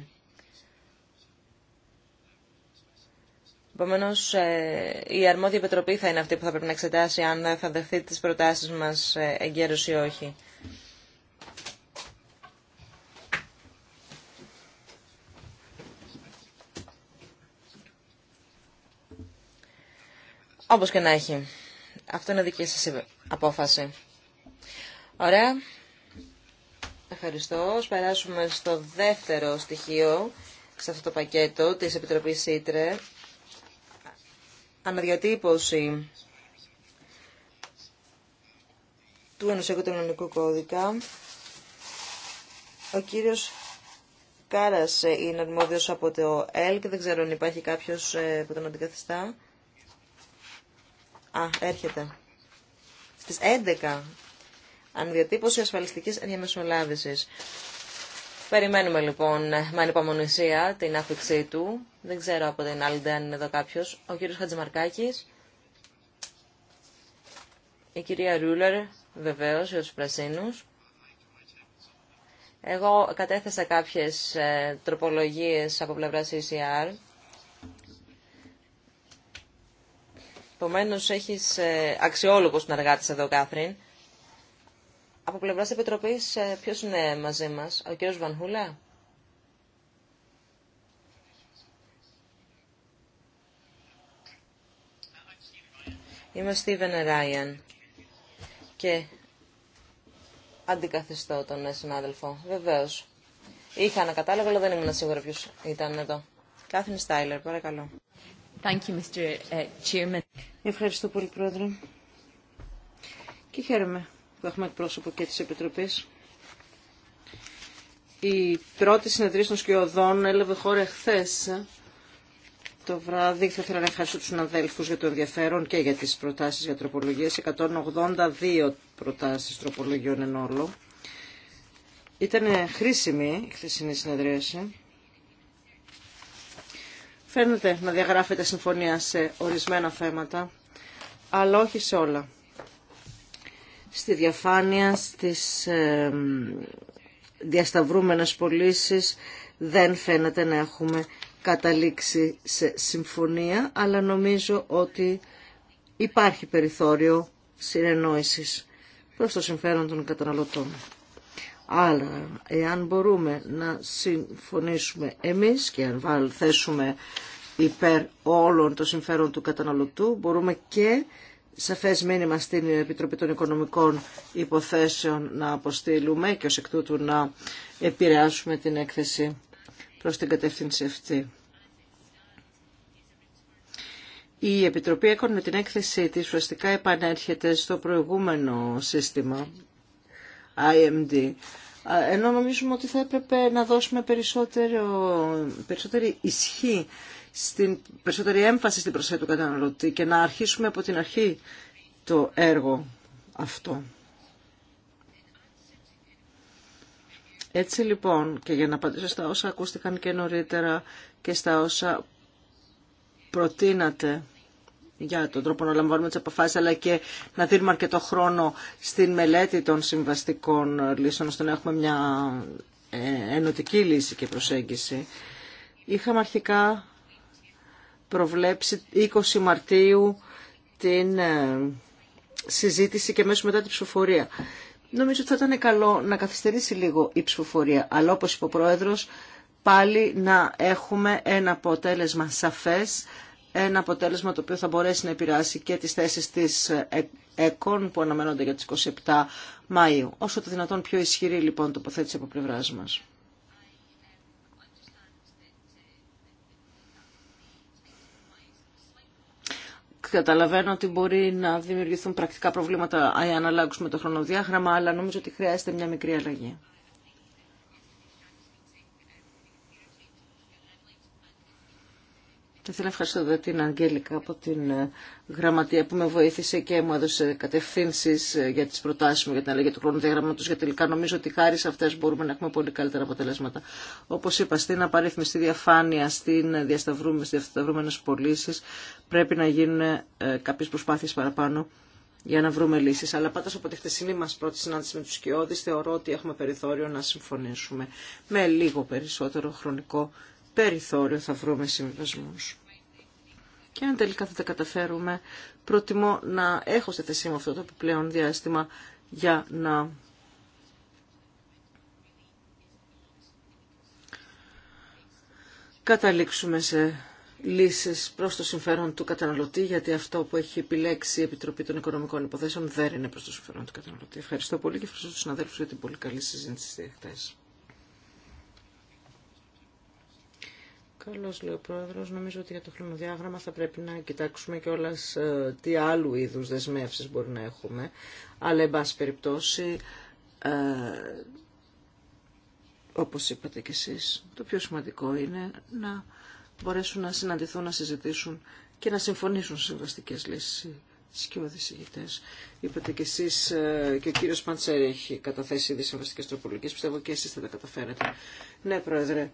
Επομένω, ε, η αρμόδια επιτροπή θα είναι αυτή που θα πρέπει να εξετάσει αν θα δεχθεί τι προτάσει μα ε, εγκαίρω ή όχι. Όπως και να έχει. Αυτό είναι δική σας απόφαση. Ωραία. Ευχαριστώ. Ας περάσουμε στο δεύτερο στοιχείο σε αυτό το πακέτο της Επιτροπής ΣΥΤΡΕ. Αναδιατύπωση του Ενωσιακού Τελωνικού Κώδικα. Ο κύριος Κάρας είναι αρμόδιος από το και Δεν ξέρω αν υπάρχει κάποιος ε, που τον αντικαθιστά. Α, έρχεται. Στις 11. Ανδιατύπωση ασφαλιστικής διαμεσολάβησης. Περιμένουμε λοιπόν με ανυπομονησία την άφηξή του. Δεν ξέρω από την άλλη αν είναι εδώ κάποιος. Ο κύριος Χατζημαρκάκης. Η κυρία Ρούλερ, βεβαίως, για τους πρασίνους. Εγώ κατέθεσα κάποιες ε, τροπολογίες από πλευρά CCR. Επομένω, έχει ε, αξιόλογο συνεργάτη εδώ, Κάθριν. Από πλευρά τη Επιτροπή, ε, ποιο είναι μαζί μα, ο κύριο Βανχούλα. Είμαι Στίβεν Ράιαν και αντικαθιστώ τον ε, συνάδελφο. Βεβαίω. Είχα να αλλά δεν ήμουν σίγουρα ποιο ήταν εδώ. Κάθριν Στάιλερ, παρακαλώ. Uh, ευχαριστώ πολύ, Πρόεδρε. Και χαίρομαι που έχουμε εκπρόσωπο και τη Επιτροπή. Η πρώτη συνεδρία των Σκιωδών έλαβε χώρα χθε το βράδυ. Θα ήθελα να ευχαριστώ του συναδέλφου για το ενδιαφέρον και για τι προτάσει για τροπολογίε. 182 προτάσει τροπολογιών εν όλο. Ήταν χρήσιμη η χθεσινή συνεδρίαση. Φαίνεται να διαγράφεται συμφωνία σε ορισμένα θέματα, αλλά όχι σε όλα. Στη διαφάνεια, στις ε, διασταυρούμενες πωλήσει δεν φαίνεται να έχουμε καταλήξει σε συμφωνία, αλλά νομίζω ότι υπάρχει περιθώριο συνεννόησης προς το συμφέρον των καταναλωτών. Αλλά εάν μπορούμε να συμφωνήσουμε εμείς και αν θέσουμε υπέρ όλων των συμφέρων του καταναλωτού, μπορούμε και σαφές μήνυμα στην Επιτροπή των Οικονομικών Υποθέσεων να αποστείλουμε και ως εκ τούτου να επηρεάσουμε την έκθεση προς την κατεύθυνση αυτή. Η Επιτροπή Έκον την έκθεσή της ουσιαστικά επανέρχεται στο προηγούμενο σύστημα IMD. Ενώ νομίζουμε ότι θα έπρεπε να δώσουμε περισσότερο, περισσότερη ισχύ, στην, περισσότερη έμφαση στην προσέγγιση του καταναλωτή και να αρχίσουμε από την αρχή το έργο αυτό. Έτσι λοιπόν, και για να απαντήσω στα όσα ακούστηκαν και νωρίτερα και στα όσα προτείνατε, για τον τρόπο να λαμβάνουμε τις αποφάσεις αλλά και να δίνουμε αρκετό χρόνο στην μελέτη των συμβαστικών λύσεων ώστε να έχουμε μια ε, ενωτική λύση και προσέγγιση. Είχαμε αρχικά προβλέψει 20 Μαρτίου την ε, συζήτηση και μέσω μετά την ψηφοφορία. Νομίζω ότι θα ήταν καλό να καθυστερήσει λίγο η ψηφοφορία, αλλά όπως είπε ο Πρόεδρος, πάλι να έχουμε ένα αποτέλεσμα σαφές ένα αποτέλεσμα το οποίο θα μπορέσει να επηρεάσει και τις θέσεις της ε- ΕΚΟΝ που αναμένονται για τις 27 Μαΐου. Όσο το δυνατόν πιο ισχυρή λοιπόν τοποθέτηση από πλευρά μα. Καταλαβαίνω ότι μπορεί να δημιουργηθούν πρακτικά προβλήματα αν αλλάξουμε το χρονοδιάγραμμα, αλλά νομίζω ότι χρειάζεται μια μικρή αλλαγή. Και θέλω να ευχαριστώ την Αγγέλικα από την ε, γραμματεία που με βοήθησε και μου έδωσε κατευθύνσει ε, για τι προτάσει μου για την αλλαγή του χρόνου διαγραμματό. Γιατί τελικά νομίζω ότι χάρη σε αυτέ μπορούμε να έχουμε πολύ καλύτερα αποτελέσματα. Όπω είπα, στην απαρίθμιστη διαφάνεια, στην διασταυρούμενε πωλήσει πρέπει να γίνουν ε, κάποιε προσπάθειε παραπάνω για να βρούμε λύσει. Αλλά πάντω από τη χτεσινή μα πρώτη συνάντηση με του Κιώδη, θεωρώ ότι έχουμε περιθώριο να συμφωνήσουμε με λίγο περισσότερο χρονικό περιθώριο θα βρούμε συμβιβασμούς. Και αν τελικά θα τα καταφέρουμε, προτιμώ να έχω στη θέση μου αυτό το επιπλέον διάστημα για να καταλήξουμε σε λύσεις προς το συμφέρον του καταναλωτή, γιατί αυτό που έχει επιλέξει η Επιτροπή των Οικονομικών Υποθέσεων δεν είναι προς το συμφέρον του καταναλωτή. Ευχαριστώ πολύ και ευχαριστώ τους συναδέλφους για την πολύ καλή συζήτηση χθες. Καλώς λέει ο Πρόεδρος. Νομίζω ότι για το χρονοδιάγραμμα θα πρέπει να κοιτάξουμε και όλας ε, τι άλλου είδους δεσμεύσεις μπορεί να έχουμε. Αλλά, εν πάση περιπτώσει, ε, όπως είπατε κι εσείς, το πιο σημαντικό είναι να μπορέσουν να συναντηθούν, να συζητήσουν και να συμφωνήσουν σε συμβαστικές λύσεις σκιώδεις ηγητές. Είπατε κι εσείς ε, και ο κύριος Παντσέρη έχει καταθέσει ήδη συμβαστικές τροπολογίε, Πιστεύω και εσεί θα τα καταφέρετε. Ναι, Πρόεδρε,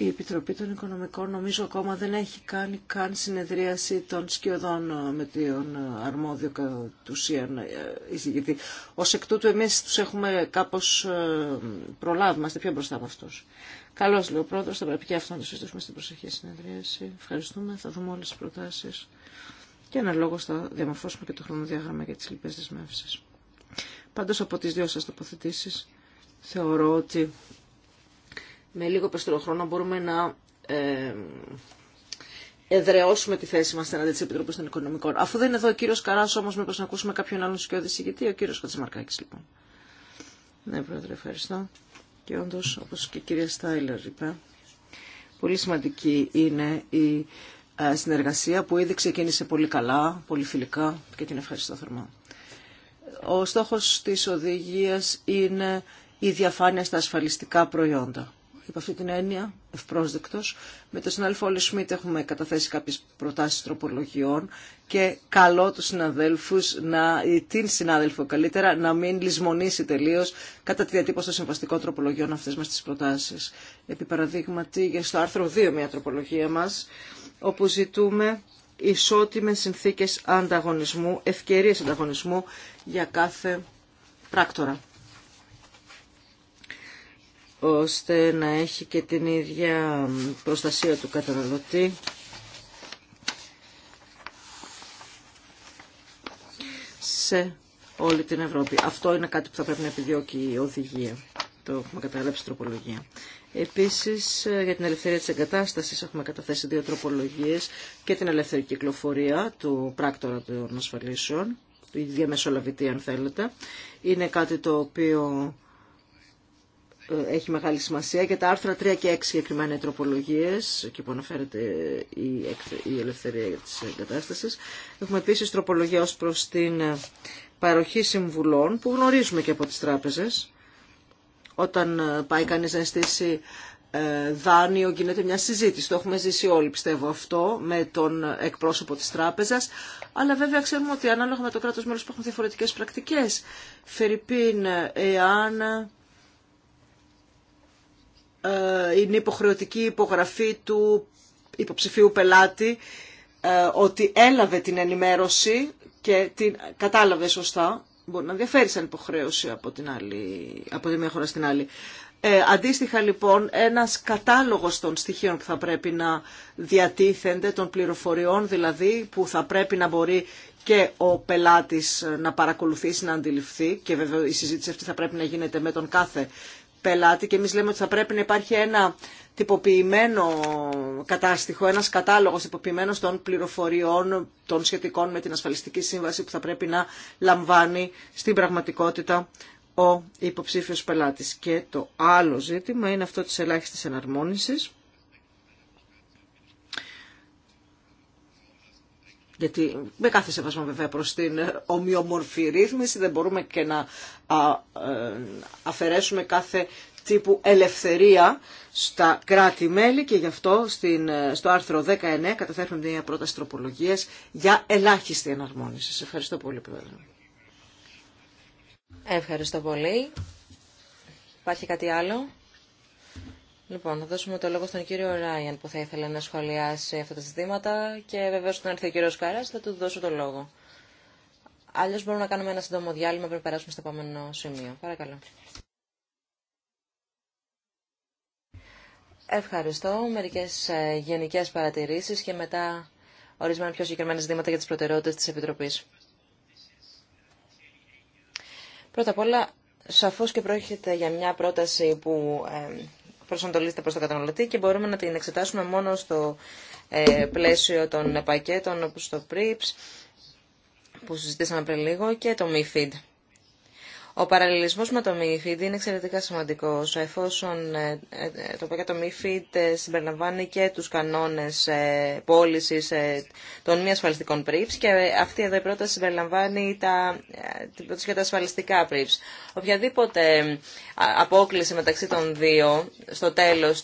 η Επιτροπή των Οικονομικών νομίζω ακόμα δεν έχει κάνει καν συνεδρίαση των σκιωδών ε, με τον ε, αρμόδιο κατ' ουσίαν ε, εισηγητή. Ως εκ τούτου εμείς τους έχουμε κάπως προλάβει, είμαστε πιο μπροστά από αυτούς. Καλώς λέω πρόεδρος, θα πρέπει και αυτό να το συζητήσουμε στην προσεχή συνεδρίαση. Ευχαριστούμε, θα δούμε όλες τις προτάσεις και αναλόγως θα διαμορφώσουμε και το χρονοδιάγραμμα για τις λοιπές δεσμεύσεις. Πάντως από τις δύο σας τοποθετήσεις θεωρώ ότι με λίγο περισσότερο χρόνο μπορούμε να ε, εδραιώσουμε τη θέση μα στην τη Επιτροπή των Οικονομικών. Αφού δεν είναι εδώ ο κύριο Καρά, όμω, μήπω να ακούσουμε κάποιον άλλον σκιώδη Γιατί ο κύριο Χατζημαρκάκη, λοιπόν. Ναι, πρόεδρε, ευχαριστώ. Και όντω, όπω και η κυρία Στάιλερ είπε, πολύ σημαντική είναι η ε, συνεργασία που ήδη ξεκίνησε πολύ καλά, πολύ φιλικά και την ευχαριστώ θερμά. Ο στόχος της οδηγίας είναι η διαφάνεια στα ασφαλιστικά προϊόντα υπ' αυτή την έννοια ευπρόσδεκτο. Με τον συνάδελφο Όλυ Σμιτ έχουμε καταθέσει κάποιε προτάσει τροπολογιών και καλώ του συναδέλφου να, την συνάδελφο καλύτερα, να μην λησμονήσει τελείω κατά τη διατύπωση των συμβαστικών τροπολογιών αυτέ μα τι προτάσει. Επί παραδείγματι, στο άρθρο 2 μια τροπολογία μα, όπου ζητούμε ισότιμε συνθήκε ανταγωνισμού, ευκαιρίες ανταγωνισμού για κάθε πράκτορα ώστε να έχει και την ίδια προστασία του καταναλωτή. σε όλη την Ευρώπη. Αυτό είναι κάτι που θα πρέπει να επιδιώκει η οδηγία. Το έχουμε καταγράψει τροπολογία. Επίσης, για την ελευθερία της εγκατάστασης έχουμε καταθέσει δύο τροπολογίες και την ελεύθερη κυκλοφορία του πράκτορα των ασφαλίσεων, του διαμεσολαβητή αν θέλετε. Είναι κάτι το οποίο έχει μεγάλη σημασία. και τα άρθρα 3 και 6 συγκεκριμένα οι τροπολογίες, εκεί που αναφέρεται η ελευθερία της εγκατάσταση. Έχουμε επίση τροπολογία ως προς την ε, παροχή συμβουλών, που γνωρίζουμε και από τις τράπεζες. Όταν ε, πάει κανείς να αισθήσει ε, δάνειο γίνεται μια συζήτηση. Το έχουμε ζήσει όλοι πιστεύω αυτό με τον εκπρόσωπο της τράπεζας. Αλλά βέβαια ξέρουμε ότι ανάλογα με το κράτος μέλος έχουν διαφορετικές πρακτικές. Φερρυπίν, εάν ε, είναι υποχρεωτική υπογραφή του υποψηφίου πελάτη ε, ότι έλαβε την ενημέρωση και την κατάλαβε σωστά. Μπορεί να διαφέρει σαν υποχρέωση από, την άλλη, από τη μία χώρα στην άλλη. Ε, αντίστοιχα λοιπόν ένας κατάλογος των στοιχείων που θα πρέπει να διατίθενται, των πληροφοριών δηλαδή, που θα πρέπει να μπορεί και ο πελάτης να παρακολουθήσει, να αντιληφθεί και βέβαια η συζήτηση αυτή θα πρέπει να γίνεται με τον κάθε πελάτη και εμείς λέμε ότι θα πρέπει να υπάρχει ένα τυποποιημένο κατάστοιχο, ένας κατάλογος τυποποιημένος των πληροφοριών των σχετικών με την ασφαλιστική σύμβαση που θα πρέπει να λαμβάνει στην πραγματικότητα ο υποψήφιος πελάτης. Και το άλλο ζήτημα είναι αυτό της ελάχιστης εναρμόνισης. γιατί με κάθε σεβασμό βέβαια προς την ε, ομοιομορφή ρύθμιση δεν μπορούμε και να ε, αφαιρέσουμε κάθε τύπου ελευθερία στα κράτη-μέλη και γι' αυτό στην, ε, στο άρθρο 19 καταθέτουμε μια πρόταση τροπολογία για ελάχιστη εναρμόνιση. Σε ευχαριστώ πολύ Πρόεδρε. Ευχαριστώ πολύ. Υπάρχει κάτι άλλο. Λοιπόν, θα δώσουμε το λόγο στον κύριο Ράιαν που θα ήθελε να σχολιάσει αυτά τα ζητήματα και βεβαίω όταν έρθει ο κύριο Κάρα θα του δώσω το λόγο. Αλλιώ μπορούμε να κάνουμε ένα σύντομο διάλειμμα πριν περάσουμε στο επόμενο σημείο. Παρακαλώ. Ευχαριστώ. Μερικέ ε, γενικέ παρατηρήσει και μετά ορισμένα πιο συγκεκριμένα ζητήματα για τι προτεραιότητε τη Επιτροπή. Πρώτα απ' όλα, σαφώ και πρόκειται για μια πρόταση που ε, προσανατολίζεται προς τον καταναλωτή και μπορούμε να την εξετάσουμε μόνο στο ε, πλαίσιο των πακέτων όπως το PRIPS που συζητήσαμε πριν λίγο και το MIFID. Ο παραλληλισμό με το MIFID είναι εξαιρετικά σημαντικό, εφόσον ε, ε, ε, το πακέτο MIFID συμπεριλαμβάνει και του κανόνε πώληση των μη ασφαλιστικών πρίψ και αυτή εδώ η πρόταση συμπεριλαμβάνει τα, και τα ασφαλιστικά πρίψ. Οποιαδήποτε απόκληση μεταξύ των δύο στο τέλο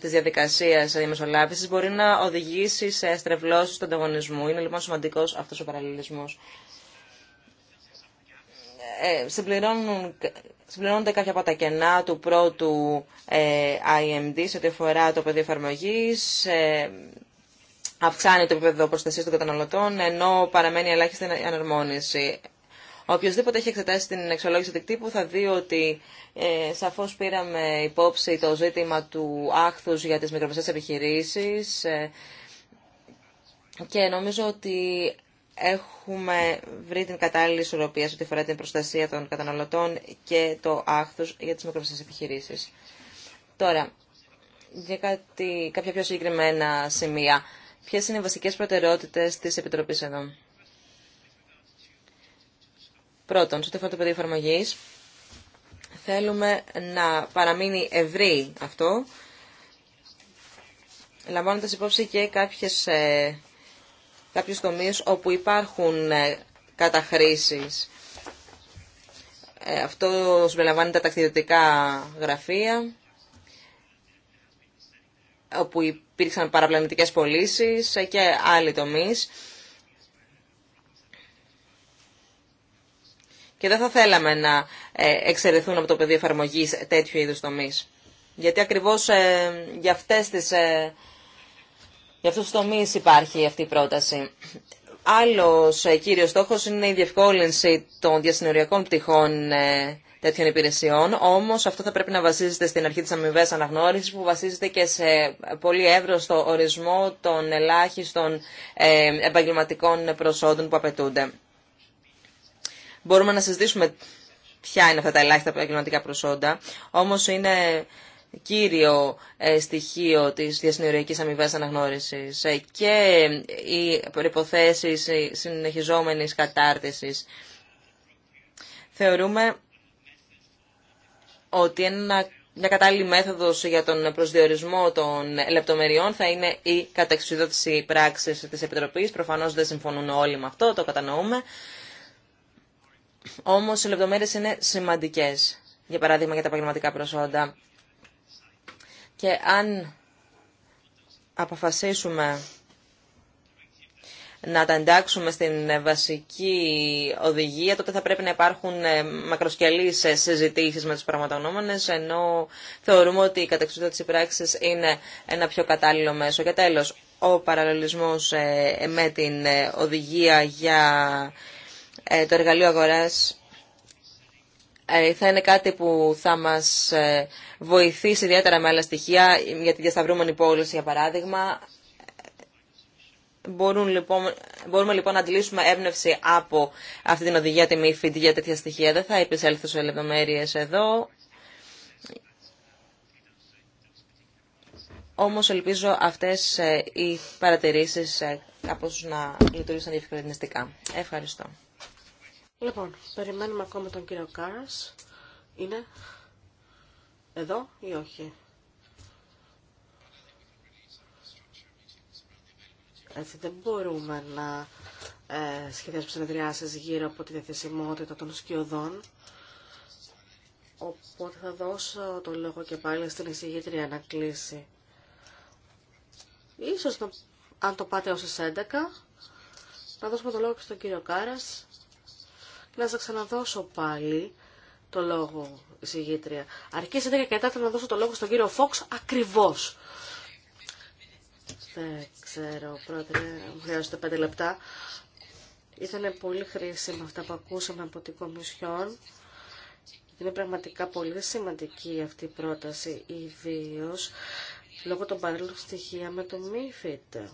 τη διαδικασία διαμεσολάβηση μπορεί να οδηγήσει σε στρεβλώσεις του ανταγωνισμού. Είναι λοιπόν σημαντικό αυτό ο παραλληλισμό. Ε, συμπληρώνουν, συμπληρώνονται κάποια από τα κενά του πρώτου ε, IMD σε ό,τι αφορά το πεδίο εφαρμογή. Ε, αυξάνει το επίπεδο προστασία των καταναλωτών, ενώ παραμένει ελάχιστη αναρμόνιση. Οποιοςδήποτε έχει εξετάσει την εξολόγηση δικτύπου θα δει ότι ε, σαφώς πήραμε υπόψη το ζήτημα του άχθους για τις μικρομεσαίες επιχειρήσεις και νομίζω ότι έχουμε βρει την κατάλληλη ισορροπία σε ό,τι αφορά την προστασία των καταναλωτών και το άχθος για τις μικρομεσαίες επιχειρήσεις. Τώρα, για κάποια πιο συγκεκριμένα σημεία. Ποιες είναι οι βασικές προτεραιότητες της Επιτροπής εδώ. Πρώτον, σε ό,τι αφορά το πεδίο εφαρμογή, θέλουμε να παραμείνει ευρύ αυτό, λαμβάνοντας υπόψη και κάποιες ε, κάποιους τομείς όπου υπάρχουν ε, καταχρήσεις. Ε, αυτό συμπεριλαμβάνει τα ταξιδιωτικά γραφεία, όπου υπήρξαν παραπλανητικές πωλήσει και άλλοι τομείς. Και δεν θα θέλαμε να ε, εξαιρεθούν από το πεδίο εφαρμογή τέτοιου είδους τομείς. Γιατί ακριβώς για αυτές τις για αυτούς του τομεί υπάρχει αυτή η πρόταση. Άλλος ε, κύριος στόχο είναι η διευκόλυνση των διασυνοριακών πτυχών ε, τέτοιων υπηρεσιών. Όμω αυτό θα πρέπει να βασίζεται στην αρχή τη αμοιβέ αναγνώριση, που βασίζεται και σε πολύ εύρωστο ορισμό των ελάχιστων ε, επαγγελματικών προσόντων που απαιτούνται. Μπορούμε να συζητήσουμε ποια είναι αυτά τα ελάχιστα επαγγελματικά προσόντα, όμω είναι κύριο ε, στοιχείο της διασυνοριακής αμοιβές αναγνώρισης ε, και οι προϋποθέσεις συνεχιζόμενης κατάρτισης. Θεωρούμε ότι ένα, μια κατάλληλη μέθοδος για τον προσδιορισμό των λεπτομεριών θα είναι η καταξιδότηση πράξης της Επιτροπής. Προφανώς δεν συμφωνούν όλοι με αυτό, το κατανοούμε. Όμως οι λεπτομέρειες είναι σημαντικές. Για παράδειγμα για τα επαγγελματικά προσόντα. Και αν αποφασίσουμε να τα εντάξουμε στην βασική οδηγία, τότε θα πρέπει να υπάρχουν ε, μακροσκελείς ε, συζητήσεις με τους πραγματογνώμονες, ενώ θεωρούμε ότι η κατεξουσία της πράξης είναι ένα πιο κατάλληλο μέσο. Και τέλος, ο παραλληλισμός ε, με την οδηγία για το εργαλείο αγοράς ε, θα είναι κάτι που θα μας ε, βοηθήσει ιδιαίτερα με άλλα στοιχεία για τη διασταυρούμενη πόλη, για παράδειγμα. Λοιπόν, μπορούμε λοιπόν να αντιλήσουμε έμπνευση από αυτή την οδηγία τη ΜΥΦΙΤ για τέτοια στοιχεία. Δεν θα επισέλθω σε λεπτομέρειες εδώ. Όμως ελπίζω αυτές ε, οι παρατηρήσεις κάπως να λειτουργήσουν διευκρινιστικά. Ευχαριστώ. Λοιπόν, περιμένουμε ακόμα τον κύριο Κάρας. Είναι εδώ ή όχι. δεν μπορούμε να ε, σχεδιάσουμε συνεδριάσεις γύρω από τη διαθεσιμότητα των σκιωδών. Οπότε θα δώσω το λόγο και πάλι στην εισηγήτρια να κλείσει. Ίσως αν το πάτε ως 11, να δώσουμε το λόγο και στον κύριο Κάρας να σα ξαναδώσω πάλι το λόγο, εισηγήτρια. Αρκεί και να δώσω το λόγο στον κύριο Φόξ ακριβώς. Δεν ξέρω, πρόεδρε, μου χρειάζονται πέντε λεπτά. Ήταν πολύ χρήσιμα αυτά που ακούσαμε από την Κομισιόν. Είναι πραγματικά πολύ σημαντική αυτή η πρόταση, ιδίω λόγω των παρελθόντων στοιχεία με το MIFID.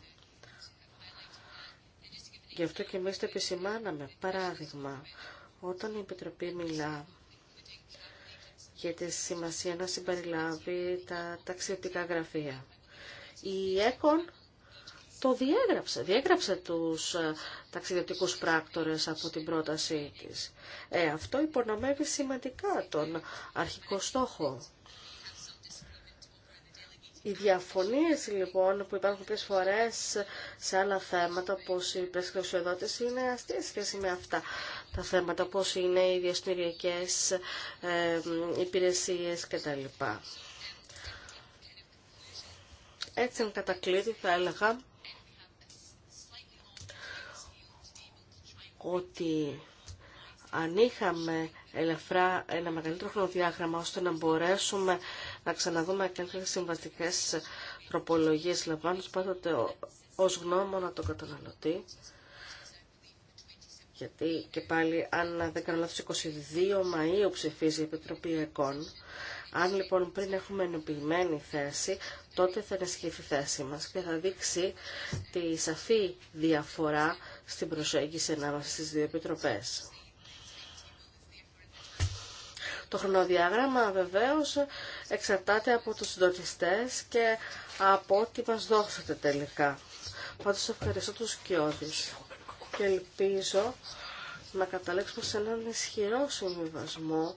Γι' αυτό και εμείς το επισημάναμε. Παράδειγμα, όταν η Επιτροπή μιλά για τη σημασία να συμπεριλάβει τα ταξιδιωτικά γραφεία. Η ΕΚΟΝ το διέγραψε. Διέγραψε τους ε, ταξιδιωτικούς πράκτορες από την πρότασή της. Ε, αυτό υπονομεύει σημαντικά τον αρχικό στόχο οι διαφωνίες λοιπόν που υπάρχουν πολλέ φορές σε άλλα θέματα όπως οι υπεσχρωσιοδότες είναι αστείες σχέση με αυτά τα θέματα όπως είναι οι διαστηριακέ ε, υπηρεσίες κτλ. Έτσι εν κατακλείδη θα έλεγα ότι αν είχαμε ελαφρά ένα μεγαλύτερο χρονοδιάγραμμα ώστε να μπορέσουμε να ξαναδούμε κάποιες συμβατικές τροπολογίες λαμβάνοντας πάντοτε ως γνώμονα τον καταναλωτή. Γιατί και πάλι αν δεν κάνω λάθος 22 Μαΐου ψηφίζει η Επιτροπή ΕΚΟΝ. Αν λοιπόν πριν έχουμε ενοποιημένη θέση, τότε θα ενισχυθεί η θέση μας και θα δείξει τη σαφή διαφορά στην προσέγγιση ανάμεσα στις δύο επιτροπέ. Το χρονοδιάγραμμα βεβαίως εξαρτάται από τους συντονιστέ και από ό,τι μας δώσετε τελικά. Πάντως ευχαριστώ τους σκιώδεις και ελπίζω να καταλέξουμε σε έναν ισχυρό συμβιβασμό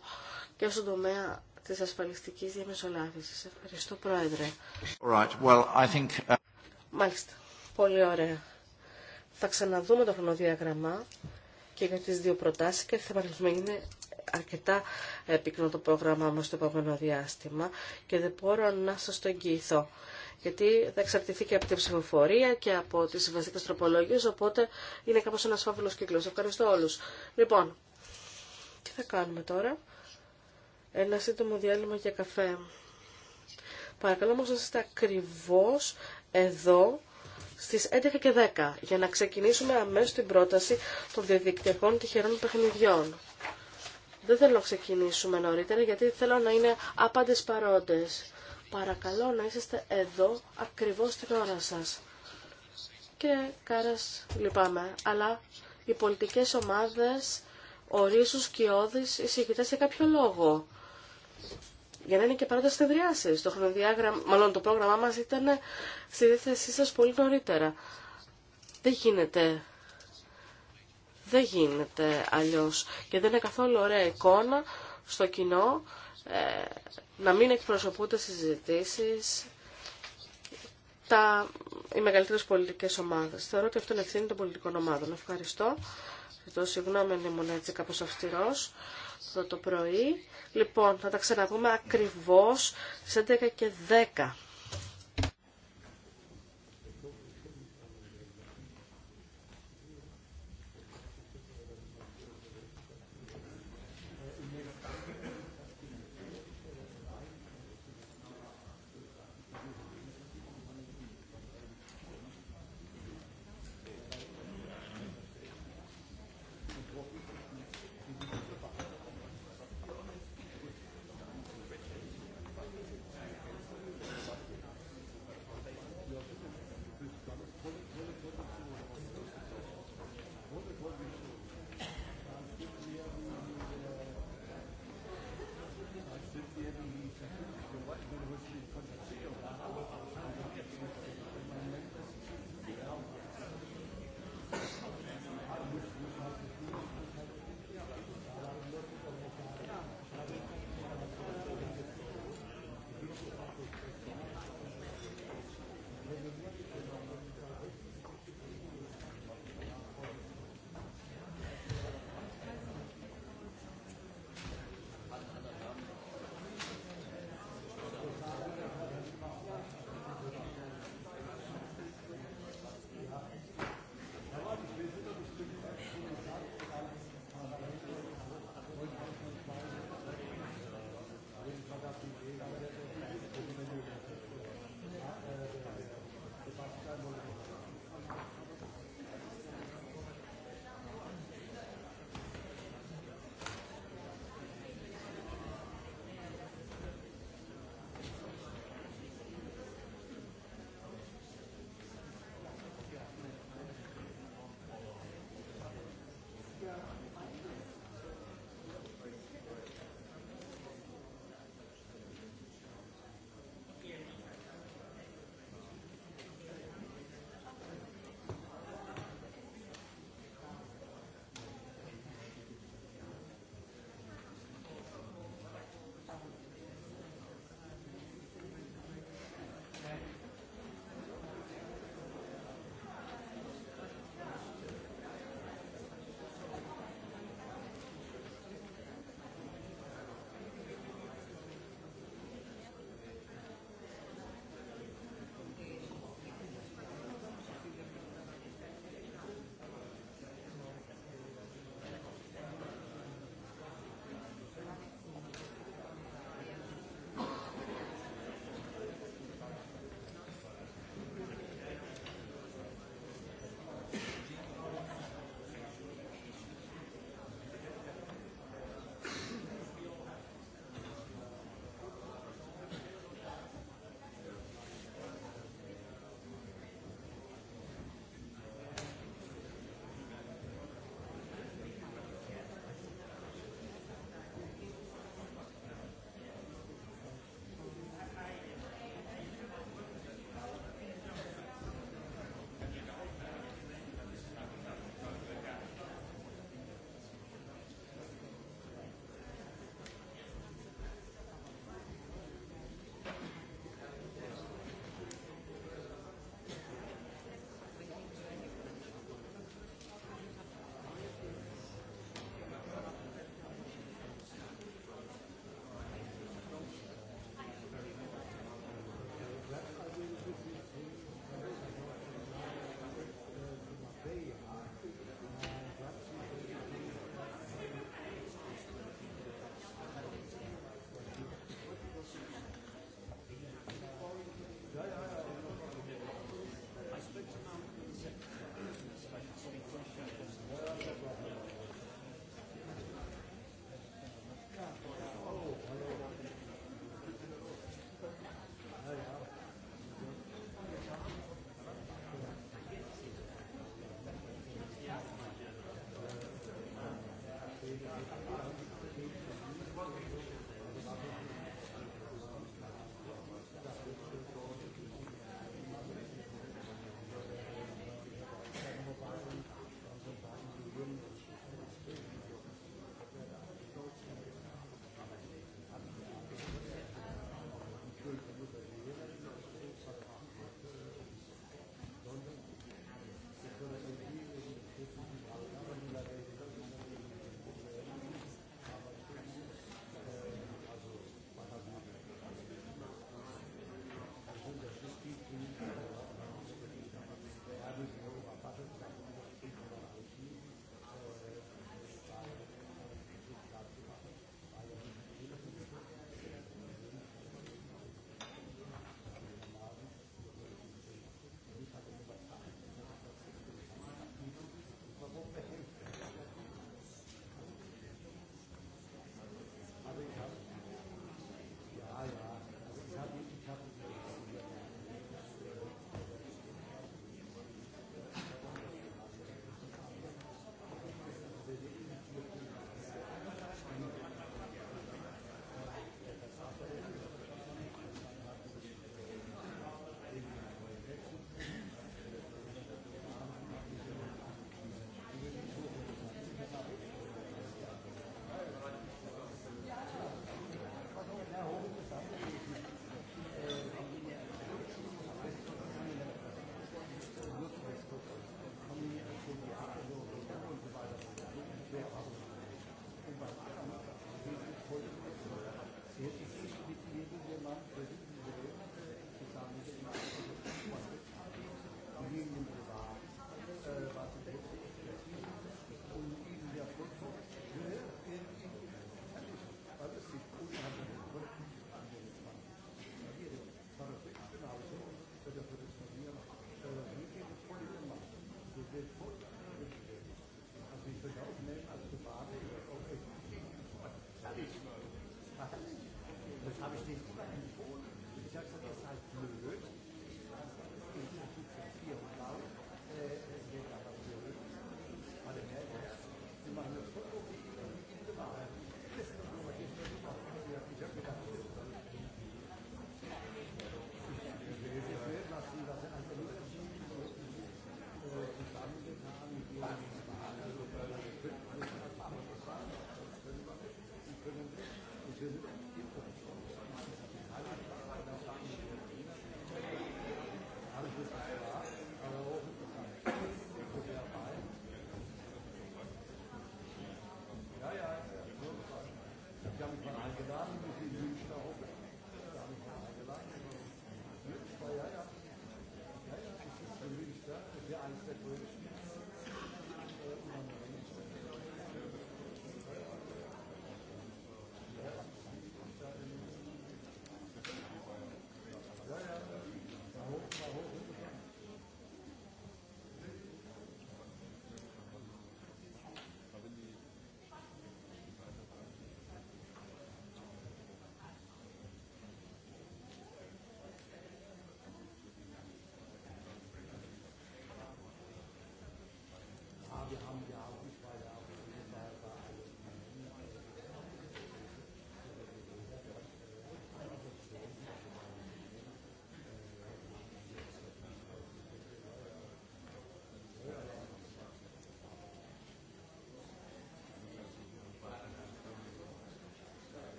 και στον τομέα της ασφαλιστικής διαμεσολάβησης. Ευχαριστώ Πρόεδρε. Uh, Μάλιστα. Πολύ ωραία. Θα ξαναδούμε το χρονοδιάγραμμα και για τις δύο προτάσεις και θα είναι αρκετά πυκνό το πρόγραμμά μας στο επόμενο διάστημα και δεν μπορώ να σας το εγγυηθώ. Γιατί θα εξαρτηθεί και από την ψηφοφορία και από τι βασικέ τροπολογίε, οπότε είναι κάπω ένα φαύλος κύκλο. Ευχαριστώ όλου. Λοιπόν, τι θα κάνουμε τώρα. Ένα σύντομο διάλειμμα για καφέ. Παρακαλώ όμως να είστε ακριβώ εδώ στι 11 και 10 για να ξεκινήσουμε αμέσω την πρόταση των διαδικτυακών τυχερών παιχνιδιών. Δεν θέλω να ξεκινήσουμε νωρίτερα γιατί θέλω να είναι άπαντες παρόντες. Παρακαλώ να είσαστε εδώ ακριβώς την ώρα σας. Και Κάρας, λυπάμαι, αλλά οι πολιτικές ομάδες και όδης εισηγητές σε κάποιο λόγο. Για να είναι και παρόντες θεδριάσεις. Το χρονοδιάγραμμα, μάλλον το πρόγραμμά μας ήταν στη δίθεσή σας πολύ νωρίτερα. Δεν γίνεται δεν γίνεται αλλιώς και δεν είναι καθόλου ωραία εικόνα στο κοινό ε, να μην εκπροσωπούνται συζητήσεις τα, οι μεγαλύτερες πολιτικές ομάδες. Θεωρώ ότι αυτό είναι ευθύνη των πολιτικών ομάδων. Ευχαριστώ. Ζητώ συγγνώμη αν ήμουν έτσι κάπως αυστηρός το, το πρωί. Λοιπόν, θα τα ξαναπούμε ακριβώς στις 11 και 10.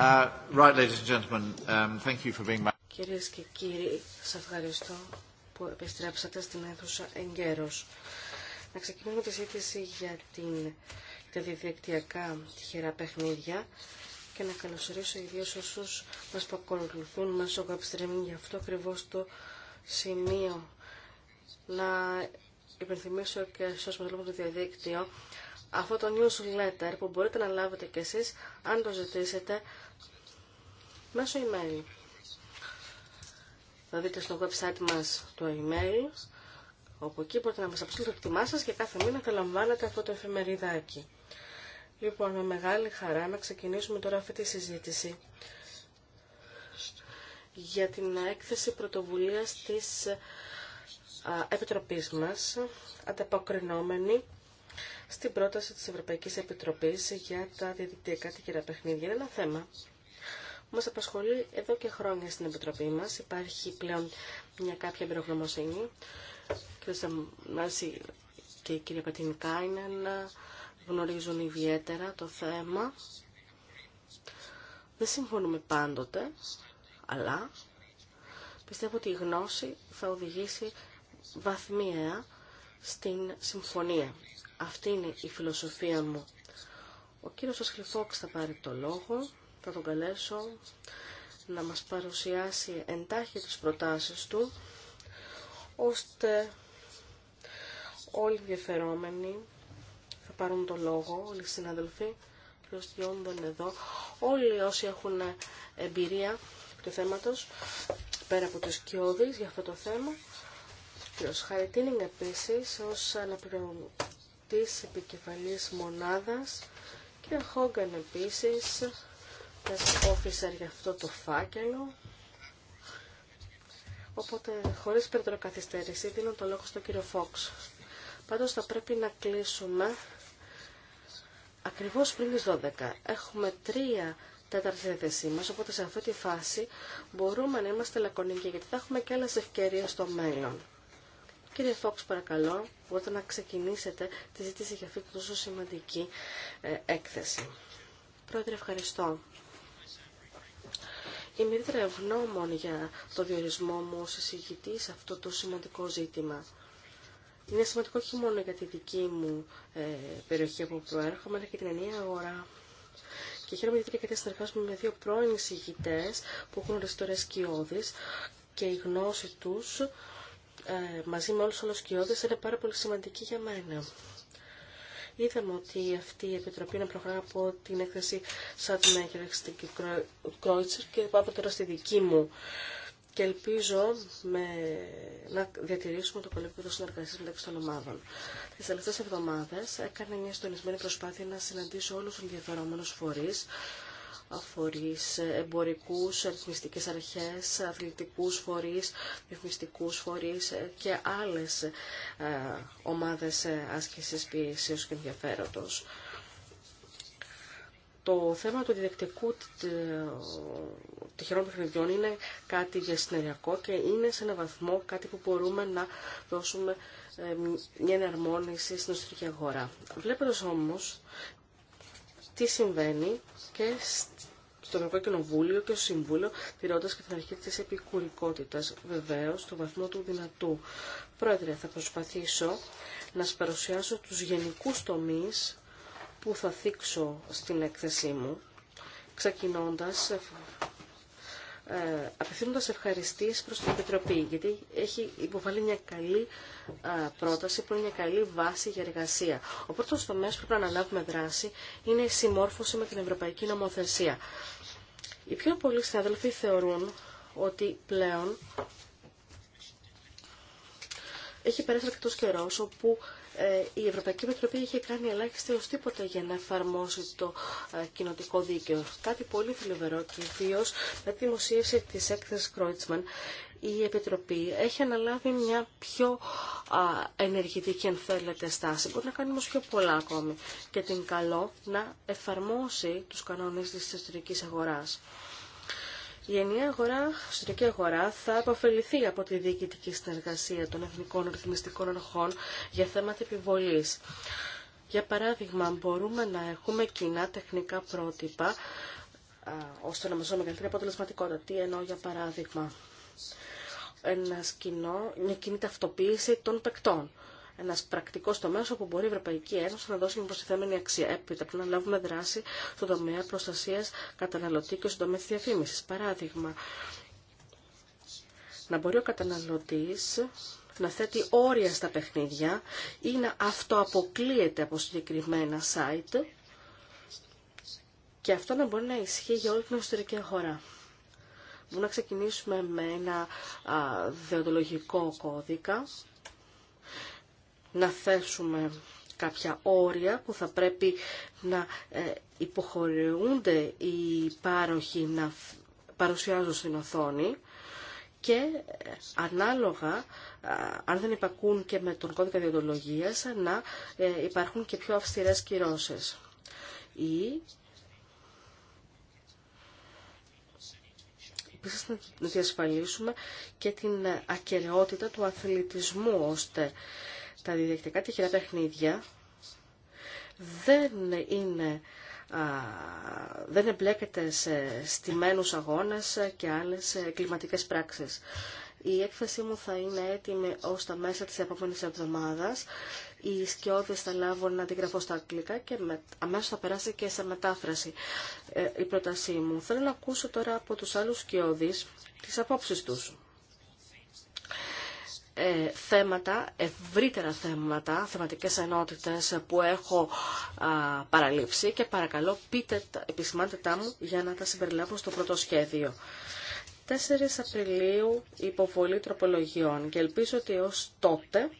Uh, Κυρίες και κύριοι, σας ευχαριστώ που επιστρέψατε στην αίθουσα εγκαίρως. Να ξεκινήσουμε τη συζήτηση για, την, τα διαδικτυακά τυχερά παιχνίδια και να καλωσορίσω ιδίω όσου μας παρακολουθούν μέσω web streaming για αυτό ακριβώ το σημείο. Να υπενθυμίσω και στους που βλέπετε το διαδίκτυο αυτό το newsletter που μπορείτε να λάβετε κι εσείς αν το ζητήσετε μέσω email. Θα δείτε στο website μας το email, όπου εκεί μπορείτε να μας αποστείλετε το εκτιμά σας και κάθε μήνα θα λαμβάνετε αυτό το εφημεριδάκι. Λοιπόν, με μεγάλη χαρά να ξεκινήσουμε τώρα αυτή τη συζήτηση για την έκθεση πρωτοβουλίας της Επιτροπής μας, ανταποκρινόμενη στην πρόταση της Ευρωπαϊκής Επιτροπής για τα διαδικτυακά τυχερά παιχνίδια. Είναι ένα θέμα μας απασχολεί εδώ και χρόνια στην Επιτροπή μας. Υπάρχει πλέον μια κάποια εμπειρογνωμοσύνη και θα και η κυρία Πατίνη είναι να γνωρίζουν ιδιαίτερα το θέμα. Δεν συμφωνούμε πάντοτε, αλλά πιστεύω ότι η γνώση θα οδηγήσει βαθμία στην συμφωνία. Αυτή είναι η φιλοσοφία μου. Ο κύριος Ασχληφόξ θα πάρει το λόγο θα τον καλέσω να μας παρουσιάσει εντάχει τις προτάσεις του, ώστε όλοι οι ενδιαφερόμενοι θα πάρουν το λόγο, όλοι οι συναδελφοί, εδώ, όλοι όσοι έχουν εμπειρία του θέματος, πέρα από τους κοιόδης για αυτό το θέμα, ο Χαριτίνινγκ επίσης ως αναπληρωτής επικεφαλής μονάδας και ο Χόγκαν επίσης Justice Officer για αυτό το φάκελο. Οπότε, χωρίς περαιτέρω καθυστέρηση, δίνω το λόγο στον κύριο Φόξ. Πάντως θα πρέπει να κλείσουμε ακριβώς πριν τις 12. Έχουμε τρία τέταρτη θέση μας, οπότε σε αυτή τη φάση μπορούμε να είμαστε λακωνικοί, γιατί θα έχουμε και άλλες ευκαιρίες στο μέλλον. Κύριε Φόξ, παρακαλώ, μπορείτε να ξεκινήσετε τη ζήτηση για αυτή τόσο σημαντική ε, έκθεση. Πρόεδρε, ευχαριστώ. Είμαι ιδιαίτερα ευγνώμων για το διορισμό μου ως εισηγητή σε αυτό το σημαντικό ζήτημα. Είναι σημαντικό όχι μόνο για τη δική μου ε, περιοχή από που προέρχομαι, αλλά και την ενιαία αγορά. Και χαίρομαι γιατί γιατί συνεργάζομαι με δύο πρώην εισηγητέ που έχουν οριστεί τώρα και η γνώση του, ε, μαζί με όλους όλους σκιώδες είναι πάρα πολύ σημαντική για μένα. Είδαμε ότι αυτή η Επιτροπή να προχωρά από την έκθεση Σάτμακερ και Κρόιτσερ και πάμε τώρα στη δική μου. Και ελπίζω με... να διατηρήσουμε το κολέκτηρο συνεργασία μεταξύ των ομάδων. Τι τελευταίε εβδομάδε έκανα μια συντονισμένη προσπάθεια να συναντήσω όλου του ενδιαφερόμενου φορεί φορείς, εμπορικούς, αριθμιστικές αρχές, αθλητικούς φορείς, ρυθμιστικούς φορείς και άλλες ε, ομάδες ε, άσκησης πίεσης και ενδιαφέροντος. Το θέμα του διδεκτικού ε, τυχερών παιχνιδιών είναι κάτι διασυνεριακό και είναι σε ένα βαθμό κάτι που μπορούμε να δώσουμε μια εναρμόνιση στην εσωτερική αγορά. Βλέπετε όμως τι συμβαίνει και στο Ευρωπαϊκό Κοινοβούλιο και στο Συμβούλιο, τηρώντα και την αρχή της επικουρικότητας, βεβαίως, στο βαθμό του δυνατού. Πρόεδρε, θα προσπαθήσω να σα παρουσιάσω τους γενικούς τομεί που θα θίξω στην έκθεσή μου, ξεκινώντα ε, απευθύνοντας ευχαριστίες προς την Επιτροπή, γιατί έχει υποβάλει μια καλή ε, πρόταση που είναι μια καλή βάση για εργασία. Ο πρώτος τομέας που πρέπει να αναλάβουμε δράση είναι η συμμόρφωση με την Ευρωπαϊκή Νομοθεσία. Οι πιο πολλοί συνάδελφοι θεωρούν ότι πλέον έχει περάσει αρκετός καιρός όπου ε, η Ευρωπαϊκή Επιτροπή είχε κάνει ελάχιστη ως τίποτα για να εφαρμόσει το ε, κοινοτικό δίκαιο. Κάτι πολύ θλιβερό και ιδίω με τη δημοσίευση της έκθεσης Κρόιτσμαν η Επιτροπή έχει αναλάβει μια πιο ενεργητική, αν θέλετε, στάση. Μπορεί να κάνει όμως πιο πολλά ακόμη και την καλό να εφαρμόσει τους κανόνες της εσωτερικής αγοράς. Η ενιαία αγορά, εσωτερική αγορά, θα αποφεληθεί από τη διοικητική συνεργασία των εθνικών ρυθμιστικών αρχών για θέματα επιβολής. Για παράδειγμα, μπορούμε να έχουμε κοινά τεχνικά πρότυπα ώστε να μεσούμε μεγαλύτερη αποτελεσματικότητα. Τι εννοώ για παράδειγμα. Ένα κοινό, μια κοινή ταυτοποίηση των παικτών ένα πρακτικό τομέα όπου μπορεί η Ευρωπαϊκή Ένωση να δώσει μια προστιθέμενη αξία. Έπειτα, πρέπει να λάβουμε δράση στο τομέα προστασία καταναλωτή και στον τομέα τη διαφήμιση. Παράδειγμα, να μπορεί ο καταναλωτή να θέτει όρια στα παιχνίδια ή να αυτοαποκλείεται από συγκεκριμένα site και αυτό να μπορεί να ισχύει για όλη την εσωτερική αγορά. Μπορούμε να ξεκινήσουμε με ένα α, κώδικα να θέσουμε κάποια όρια που θα πρέπει να ε, υποχωρεούνται οι πάροχοι να παρουσιάζουν στην οθόνη και ε, ανάλογα, αν δεν υπακούν και με τον κώδικα διοντολογίας, να ε, υπάρχουν και πιο αυστηρές κυρώσεις. Ή Επίσης να διασφαλίσουμε και την ακαιρεότητα του αθλητισμού, ώστε τα διδακτικά τυχερά παιχνίδια δεν είναι δεν εμπλέκεται σε στιμένους αγώνες και άλλες κλιματικές πράξεις. Η έκθεσή μου θα είναι έτοιμη ως τα μέσα της επόμενης εβδομάδας. Οι σκιώδες θα λάβουν να γραφώ στα αγγλικά και με, αμέσως θα περάσει και σε μετάφραση ε, η πρότασή μου. Θέλω να ακούσω τώρα από τους άλλους σκιώδεις τις απόψεις τους. Ε, θέματα, ευρύτερα θέματα, θεματικές ενότητες που έχω α, παραλείψει και παρακαλώ πείτε, τα τα μου για να τα συμπεριλάβω στο πρώτο σχέδιο. 4 Απριλίου υποβολή τροπολογιών και ελπίζω ότι ως τότε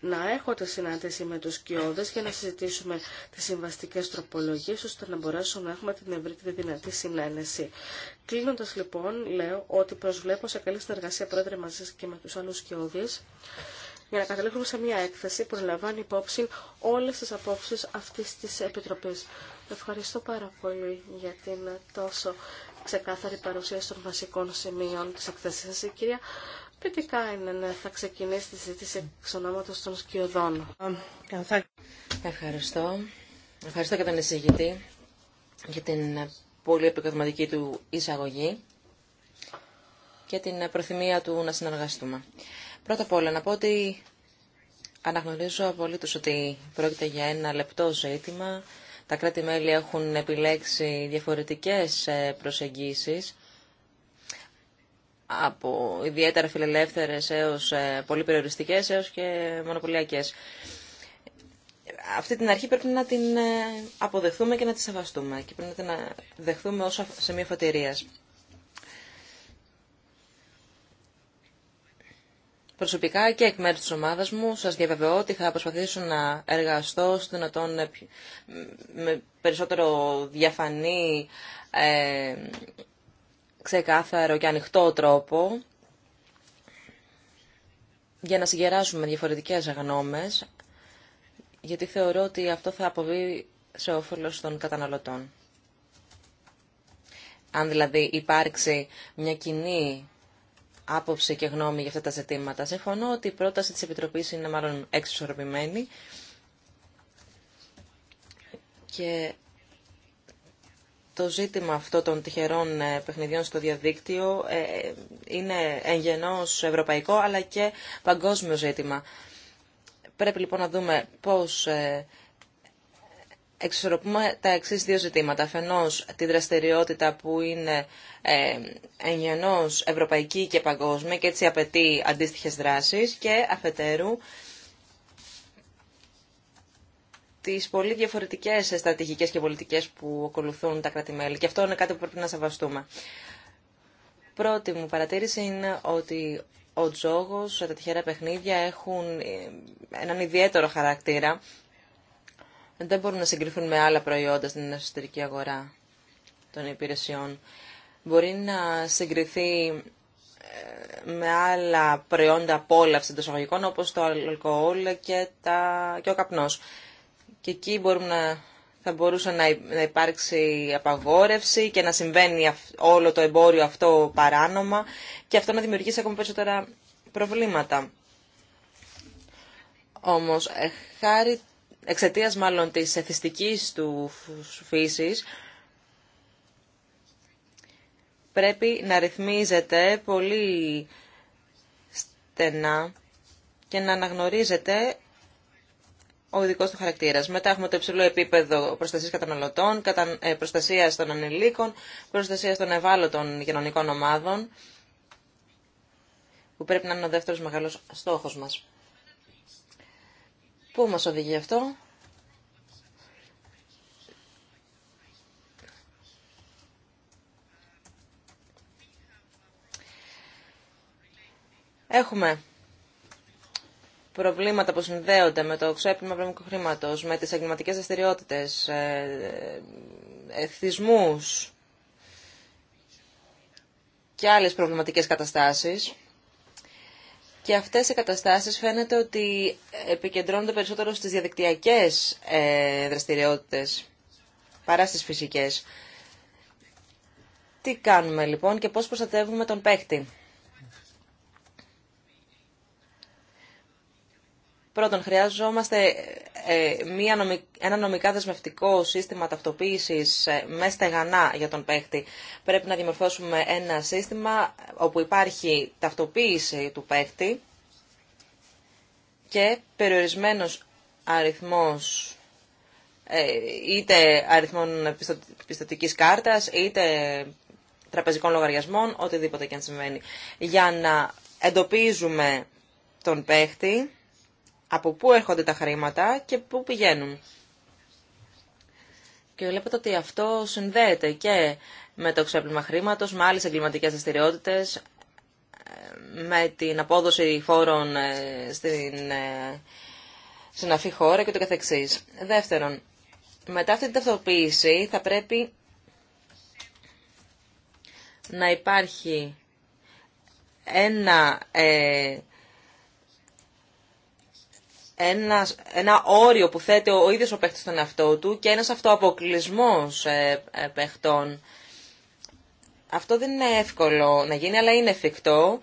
να έχω τη συνάντηση με τους κοιόδες για να συζητήσουμε τις συμβαστικές τροπολογίες ώστε να μπορέσουμε να έχουμε την ευρύτερη δυνατή συνένεση. Κλείνοντας λοιπόν, λέω ότι προσβλέπω σε καλή συνεργασία πρόεδρε μαζί και με τους άλλους κοιόδες για να καταλήξουμε σε μια έκθεση που λαμβάνει υπόψη όλες τις απόψεις αυτής της Επιτροπής. Ευχαριστώ πάρα πολύ για την τόσο ξεκάθαρη παρουσίαση των βασικών σημείων της εκθέσης. σας, κυρία Πιτικά είναι να θα ξεκινήσει τη συζήτηση εξ ονόματος των σκιωδών. Ευχαριστώ. Ευχαριστώ και τον εισηγητή για την πολύ επικοδηματική του εισαγωγή και την προθυμία του να συνεργαστούμε. Πρώτα απ' όλα να πω ότι αναγνωρίζω απολύτως ότι πρόκειται για ένα λεπτό ζήτημα. Τα κράτη-μέλη έχουν επιλέξει διαφορετικές ε, προσεγγίσεις από ιδιαίτερα φιλελεύθερες έως ε, πολύ περιοριστικές έως και μονοπωλιακές. Αυτή την αρχή πρέπει να την ε, αποδεχθούμε και να τη σεβαστούμε και πρέπει να την ε, δεχθούμε ως μία φωτηρίας. Προσωπικά και εκ μέρους της ομάδας μου σας διαβεβαιώ ότι θα προσπαθήσω να εργαστώ στο δυνατόν με περισσότερο διαφανή ξεκάθαρο και ανοιχτό τρόπο για να συγκεράσουμε διαφορετικές γνώμες, γιατί θεωρώ ότι αυτό θα αποβεί σε όφελος των καταναλωτών. Αν δηλαδή υπάρξει μια κοινή άποψη και γνώμη για αυτά τα ζητήματα, συμφωνώ ότι η πρόταση της Επιτροπής είναι μάλλον εξισορροπημένη και το ζήτημα αυτό των τυχερών ε, παιχνιδιών στο διαδίκτυο ε, είναι εγγενώς ευρωπαϊκό αλλά και παγκόσμιο ζήτημα. Πρέπει λοιπόν να δούμε πώς ε, εξισορροπούμε τα εξή δύο ζητήματα. Αφενός τη δραστηριότητα που είναι εγγενώς ευρωπαϊκή και παγκόσμια και έτσι απαιτεί αντίστοιχες δράσεις και αφετέρου τις πολύ διαφορετικές στρατηγικέ και πολιτικέ που ακολουθούν τα κράτη-μέλη. Και αυτό είναι κάτι που πρέπει να σεβαστούμε. Πρώτη μου παρατήρηση είναι ότι ο τζόγο τα τυχερά παιχνίδια έχουν ε, έναν ιδιαίτερο χαρακτήρα. Δεν μπορούν να συγκριθούν με άλλα προϊόντα στην εσωτερική αγορά των υπηρεσιών. Μπορεί να συγκριθεί ε, με άλλα προϊόντα απόλαυση των εισαγωγικών όπως το αλκοόλ και, τα... και ο καπνός και εκεί μπορούμε να, θα μπορούσε να υπάρξει απαγόρευση και να συμβαίνει όλο το εμπόριο αυτό παράνομα και αυτό να δημιουργήσει ακόμα περισσότερα προβλήματα. Όμως, ε, χάρη εξαιτίας μάλλον της εθιστικής του φύσης, πρέπει να ρυθμίζεται πολύ στενά και να αναγνωρίζεται ο ειδικό του χαρακτήρα. Μετά έχουμε το υψηλό επίπεδο προστασία καταναλωτών, ε, προστασία των ανηλίκων, προστασία των ευάλωτων κοινωνικών ομάδων, που πρέπει να είναι ο δεύτερο μεγάλο στόχο μα. Πού μα οδηγεί αυτό, Έχουμε προβλήματα που συνδέονται με το ξέπλυμα πνευματικού χρήματο, με τι εγκληματικέ δραστηριότητε, ε, εθισμού και άλλες προβληματικές καταστάσεις. Και αυτές οι καταστάσεις φαίνεται ότι επικεντρώνονται περισσότερο στις διαδικτυακές ε, δραστηριότητες παρά στις φυσικές. Τι κάνουμε λοιπόν και πώς προστατεύουμε τον παίχτη. Πρώτον, χρειάζομαστε ε, μία ένα νομικά δεσμευτικό σύστημα ταυτοποίησης ε, με στεγανά για τον παίχτη. Πρέπει να δημορφώσουμε ένα σύστημα όπου υπάρχει ταυτοποίηση του παίχτη και περιορισμένος αριθμός ε, είτε αριθμών πιστοτικής κάρτας, είτε τραπεζικών λογαριασμών, οτιδήποτε και αν συμβαίνει, για να εντοπίζουμε τον παίχτη από πού έρχονται τα χρήματα και πού πηγαίνουν. Και βλέπετε ότι αυτό συνδέεται και με το ξέπλυμα χρήματο, με άλλε εγκληματικέ δραστηριότητε, με την απόδοση φόρων ε, στην ε, συναφή χώρα και το καθεξής. Δεύτερον, μετά αυτή την ταυτοποίηση θα πρέπει να υπάρχει ένα ε, ένα, όριο που θέτει ο, ίδιος ο παίχτης στον εαυτό του και ένας αυτοαποκλεισμός ε, ε Αυτό δεν είναι εύκολο να γίνει, αλλά είναι εφικτό.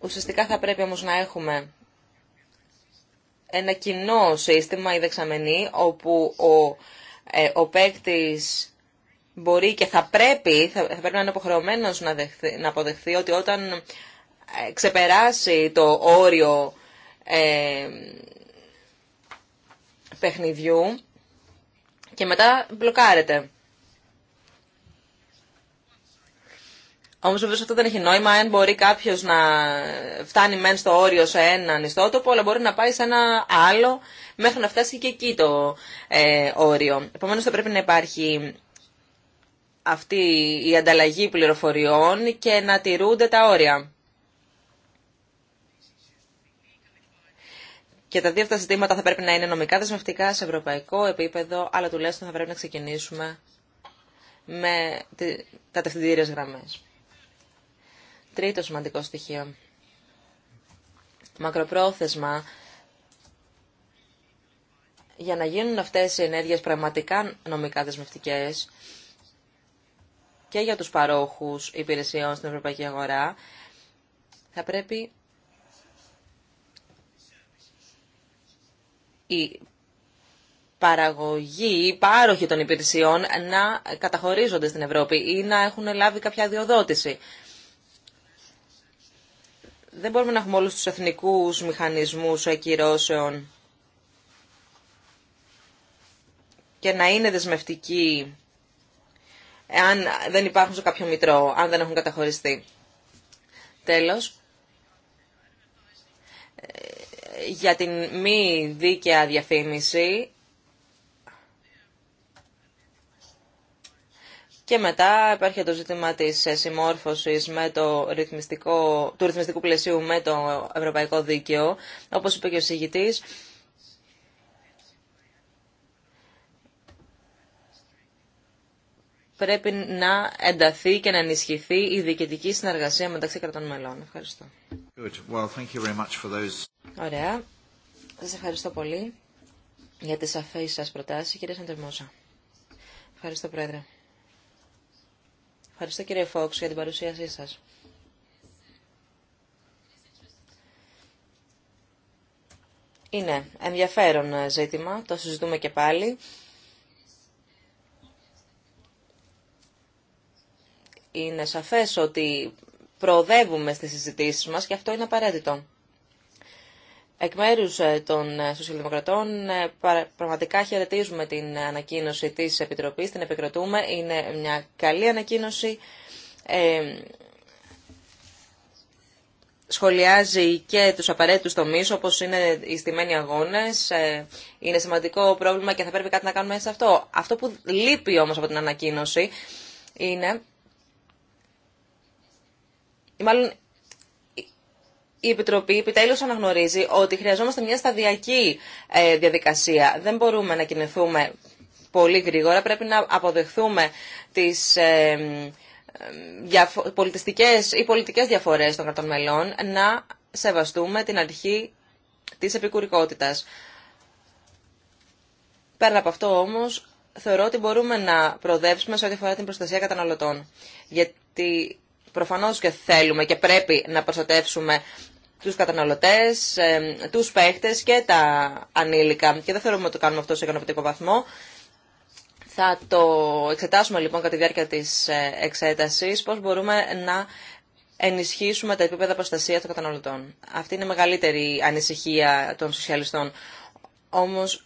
Ουσιαστικά θα πρέπει όμως να έχουμε ένα κοινό σύστημα ή δεξαμενή, όπου ο, ε, ο παίκτης μπορεί και θα πρέπει, θα, θα πρέπει να είναι αποχρεωμένος να, αποδεχθεί ότι όταν ε, ξεπεράσει το όριο παιχνιδιού και μετά μπλοκάρετε. Όμω βέβαια αυτό δεν έχει νόημα. Αν μπορεί κάποιο να φτάνει μεν στο όριο σε ενα, ιστότοπο, αλλά μπορεί να πάει σε ένα άλλο μέχρι να φτάσει και εκεί το ε, όριο. Επομένω θα πρέπει να υπάρχει αυτή η ανταλλαγή πληροφοριών και να τηρούνται τα όρια. Και τα δύο αυτά ζητήματα θα πρέπει να είναι νομικά δεσμευτικά σε ευρωπαϊκό επίπεδο, αλλά τουλάχιστον θα πρέπει να ξεκινήσουμε με τα τευθυντήριες γραμμές. Τρίτο σημαντικό στοιχείο. Μακροπρόθεσμα, για να γίνουν αυτές οι ενέργειες πραγματικά νομικά δεσμευτικές και για τους παρόχους υπηρεσιών στην ευρωπαϊκή αγορά, θα πρέπει η παραγωγή, οι πάροχη των υπηρεσιών να καταχωρίζονται στην Ευρώπη ή να έχουν λάβει κάποια διοδότηση; Δεν μπορούμε να έχουμε όλους τους εθνικούς μηχανισμούς ακυρώσεων και να είναι δεσμευτικοί αν δεν υπάρχουν σε κάποιο μητρό, αν δεν έχουν καταχωριστεί. Τέλος, για την μη δίκαια διαφήμιση και μετά υπάρχει το ζήτημα της ε, συμμόρφωσης με το ρυθμιστικό, του ρυθμιστικού πλαισίου με το ευρωπαϊκό δίκαιο. Όπως είπε και ο συγητής, πρέπει να ενταθεί και να ενισχυθεί η διοικητική συνεργασία μεταξύ κρατών μελών. Ευχαριστώ. Ωραία. Σα ευχαριστώ πολύ για τι σαφέ σας προτάσεις, κύριε Σαντερμόσα. Ευχαριστώ, Πρόεδρε. Ευχαριστώ, κύριε Φόξ, για την παρουσίασή σας. Είναι ενδιαφέρον ζήτημα, το συζητούμε και πάλι. Είναι σαφές ότι προοδεύουμε στις συζητήσεις μας και αυτό είναι απαραίτητο. Εκ μέρου ε, των ε, Σοσιαλδημοκρατών, ε, πραγματικά χαιρετίζουμε την ανακοίνωση τη Επιτροπή, την επικροτούμε. Είναι μια καλή ανακοίνωση. σχολιάζει και του απαραίτητου τομεί, όπως είναι οι στημένοι αγώνες. Είναι σημαντικό πρόβλημα και θα πρέπει κάτι να κάνουμε σε αυτό. Αυτό που λείπει όμως από την ανακοίνωση είναι η Επιτροπή επιτέλους αναγνωρίζει ότι χρειαζόμαστε μια σταδιακή ε, διαδικασία. Δεν μπορούμε να κινηθούμε πολύ γρήγορα. Πρέπει να αποδεχθούμε τις ε, ε, πολιτιστικές ή πολιτικές διαφορές των κρατών μελών, να σεβαστούμε την αρχή της επικουρικότητας. Πέρα από αυτό όμως, θεωρώ ότι μπορούμε να προοδεύσουμε σε ό,τι αφορά την προστασία καταναλωτών. Γιατί προφανώς και θέλουμε και πρέπει να προστατεύσουμε τους καταναλωτές, ε, τους παίχτες και τα ανήλικα. Και δεν θεωρούμε ότι το κάνουμε αυτό σε ικανοποιητικό βαθμό. Θα το εξετάσουμε λοιπόν κατά τη διάρκεια της ε, εξέτασης πώς μπορούμε να ενισχύσουμε τα επίπεδα προστασία των καταναλωτών. Αυτή είναι η μεγαλύτερη ανησυχία των σοσιαλιστών. Όμως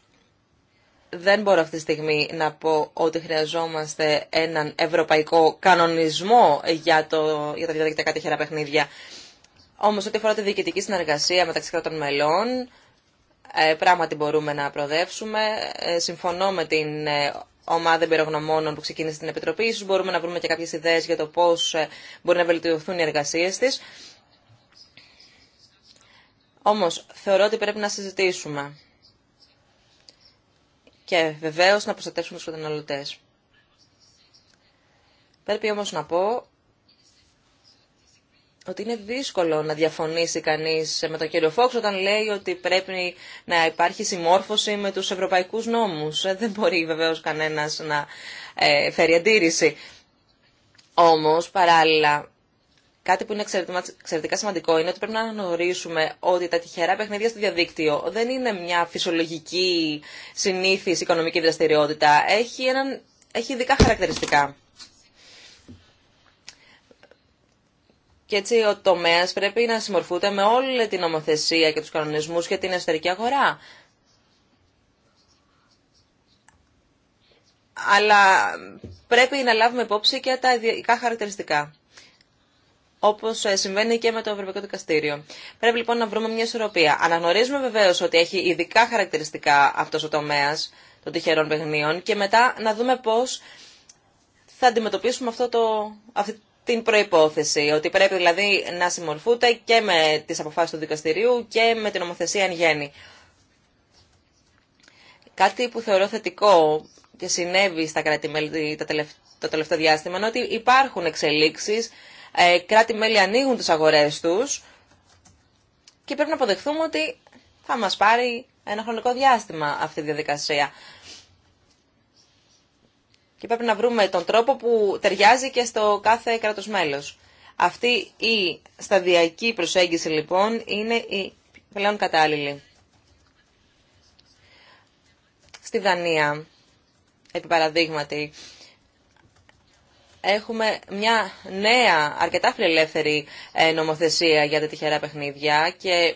δεν μπορώ αυτή τη στιγμή να πω ότι χρειαζόμαστε έναν ευρωπαϊκό κανονισμό για, το, για τα διαδικτυακά τυχερά παιχνίδια. Όμως ό,τι αφορά τη διοικητική συνεργασία μεταξύ κρατών μελών, ε, πράγματι μπορούμε να προοδεύσουμε. Ε, συμφωνώ με την ε, ομάδα εμπειρογνωμόνων που ξεκίνησε την Επιτροπή. Ίσως μπορούμε να βρούμε και κάποιες ιδέες για το πώς μπορεί να βελτιωθούν οι εργασίες της. Όμως θεωρώ ότι πρέπει να συζητήσουμε και βεβαίως να προστατεύσουμε τους καταναλωτές. Πρέπει όμως να πω ότι είναι δύσκολο να διαφωνήσει κανείς με τον κύριο Φόξ όταν λέει ότι πρέπει να υπάρχει συμμόρφωση με τους ευρωπαϊκούς νόμους. Ε, δεν μπορεί βεβαίως κανένας να ε, φέρει αντίρρηση. Όμως, παράλληλα, κάτι που είναι εξαιρετικά σημαντικό είναι ότι πρέπει να γνωρίσουμε ότι τα τυχερά παιχνίδια στο διαδίκτυο δεν είναι μια φυσιολογική συνήθιση οικονομική δραστηριότητα. Έχει, έναν, έχει ειδικά χαρακτηριστικά. Και έτσι ο τομέα πρέπει να συμμορφούνται με όλη την νομοθεσία και του κανονισμού για την εσωτερική αγορά. Αλλά πρέπει να λάβουμε υπόψη και τα ειδικά χαρακτηριστικά. Όπω ε, συμβαίνει και με το Ευρωπαϊκό Δικαστήριο. Πρέπει λοιπόν να βρούμε μια ισορροπία. Αναγνωρίζουμε βεβαίω ότι έχει ειδικά χαρακτηριστικά αυτό ο τομέα των τυχερών παιχνίων και μετά να δούμε πώ θα αντιμετωπίσουμε αυτό το, αυτή την προϋπόθεση, ότι πρέπει δηλαδή να συμμορφούνται και με τις αποφάσεις του δικαστηρίου και με την ομοθέσια εν γέννη. Κάτι που θεωρώ θετικό και συνέβη στα κράτη-μέλη το τελευταίο διάστημα είναι ότι υπάρχουν εξελίξεις, ε, κράτη-μέλη ανοίγουν τις αγορές τους και πρέπει να αποδεχθούμε ότι θα μας πάρει ένα χρονικό διάστημα αυτή η διαδικασία και πρέπει να βρούμε τον τρόπο που ταιριάζει και στο κάθε κράτο μέλος. Αυτή η σταδιακή προσέγγιση λοιπόν είναι η πλέον κατάλληλη. Στη Δανία, επί παραδείγματι, έχουμε μια νέα αρκετά φιλελεύθερη ε, νομοθεσία για τα τυχερά παιχνίδια και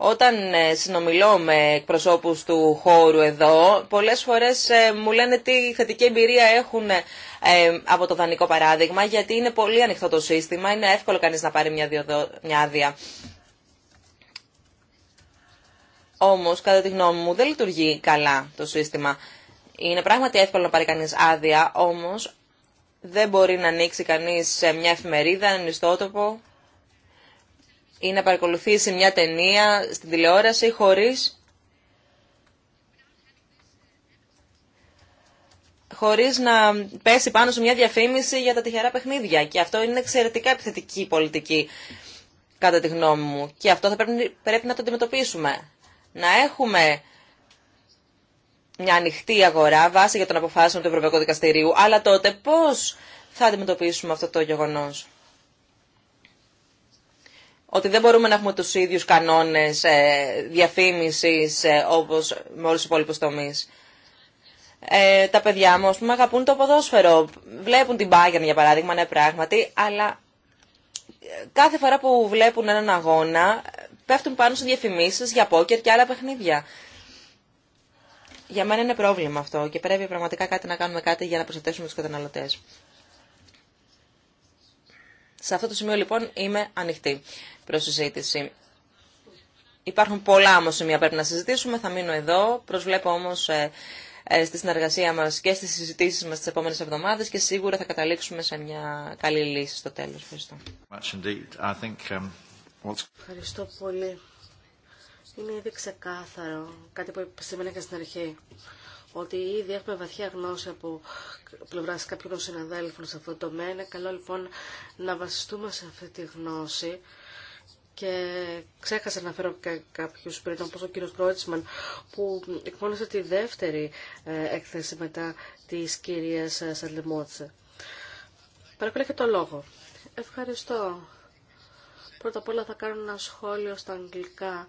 Όταν ε, συνομιλώ με εκπροσώπους του χώρου εδώ, πολλές φορές ε, μου λένε τι θετική εμπειρία έχουν ε, από το δανεικό παράδειγμα, γιατί είναι πολύ ανοιχτό το σύστημα, είναι εύκολο κανείς να πάρει μια άδεια. Όμως, κατά τη γνώμη μου, δεν λειτουργεί καλά το σύστημα. Είναι πράγματι εύκολο να πάρει κανείς άδεια, όμως δεν μπορεί να ανοίξει κανεί μια εφημερίδα, έναν ιστότοπο ή να παρακολουθήσει μια ταινία στην τηλεόραση χωρίς, χωρίς να πέσει πάνω σε μια διαφήμιση για τα τυχερά παιχνίδια. Και αυτό είναι εξαιρετικά επιθετική πολιτική, κατά τη γνώμη μου. Και αυτό θα πρέπει, πρέπει να το αντιμετωπίσουμε. Να έχουμε μια ανοιχτή αγορά βάσει για τον αποφάσεων του Ευρωπαϊκού Δικαστηρίου, αλλά τότε πώς θα αντιμετωπίσουμε αυτό το γεγονός ότι δεν μπορούμε να έχουμε τους ίδιους κανόνες ε, διαφήμισης ε, όπως με όλους τους υπόλοιπους τομείς. Ε, τα παιδιά μου, ας αγαπούν το ποδόσφαιρο. Βλέπουν την Bayern, για παράδειγμα, ναι, πράγματι, αλλά ε, κάθε φορά που βλέπουν έναν αγώνα, πέφτουν πάνω σε διαφημίσεις για πόκερ και άλλα παιχνίδια. Για μένα είναι πρόβλημα αυτό και πρέπει πραγματικά κάτι να κάνουμε κάτι για να προστατεύσουμε τους καταναλωτές. Σε αυτό το σημείο λοιπόν είμαι ανοιχτή προς συζήτηση. Υπάρχουν πολλά όμως σημεία πρέπει να συζητήσουμε, θα μείνω εδώ. Προσβλέπω όμως ε, ε, στη συνεργασία μας και στις συζητήσεις μας τις επόμενες εβδομάδες και σίγουρα θα καταλήξουμε σε μια καλή λύση στο τέλος. Ευχαριστώ. Um, Ευχαριστώ πολύ. Είναι ήδη ξεκάθαρο, κάτι που σημαίνει και στην αρχή, ότι ήδη έχουμε βαθιά γνώση από πλευρά κάποιων συναδέλφων σε αυτό το τομέα. Είναι καλό λοιπόν να βασιστούμε σε αυτή τη γνώση. Και ξέχασα να φέρω κάποιου πριν, όπω ο κύριο Κρότσμαν, που εκπώνησε τη δεύτερη ε, έκθεση μετά τη κυρία ε, Σαντλεμότσε. Παρακολουθώ και το λόγο. Ευχαριστώ. Πρώτα απ' όλα θα κάνω ένα σχόλιο στα αγγλικά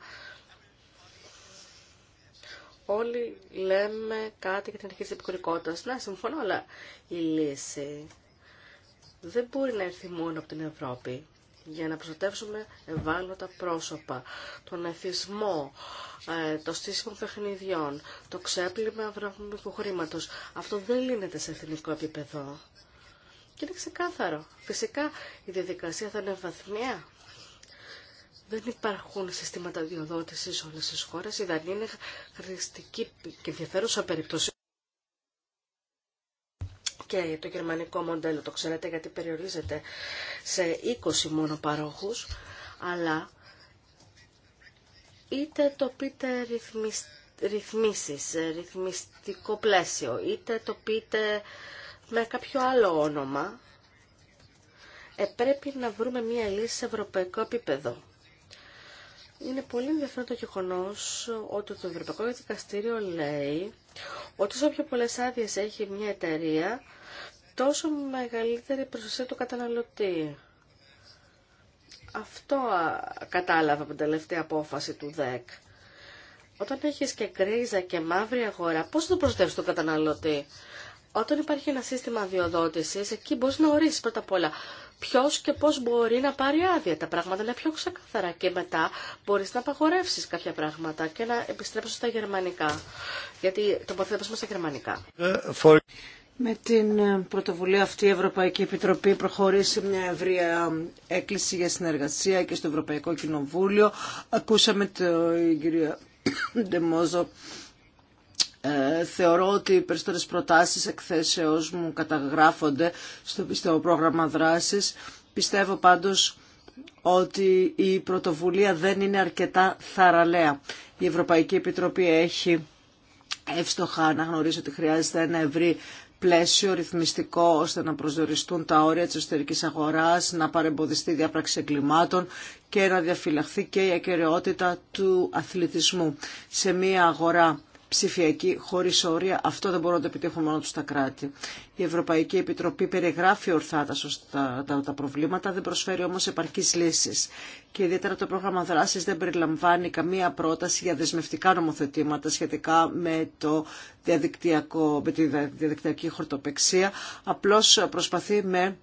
όλοι λέμε κάτι για την αρχή της επικουρικότητας. Ναι, συμφωνώ, αλλά η λύση δεν μπορεί να έρθει μόνο από την Ευρώπη για να προστατεύσουμε ευάλωτα πρόσωπα, τον εθισμό, ε, το στήσιμο παιχνιδιών, το ξέπλυμα ευρωπαϊκού χρήματο. Αυτό δεν λύνεται σε εθνικό επίπεδο. Και είναι ξεκάθαρο. Φυσικά η διαδικασία θα είναι βαθμία, δεν υπάρχουν συστήματα διοδότησης σε όλες τις χώρες. Η Δανία είναι χρηστική και ενδιαφέρουσα περίπτωση. Και το γερμανικό μοντέλο το ξέρετε γιατί περιορίζεται σε 20 μόνο παρόχους. Αλλά είτε το πείτε ρυθμισ... ρυθμίσεις, ρυθμιστικό πλαίσιο, είτε το πείτε με κάποιο άλλο όνομα, ε, πρέπει να βρούμε μία λύση σε ευρωπαϊκό επίπεδο. Είναι πολύ ενδιαφέρον το γεγονό ότι το Ευρωπαϊκό Δικαστήριο λέει ότι όσο πιο πολλέ άδειε έχει μια εταιρεία, τόσο μεγαλύτερη προστασία του καταναλωτή. Αυτό κατάλαβα από την τελευταία απόφαση του ΔΕΚ. Όταν έχεις και γκρίζα και μαύρη αγορά, πώς θα το τον καταναλωτή. Όταν υπάρχει ένα σύστημα αδειοδότησης, εκεί μπορείς να ορίσεις πρώτα απ' όλα ποιο και πώ μπορεί να πάρει άδεια. Τα πράγματα είναι πιο ξεκάθαρα και μετά μπορεί να απαγορεύσει κάποια πράγματα και να επιστρέψω στα γερμανικά. Γιατί το τοποθέτησαμε στα γερμανικά. Με την ε, πρωτοβουλία αυτή η Ευρωπαϊκή Επιτροπή προχωρεί μια ευρεία έκκληση για συνεργασία και στο Ευρωπαϊκό Κοινοβούλιο. Ακούσαμε το κυρία Ντεμόζο ε, θεωρώ ότι οι περισσότερες προτάσεις εκθέσεως μου καταγράφονται στο, πιστεύω πρόγραμμα δράσης. Πιστεύω πάντως ότι η πρωτοβουλία δεν είναι αρκετά θαραλέα. Η Ευρωπαϊκή Επιτροπή έχει εύστοχα να γνωρίζει ότι χρειάζεται ένα ευρύ πλαίσιο ρυθμιστικό ώστε να προσδιοριστούν τα όρια της εσωτερικής αγοράς, να παρεμποδιστεί η διάπραξη εγκλημάτων και να διαφυλαχθεί και η ακαιρεότητα του αθλητισμού. Σε μια αγορά ψηφιακή χωρί όρια. Αυτό δεν μπορούν να το επιτύχουν μόνο του τα κράτη. Η Ευρωπαϊκή Επιτροπή περιγράφει ορθά τα, τα, προβλήματα, δεν προσφέρει όμω επαρκεί λύσει. Και ιδιαίτερα το πρόγραμμα δράση δεν περιλαμβάνει καμία πρόταση για δεσμευτικά νομοθετήματα σχετικά με, το με τη διαδικτυακή χορτοπεξία. Απλώ προσπαθεί με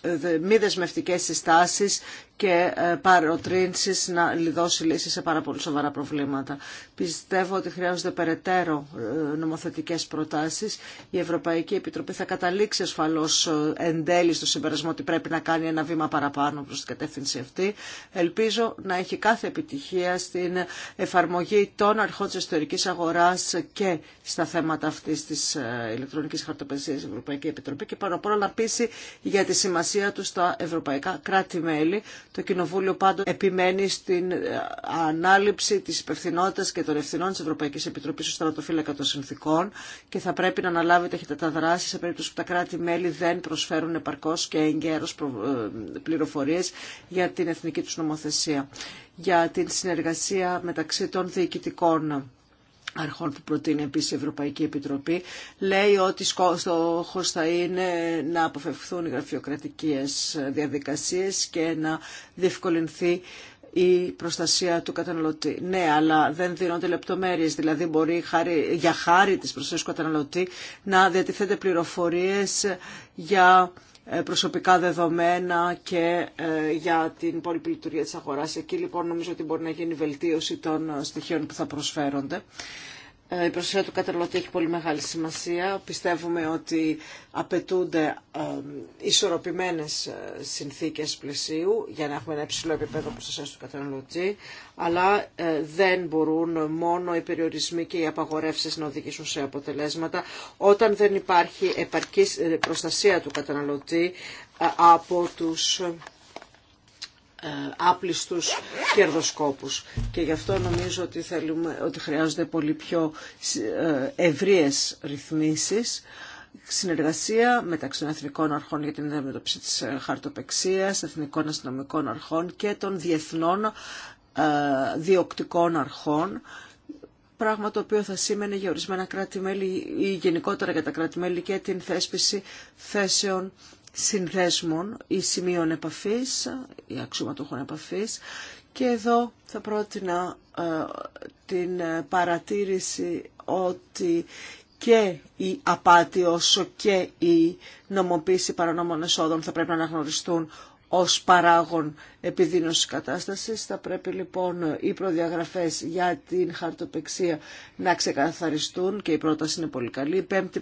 ε, μη δεσμευτικέ συστάσει και ε, παροτρύνσεις να λιδώσει λύσεις σε πάρα πολύ σοβαρά προβλήματα. Πιστεύω ότι χρειάζονται περαιτέρω ε, νομοθετικές προτάσεις. Η Ευρωπαϊκή Επιτροπή θα καταλήξει ασφαλώς ε, εν τέλει στο συμπερασμό ότι πρέπει να κάνει ένα βήμα παραπάνω προς την κατεύθυνση αυτή. Ελπίζω να έχει κάθε επιτυχία στην εφαρμογή των αρχών της ιστορικής αγοράς και στα θέματα αυτής της ηλεκτρονικής χαρτοπεσίας Ευρωπαϊκή Επιτροπή και πάνω απ' όλα να πείσει για τη σημασία του στα ευρωπαϊκά κράτη-μέλη το Κοινοβούλιο πάντοτε επιμένει στην ε, ανάληψη της υπευθυνότητα και των ευθυνών τη Ευρωπαϊκή Επιτροπής ω στρατοφύλακα των συνθήκων και θα πρέπει να αναλάβει τα δράσει σε περίπτωση που τα κράτη-μέλη δεν προσφέρουν επαρκώς και εγκαίρω ε, πληροφορίες για την εθνική του νομοθεσία, για την συνεργασία μεταξύ των διοικητικών αρχών που προτείνει επίση η Ευρωπαϊκή Επιτροπή, λέει ότι στόχο θα είναι να αποφευχθούν οι γραφειοκρατικές διαδικασίες και να διευκολυνθεί η προστασία του καταναλωτή. Ναι, αλλά δεν δίνονται λεπτομέρειε. Δηλαδή, μπορεί για χάρη τη προστασία του καταναλωτή να διατηθέται πληροφορίε για ε, προσωπικά δεδομένα και ε, για την υπόλοιπη λειτουργία της αγοράς. Εκεί λοιπόν νομίζω ότι μπορεί να γίνει βελτίωση των ε, στοιχείων που θα προσφέρονται. Ε, η προστασία του καταναλωτή έχει πολύ μεγάλη σημασία. Πιστεύουμε ότι απαιτούνται ισορροπημένες ε, συνθήκες πλαισίου για να έχουμε ένα υψηλό επίπεδο προστασίας του καταναλωτή, αλλά ε, δεν μπορούν μόνο οι περιορισμοί και οι απαγορεύσεις να οδηγήσουν σε αποτελέσματα όταν δεν υπάρχει επαρκή προστασία του καταναλωτή από τους ε, άπλιστους κερδοσκόπους. Και γι' αυτό νομίζω ότι, θέλουμε, ότι χρειάζονται πολύ πιο ε, ευρείες ρυθμίσεις συνεργασία μεταξύ των εθνικών αρχών για την αντιμετώπιση της ε, χαρτοπεξίας, εθνικών αστυνομικών αρχών και των διεθνών διοκτικών αρχών, πράγμα το οποίο θα σήμαινε για ορισμένα κράτη-μέλη ή γενικότερα για τα κράτη-μέλη και την θέσπιση θέσεων συνδέσμων ή σημείων επαφής ή αξιωματούχων επαφής και εδώ θα πρότεινα ε, την παρατήρηση ότι και η απάτη όσο και η νομοποίηση παρανόμων εσόδων θα πρέπει να αναγνωριστούν ως παράγον επιδείνωσης κατάστασης. Θα πρέπει λοιπόν οι προδιαγραφές για την χαρτοπεξία να ξεκαθαριστούν και η πρόταση είναι πολύ καλή. Η πέμπτη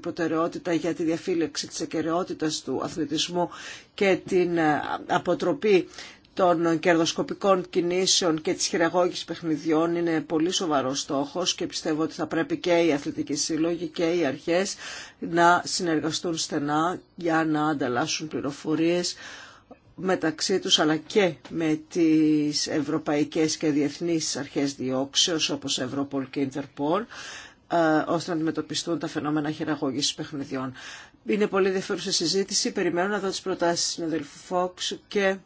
προτεραιότητα για τη διαφύλαξη της εκαιρεότητας του αθλητισμού και την ε, αποτροπή των κερδοσκοπικών κινήσεων και της χειραγώγης παιχνιδιών είναι πολύ σοβαρός στόχος και πιστεύω ότι θα πρέπει και οι αθλητικοί σύλλογοι και οι αρχές να συνεργαστούν στενά για να ανταλλάσσουν πληροφορίες μεταξύ τους αλλά και με τις ευρωπαϊκές και διεθνείς αρχές διώξεως όπως Ευρωπολ και Ιντερπολ ε, ώστε να αντιμετωπιστούν τα φαινόμενα χειραγώγησης παιχνιδιών. Είναι πολύ ενδιαφέρουσα συζήτηση. Περιμένω να δω τις προτάσεις του συναδελφού Φόξ και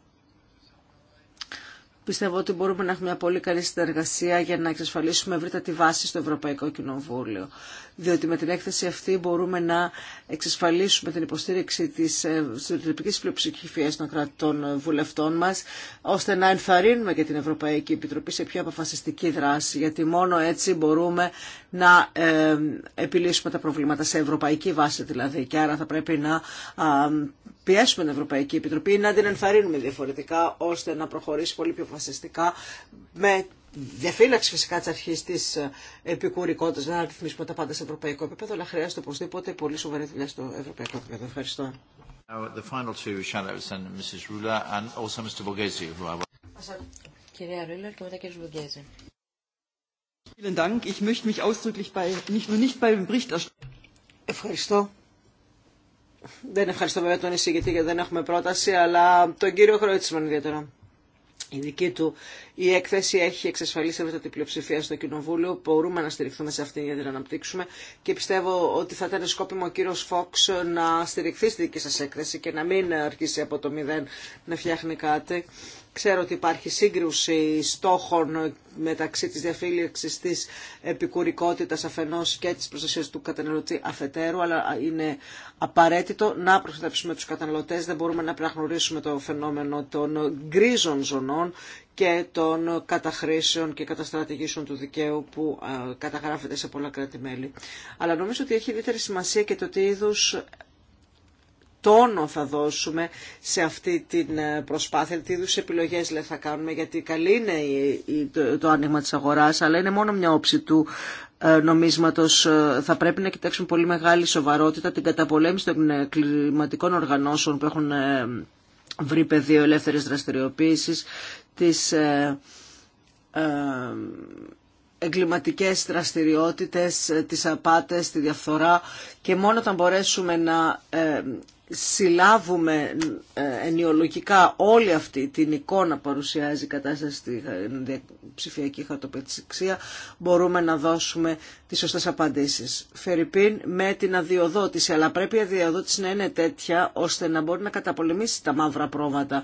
Πιστεύω ότι μπορούμε να έχουμε μια πολύ καλή συνεργασία για να εξασφαλίσουμε ευρύτατη βάση στο Ευρωπαϊκό Κοινοβούλιο. Διότι με την έκθεση αυτή μπορούμε να εξασφαλίσουμε την υποστήριξη τη συντριπτική ε, πλειοψηφία των κρατών βουλευτών μα, ώστε να ενθαρρύνουμε και την Ευρωπαϊκή Επιτροπή σε πιο αποφασιστική δράση. Γιατί μόνο έτσι μπορούμε να ε, επιλύσουμε τα προβλήματα σε ευρωπαϊκή βάση δηλαδή. Και άρα θα πρέπει να πιέσουμε την Ευρωπαϊκή Επιτροπή να την ενθαρρύνουμε διαφορετικά ώστε να προχωρήσει πολύ πιο φασιστικά με διαφύλαξη φυσικά τη αρχή τη ε, επικουρικότητα, να ρυθμίσουμε τα πάντα σε ευρωπαϊκό επίπεδο, αλλά χρειάζεται οπωσδήποτε πολύ σοβαρή δουλειά στο ευρωπαϊκό επίπεδο. Ευχαριστώ. Κυρία Ρούλερ και μετά Βουγγέζη. Ευχαριστώ. Δεν ευχαριστώ βέβαια τον εισηγητή γιατί δεν έχουμε πρόταση, αλλά τον κύριο Χρόιτσμαν ιδιαίτερα. Η δική του η έκθεση έχει εξασφαλίσει την πλειοψηφία στο Κοινοβούλιο. Μπορούμε να στηριχθούμε σε αυτήν για να την αναπτύξουμε και πιστεύω ότι θα ήταν σκόπιμο ο κύριο Φόξ να στηριχθεί στη δική σα έκθεση και να μην αρχίσει από το μηδέν να φτιάχνει κάτι. Ξέρω ότι υπάρχει σύγκρουση στόχων μεταξύ της διαφύλαξης της επικουρικότητας αφενός και της προστασίας του καταναλωτή αφετέρου, αλλά είναι απαραίτητο να προστατεύσουμε τους καταναλωτές. Δεν μπορούμε να αναγνωρίσουμε το φαινόμενο των γκρίζων ζωνών και των καταχρήσεων και καταστρατηγήσεων του δικαίου που ε, καταγράφεται σε πολλά κράτη-μέλη. Αλλά νομίζω ότι έχει ιδιαίτερη σημασία και το τι είδους τόνο θα δώσουμε σε αυτή την ε, προσπάθεια, τι είδου επιλογές λέει, θα κάνουμε, γιατί καλή είναι το άνοιγμα της αγοράς, αλλά είναι μόνο μια όψη του ε, νομίσματος. Ε, θα πρέπει να κοιτάξουμε πολύ μεγάλη σοβαρότητα την καταπολέμηση των κλιματικών οργανώσεων που έχουν βρει πεδίο ελεύθερης δραστηριοποίησης, ε, εγκληματικές δραστηριότητες, ε, τις απάτες, τη διαφθορά και μόνο όταν μπορέσουμε να ε, συλλάβουμε ε, ενιολογικά όλη αυτή την εικόνα που παρουσιάζει η κατάσταση στη ψηφιακή χατοπετσικσία μπορούμε να δώσουμε τις σωστές απαντήσεις. Φερρυπίν με την αδειοδότηση, αλλά πρέπει η αδειοδότηση να είναι τέτοια ώστε να μπορεί να καταπολεμήσει τα μαύρα πρόβατα.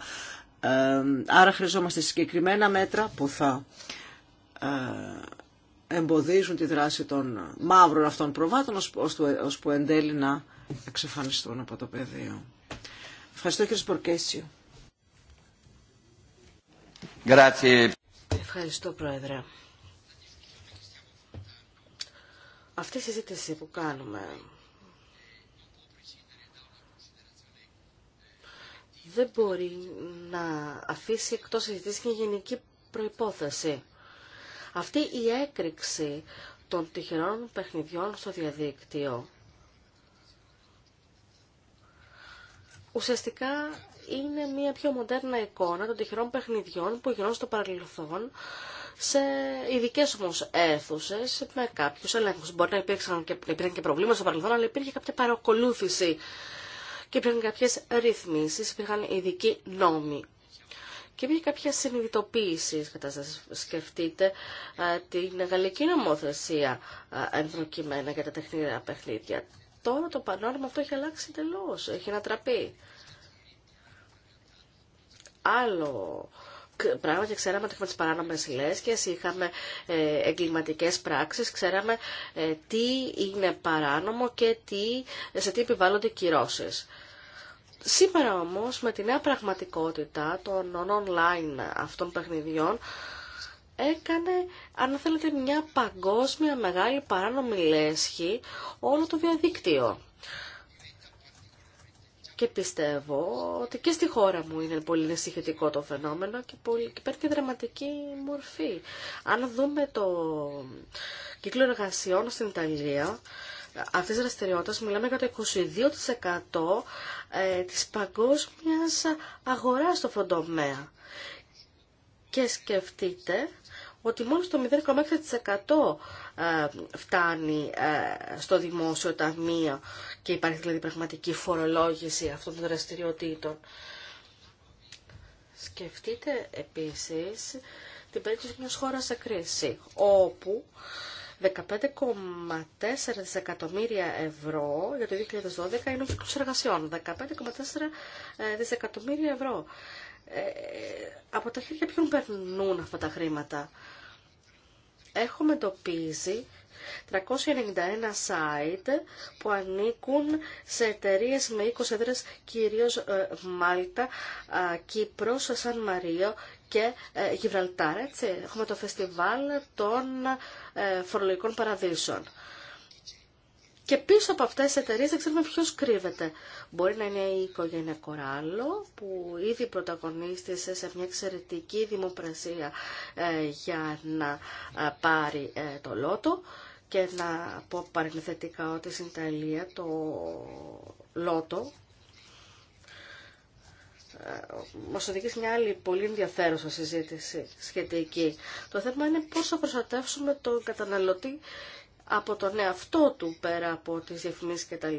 Άρα χρειαζόμαστε συγκεκριμένα μέτρα που θα εμποδίζουν τη δράση των μαύρων αυτών προβάτων, ώσπου εν τέλει να εξεφανιστούν από το πεδίο. Ευχαριστώ κύριε Σπορκέσιο. Ευχαριστώ Πρόεδρε. Αυτή η συζήτηση που κάνουμε δεν μπορεί να αφήσει εκτός συζήτηση και γενική προϋπόθεση. Αυτή η έκρηξη των τυχερών παιχνιδιών στο διαδίκτυο ουσιαστικά είναι μια πιο μοντέρνα εικόνα των τυχερών παιχνιδιών που γινόταν στο παρελθόν σε ειδικέ όμω αίθουσε με κάποιου ελέγχου. Μπορεί να υπήρξαν και, υπήρχαν και προβλήματα στο παρελθόν, αλλά υπήρχε κάποια παρακολούθηση και υπήρχαν κάποιε ρυθμίσει, υπήρχαν ειδικοί νόμοι και υπήρχε κάποια συνειδητοποίηση κατά σας Σκεφτείτε την γαλλική νομοθεσία ενδοκιμένα για τα τεχνικά παιχνίδια. Τώρα το πανόραμα αυτό έχει αλλάξει τελώς. έχει ανατραπεί. Άλλο πράγμα και ξέραμε ότι είχαμε τις παράνομες λέσκες, είχαμε εγκληματικέ εγκληματικές πράξεις, ξέραμε ε, τι είναι παράνομο και τι, σε τι επιβάλλονται κυρώσεις. Σήμερα όμως με τη νέα πραγματικότητα των online αυτών παιχνιδιών έκανε, αν θέλετε, μια παγκόσμια μεγάλη παράνομη λέσχη όλο το διαδίκτυο. Και πιστεύω ότι και στη χώρα μου είναι πολύ ενσυχητικό το φαινόμενο και, πολύ, και παίρνει και δραματική μορφή. Αν δούμε το κύκλο εργασιών στην Ιταλία, αυτή τη δραστηριότητα μιλάμε για το 22% ε, της παγκόσμιας αγοράς στο φοντομέα. Και σκεφτείτε ότι μόνο στο 0,6% φτάνει ε, στο δημόσιο ταμείο και υπάρχει δηλαδή πραγματική φορολόγηση αυτών των δραστηριοτήτων. Σκεφτείτε επίσης την περίπτωση μιας χώρας σε κρίση, όπου 15,4 δισεκατομμύρια ευρώ για το 2012 είναι ο κύκλος εργασιών. 15,4 ε, δισεκατομμύρια ευρώ. Ε, από τα χέρια ποιον περνούν αυτά τα χρήματα. Έχουμε εντοπίσει 391 site που ανήκουν σε εταιρείε με 20 έδρες, κυρίως ε, Μάλτα, ε, Κύπρος, Σαν Μαρίο και ε, Γιβραλτάρ, έτσι. Έχουμε το φεστιβάλ των ε, φορολογικών παραδείσων. Και πίσω από αυτές τις εταιρείες δεν ξέρουμε ποιος κρύβεται. Μπορεί να είναι η οικογένεια Κοράλλο που ήδη πρωταγωνίστησε σε μια εξαιρετική δημοπρασία ε, για να πάρει το λότο και να πω παρενθετικά ότι στην Ιταλία το λότο ε, μας οδηγεί σε μια άλλη πολύ ενδιαφέρουσα συζήτηση σχετική. Το θέμα είναι πώς θα προστατεύσουμε τον καταναλωτή από τον εαυτό του πέρα από τις διαφημίσεις κτλ.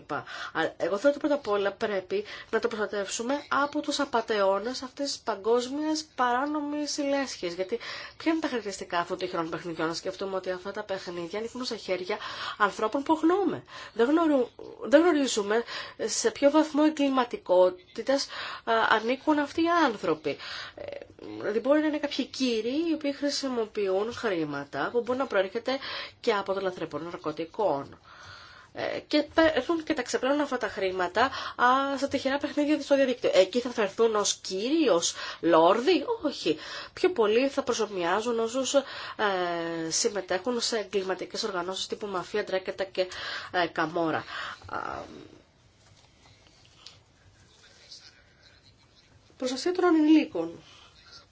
εγώ θέλω ότι πρώτα απ' όλα πρέπει να το προστατεύσουμε από τους απαταιώνες αυτής της παγκόσμιας παράνομης ηλέσχης. Γιατί ποια είναι τα χαρακτηριστικά αυτών των χειρών παιχνιδιών. Να σκεφτούμε ότι αυτά τα παιχνίδια ανήκουν σε χέρια ανθρώπων που γνώμε. Δεν, γνωρίζουμε, δεν γνωρίζουμε σε ποιο βαθμό εγκληματικότητα ανήκουν αυτοί οι άνθρωποι. Ε, δηλαδή μπορεί να είναι κάποιοι κύριοι οι οποίοι χρησιμοποιούν χρήματα που μπορεί να προέρχεται και από το λαθρεπό ναρκωτικών. Ε, και έρθουν και τα ξεπλένουν αυτά τα χρήματα α, στα τυχερά παιχνίδια στο διαδίκτυο. Εκεί θα φερθούν ω κύριος, λόρδι. Όχι. Πιο πολλοί θα προσωμιάζουν όσου ε, συμμετέχουν σε εγκληματικέ οργανώσεις τύπου μαφία, ντρέκετα και ε, καμόρα. Προστασία των ανηλίκων.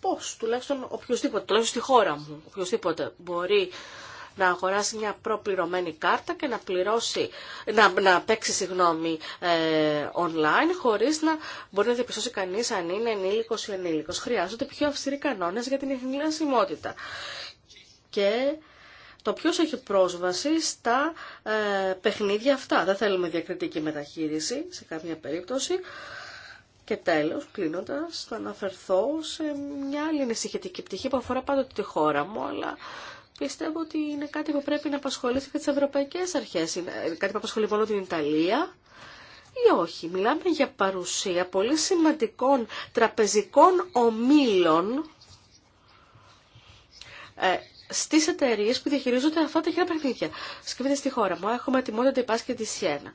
Πώ, τουλάχιστον οποιοδήποτε, τουλάχιστον στη χώρα μου, οποιοδήποτε μπορεί να αγοράσει μια προπληρωμένη κάρτα και να, πληρώσει, να, να παίξει συγγνώμη, ε, online χωρίς να μπορεί να διαπιστώσει κανείς αν είναι ενήλικος ή ενήλικος. Χρειάζονται πιο αυστηροί κανόνες για την εχνηλασιμότητα. Και το ποιο έχει πρόσβαση στα ε, παιχνίδια αυτά. Δεν θέλουμε διακριτική μεταχείριση σε καμία περίπτωση. Και τέλος, κλείνοντας, θα αναφερθώ σε μια άλλη ανησυχητική πτυχή που αφορά πάντοτε τη χώρα μου, αλλά πιστεύω ότι είναι κάτι που πρέπει να απασχολήσει και τι ευρωπαϊκές αρχές. Είναι κάτι που απασχολεί μόνο την Ιταλία ή όχι. Μιλάμε για παρουσία πολύ σημαντικών τραπεζικών ομίλων ε, στι εταιρείε που διαχειρίζονται αυτά τα χειρά παιχνίδια. Σκεφτείτε στη χώρα μου, έχουμε τη Μόντα και τη Σιένα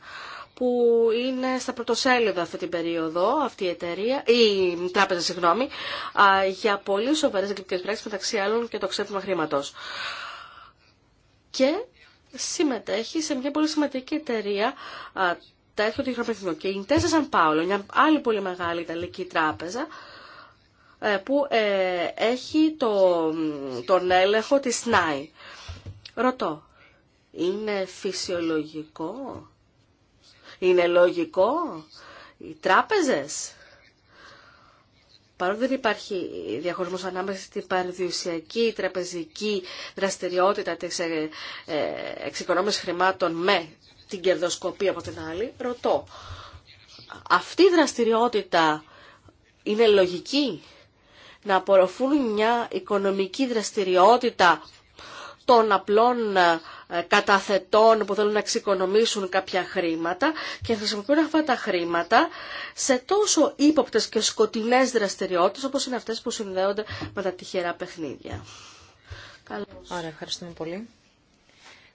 που είναι στα πρωτοσέλιδα αυτή την περίοδο, αυτή η εταιρεία, η τράπεζα, συγγνώμη, για πολύ σοβαρέ εκλογικέ πράξει, μεταξύ άλλων και το ξέπλυμα χρήματο. Και συμμετέχει σε μια πολύ σημαντική εταιρεία τέτοιο του Ιχροπεθνού. Και η Intesa San Paolo, μια άλλη πολύ μεγάλη Ιταλική τράπεζα, ε, που ε, έχει το, τον έλεγχο της ΝΑΗ. Ρωτώ, είναι φυσιολογικό είναι λογικό. Οι τράπεζες. Παρότι δεν υπάρχει διαχωρισμός ανάμεσα στην παραδοσιακή τραπεζική δραστηριότητα της ε, ε, εξοικονόμησης χρημάτων με την κερδοσκοπία από την άλλη, ρωτώ. Αυτή η δραστηριότητα είναι λογική να απορροφούν μια οικονομική δραστηριότητα των απλών ε, ε, καταθετών που θέλουν να εξοικονομήσουν κάποια χρήματα και χρησιμοποιούν αυτά τα χρήματα σε τόσο ύποπτες και σκοτεινές δραστηριότητες όπως είναι αυτές που συνδέονται με τα τυχερά παιχνίδια. Ωραία, ευχαριστούμε πολύ.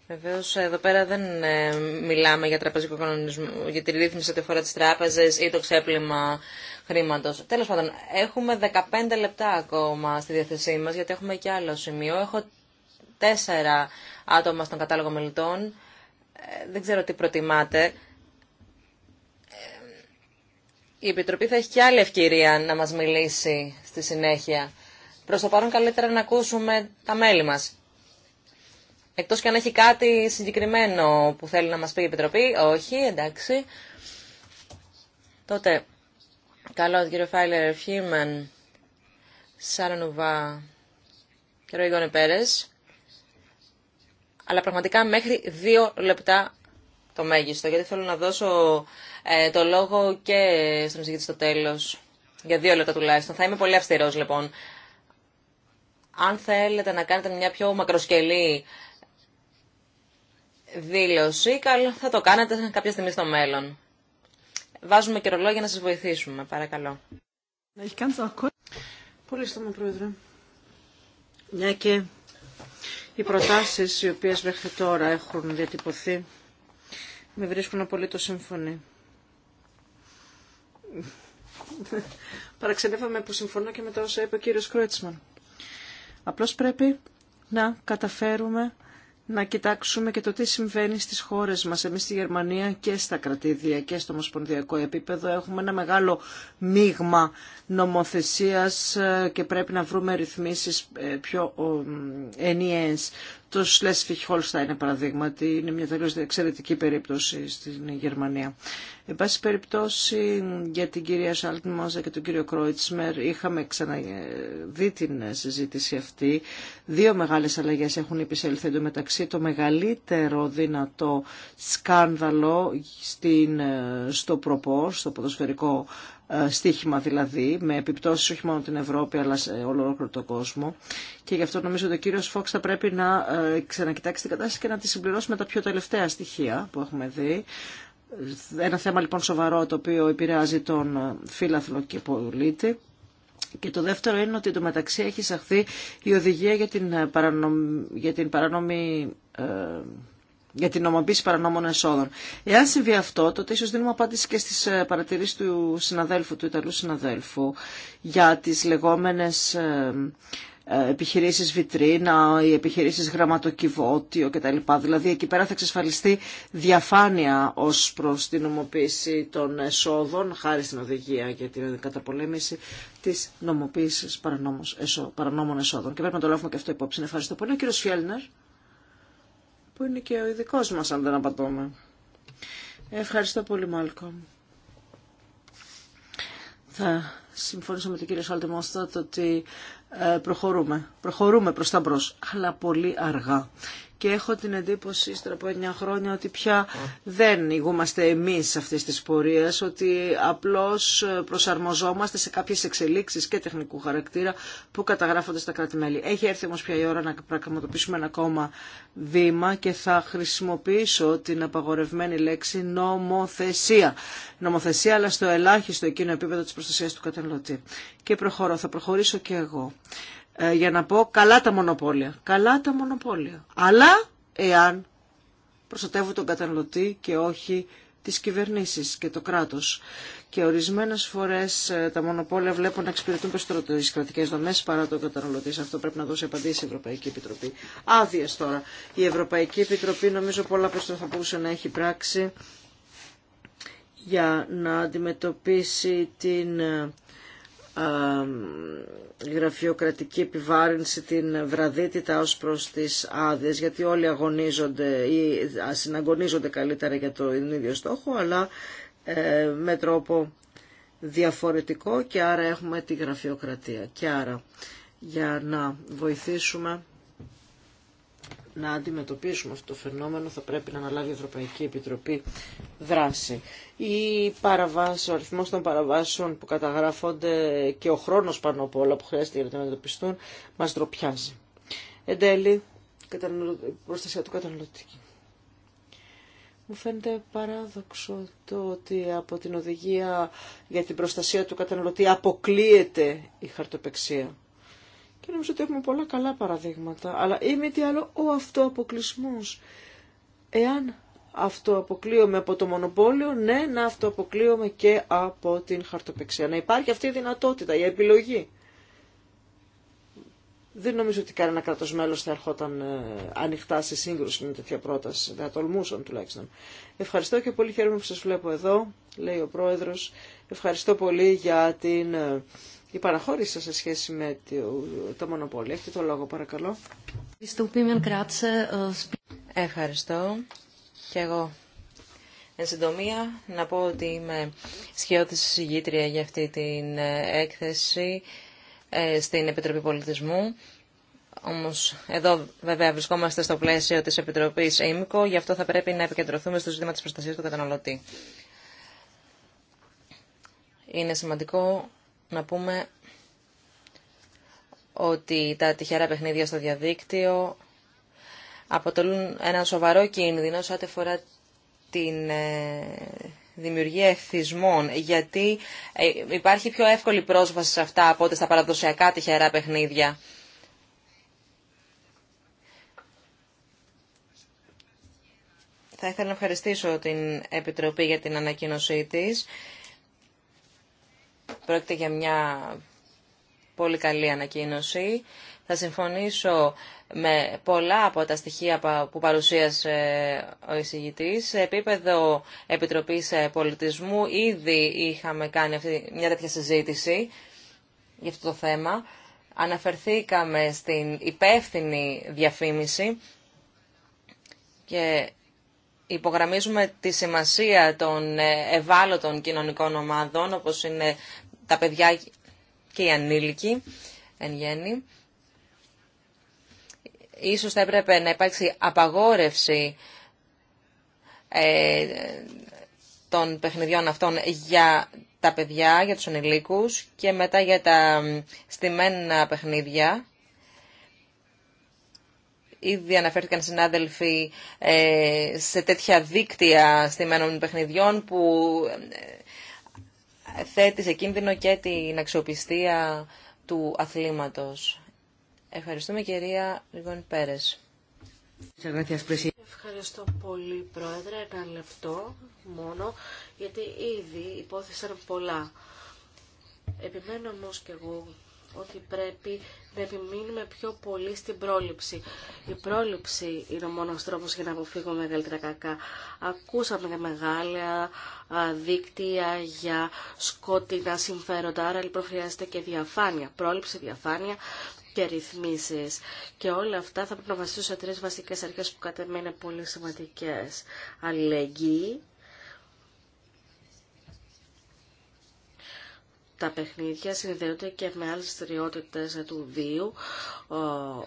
Βεβαίω, εδώ πέρα δεν ε, μιλάμε για τραπεζικό κανονισμό, για τη ρύθμιση ότι αφορά τι τράπεζε ή το ξέπλυμα χρήματο. Τέλο πάντων, έχουμε 15 λεπτά ακόμα στη διάθεσή μα, γιατί έχουμε και άλλο σημείο. Έχω τέσσερα άτομα στον κατάλογο μελητών. Ε, δεν ξέρω τι προτιμάτε. Ε, η Επιτροπή θα έχει και άλλη ευκαιρία να μας μιλήσει στη συνέχεια. Προς το παρόν καλύτερα να ακούσουμε τα μέλη μας. Εκτός και αν έχει κάτι συγκεκριμένο που θέλει να μας πει η Επιτροπή. Όχι, εντάξει. Τότε, καλό κύριε κύριο Φάιλερ Φίμεν, Σάρα Νουβά και Πέρες αλλά πραγματικά μέχρι δύο λεπτά το μέγιστο, γιατί θέλω να δώσω ε, το λόγο και στον εισηγητή στο τέλος, για δύο λεπτά τουλάχιστον. Θα είμαι πολύ αυστηρός λοιπόν. Αν θέλετε να κάνετε μια πιο μακροσκελή δήλωση, καλό θα το κάνετε κάποια στιγμή στο μέλλον. Βάζουμε και ρολόγια να σας βοηθήσουμε, παρακαλώ. Πολύ στόμα, Πρόεδρε. Μια και οι προτάσεις οι οποίες μέχρι τώρα έχουν διατυπωθεί με βρίσκουν απολύτως σύμφωνοι. Παραξενεύαμε που συμφωνώ και με το όσα είπε ο κύριος Κρότσμαν. Απλώς πρέπει να καταφέρουμε να κοιτάξουμε και το τι συμβαίνει στις χώρες μας. Εμείς στη Γερμανία και στα κρατήδια και στο μοσπονδιακό επίπεδο έχουμε ένα μεγάλο μείγμα νομοθεσίας ε, και πρέπει να βρούμε ρυθμίσεις ε, πιο ενιαίες. Το Σλέσφιχ Χόλστα είναι παραδείγματι, είναι μια τελείως εξαιρετική περίπτωση στην Γερμανία. Εν πάση περιπτώσει για την κυρία Μόζα και τον κύριο Κρόιτσμερ είχαμε ξαναδεί την συζήτηση αυτή. Δύο μεγάλες αλλαγές έχουν επισέλθει εντωμεταξύ. Το μεγαλύτερο δυνατό σκάνδαλο στην, στο προπό, στο ποδοσφαιρικό ε, στίχημα δηλαδή, με επιπτώσεις όχι μόνο την Ευρώπη αλλά σε ολόκληρο τον κόσμο. Και γι' αυτό νομίζω ότι ο κύριος Φόξ θα πρέπει να ε, ξανακοιτάξει την κατάσταση και να τη συμπληρώσει με τα πιο τελευταία στοιχεία που έχουμε δει. Ένα θέμα λοιπόν σοβαρό το οποίο επηρεάζει τον ε, φύλαθλο και πολίτη. Και το δεύτερο είναι ότι εντωμεταξύ έχει εισαχθεί η οδηγία για την για την παράνομη για την νομοποίηση παρανόμων εσόδων. Εάν συμβεί αυτό, τότε ίσω δίνουμε απάντηση και στι ε, παρατηρήσει του συναδέλφου, του Ιταλού συναδέλφου, για τι λεγόμενε ε, ε, επιχειρήσεις βιτρίνα, οι επιχειρήσεις γραμματοκιβώτιο κτλ. Δηλαδή εκεί πέρα θα εξασφαλιστεί διαφάνεια ως προς την νομοποίηση των εσόδων, χάρη στην οδηγία για την καταπολέμηση της νομοποίησης παρανόμων εσόδων. Και πρέπει να το λάβουμε και αυτό υπόψη. Ευχαριστώ πολύ. Ο Φιέλνερ που είναι και ο ειδικό μας αν δεν απατώμε. Ευχαριστώ πολύ Μάλκο. Θα συμφωνήσω με τον κύριο Σάλτεμόστατ ότι ε, προχωρούμε. Προχωρούμε προς τα μπρος, αλλά πολύ αργά και έχω την εντύπωση ύστερα από 9 χρόνια ότι πια δεν ηγούμαστε εμείς αυτής της πορείας, ότι απλώς προσαρμοζόμαστε σε κάποιες εξελίξεις και τεχνικού χαρακτήρα που καταγράφονται στα κράτη-μέλη. Έχει έρθει όμως πια η ώρα να πραγματοποιήσουμε ένα ακόμα βήμα και θα χρησιμοποιήσω την απαγορευμένη λέξη νομοθεσία. Νομοθεσία αλλά στο ελάχιστο εκείνο επίπεδο της προστασίας του καταναλωτή. Και προχωρώ, θα προχωρήσω και εγώ. Ε, για να πω καλά τα μονοπόλια. Καλά τα μονοπόλια. Αλλά εάν προστατεύουν τον καταναλωτή και όχι τις κυβερνήσεις και το κράτος. Και ορισμένες φορές ε, τα μονοπόλια βλέπουν να εξυπηρετούν περισσότερο τις κρατικές δομές παρά τον καταναλωτή. Σε αυτό πρέπει να δώσει απαντήσει η Ευρωπαϊκή Επιτροπή. Άδειες τώρα. Η Ευρωπαϊκή Επιτροπή νομίζω πολλά περισσότερα θα μπορούσε να έχει πράξει για να αντιμετωπίσει την ε, γραφειοκρατική επιβάρυνση, την βραδύτητα ως προς τις άδειες, γιατί όλοι αγωνίζονται ή συναγωνίζονται καλύτερα για τον ίδιο στόχο, αλλά ε, με τρόπο διαφορετικό και άρα έχουμε τη γραφειοκρατία. Και άρα για να βοηθήσουμε να αντιμετωπίσουμε αυτό το φαινόμενο θα πρέπει να αναλάβει η Ευρωπαϊκή Επιτροπή δράση. Η παραβάση, ο αριθμός των παραβάσεων που καταγράφονται και ο χρόνος πάνω από όλα που χρειάζεται για να αντιμετωπιστούν μας ντροπιάζει. Εν τέλει, προστασία του καταναλωτή. Μου φαίνεται παράδοξο το ότι από την οδηγία για την προστασία του καταναλωτή αποκλείεται η χαρτοπεξία. Και νομίζω ότι έχουμε πολλά καλά παραδείγματα. Αλλά ή με τι άλλο, ο αυτοαποκλεισμό. Εάν αυτοαποκλείομαι από το μονοπόλιο, ναι, να αυτοαποκλείομαι και από την χαρτοπεξία. Να υπάρχει αυτή η δυνατότητα, η επιλογή. Δεν νομίζω ότι κανένα κράτο μέλο θα ερχόταν ε, ανοιχτά σε σύγκρουση με τέτοια πρόταση. Δεν θα τολμούσαν τουλάχιστον. Ευχαριστώ και πολύ χαίρομαι που σα βλέπω εδώ, λέει ο πρόεδρο. Ευχαριστώ πολύ για την ε, η παραχώρηση σας σε σχέση με το μονοπόλιο. Έχετε το λόγο παρακαλώ. Ευχαριστώ και εγώ. Εν συντομία, να πω ότι είμαι σχεδόν συγγήτρια για αυτή την ε, έκθεση ε, στην Επιτροπή Πολιτισμού. Όμως εδώ βέβαια βρισκόμαστε στο πλαίσιο της Επιτροπής ΕΜΚΟ, γι' αυτό θα πρέπει να επικεντρωθούμε στο ζήτημα της προστασίας του καταναλωτή. Είναι σημαντικό να πούμε ότι τα τυχερά παιχνίδια στο διαδίκτυο αποτελούν ένα σοβαρό κίνδυνο σε ό,τι αφορά την ε, δημιουργία εθισμών, γιατί ε, υπάρχει πιο εύκολη πρόσβαση σε αυτά από ό,τι στα παραδοσιακά τυχερά παιχνίδια. Θα ήθελα να ευχαριστήσω την Επιτροπή για την ανακοίνωσή της Πρόκειται για μια πολύ καλή ανακοίνωση. Θα συμφωνήσω με πολλά από τα στοιχεία που παρουσίασε ο εισηγητής. Σε επίπεδο Επιτροπής Πολιτισμού ήδη είχαμε κάνει αυτή, μια τέτοια συζήτηση για αυτό το θέμα. Αναφερθήκαμε στην υπεύθυνη διαφήμιση και υπογραμμίζουμε τη σημασία των ε, ευάλωτων κοινωνικών ομάδων, όπως είναι τα παιδιά και οι ανήλικοι εν γέννη. Ίσως θα έπρεπε να υπάρξει απαγόρευση ε, των παιχνιδιών αυτών για τα παιδιά, για τους ανηλίκους και μετά για τα στημένα παιχνίδια Ήδη αναφέρθηκαν συνάδελφοι ε, σε τέτοια δίκτυα στημένων παιχνιδιών που ε, θέτει σε κίνδυνο και την αξιοπιστία του αθλήματος. Ευχαριστούμε κυρία Λιγόν Πέρες. Ευχαριστώ πολύ Πρόεδρε, ένα λεπτό μόνο, γιατί ήδη υπόθεσαν πολλά. Επιμένω όμω και εγώ ότι πρέπει να επιμείνουμε πιο πολύ στην πρόληψη. Η πρόληψη είναι ο μόνος τρόπος για να αποφύγουμε μεγαλύτερα κακά. Ακούσαμε για μεγάλα δίκτυα για σκότεινα συμφέροντα, άρα λοιπόν χρειάζεται και διαφάνεια, πρόληψη, διαφάνεια και ρυθμίσει. Και όλα αυτά θα πρέπει να βασίσουν σε τρει βασικέ αρχέ που κατά είναι πολύ σημαντικέ. Αλληλεγγύη, τα παιχνίδια συνδέονται και με άλλες δραστηριότητε του βίου,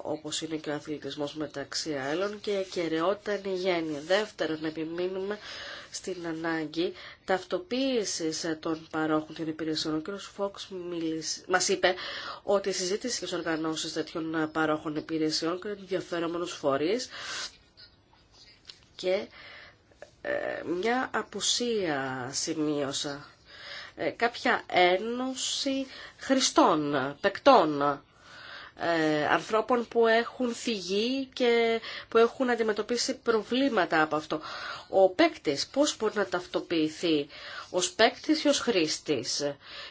όπως είναι και ο αθλητισμός μεταξύ άλλων, και η ακαιρεότητα είναι η γέννη. Δεύτερον, επιμείνουμε στην ανάγκη ταυτοποίηση των παρόχων των υπηρεσιών. Ο κ. Φόξ μα είπε ότι η συζήτηση και τι οργανώσει τέτοιων παρόχων υπηρεσιών και ενδιαφέρομενου φορεί και ε, μια απουσία σημείωσα ε, κάποια ένωση χριστών, παικτών, ε, ανθρώπων που έχουν φυγεί και που έχουν αντιμετωπίσει προβλήματα από αυτό. Ο παίκτη πώς μπορεί να ταυτοποιηθεί ως παίκτη ή ως χρήστης.